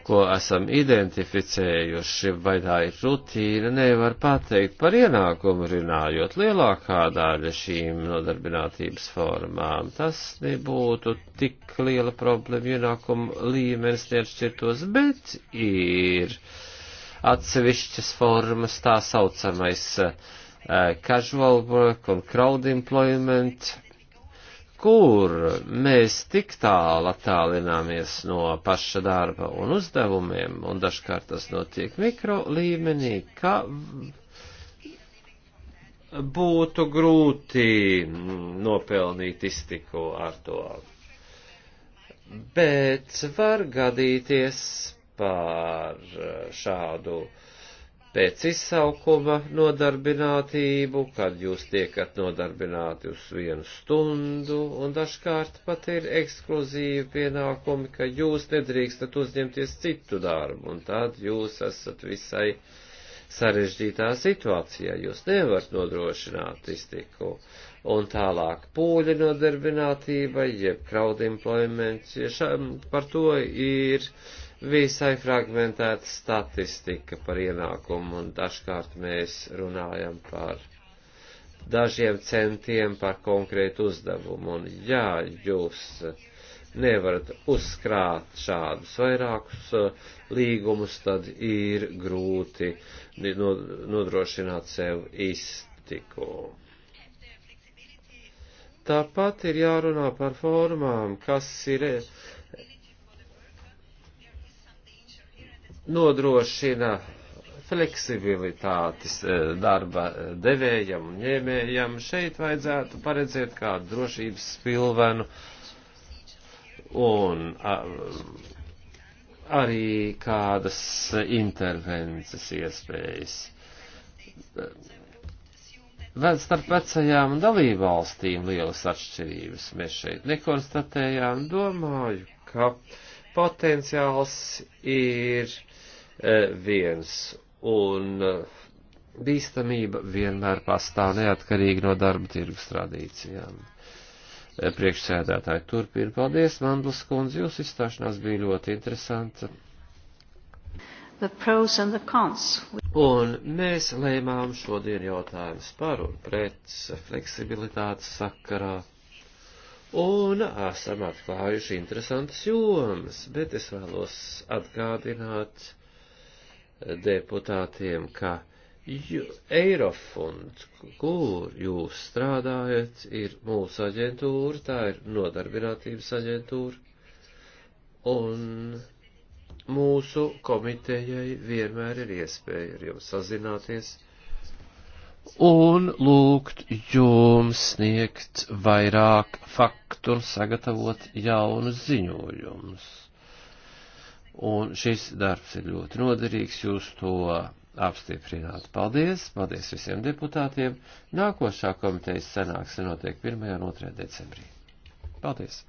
ko esam identificējuši, vai tā ir rutīna, nevar pateikt par ienākumu runājot lielākā daļa šīm nodarbinātības formām. Tas nebūtu tik liela problēma, ienākumu līmenis neatšķirtos, bet ir atsevišķas formas tā saucamais eh, casual work un crowd employment kur mēs tik tālu attālināmies no paša darba un uzdevumiem, un dažkārt tas notiek mikro līmenī, ka būtu grūti nopelnīt iztiku ar to. Bet var gadīties par šādu uh, pēc izsaukuma nodarbinātību, kad jūs tiekat nodarbināti uz vienu stundu, un dažkārt pat ir ekskluzīvi pienākumi, ka jūs nedrīkstat uzņemties citu darbu, un tad jūs esat visai sarežģītā situācijā, jūs nevarat nodrošināt iztiku, un tālāk pūļa nodarbinātība, jeb crowd employment, ja šā, par to ir visai fragmentēta statistika par ienākumu, un dažkārt mēs runājam par dažiem centiem par konkrētu uzdevumu, un jā, jūs nevarat uzkrāt šādus vairākus uh, līgumus, tad ir grūti nodrošināt sev iztiku. Tāpat ir jārunā par formām, kas ir nodrošina fleksibilitātes eh, darba devējam un ņēmējam. Šeit vajadzētu paredzēt kādu drošības spilvenu un arī kādas intervences iespējas. Vēl starp vecajām dalībvalstīm lielas atšķirības mēs šeit nekonstatējām. Domāju, ka potenciāls ir E, viens. Un e, bīstamība vienmēr pastāv neatkarīgi no darba tirgus tradīcijām. E, priekšsēdētāji turpina. Paldies, Mandlas kundze, jūsu izstāšanās bija ļoti interesanta. Un mēs lēmām šodien jautājumus par un pret fleksibilitātes sakarā. Un esam atklājuši interesantas jomas, bet es vēlos atgādināt, deputātiem, ka Eirofonds, kur jūs strādājat, ir mūsu aģentūra, tā ir nodarbinātības aģentūra, un mūsu komitejai vienmēr ir iespēja ar jums sazināties un lūgt jums sniegt vairāk faktu un sagatavot jaunus ziņojumus. Un šis darbs ir ļoti noderīgs, jūs to apstiprināt. Paldies, paldies visiem deputātiem. Nākošā komitejas sanāksme notiek 1. un 2. decembrī. Paldies!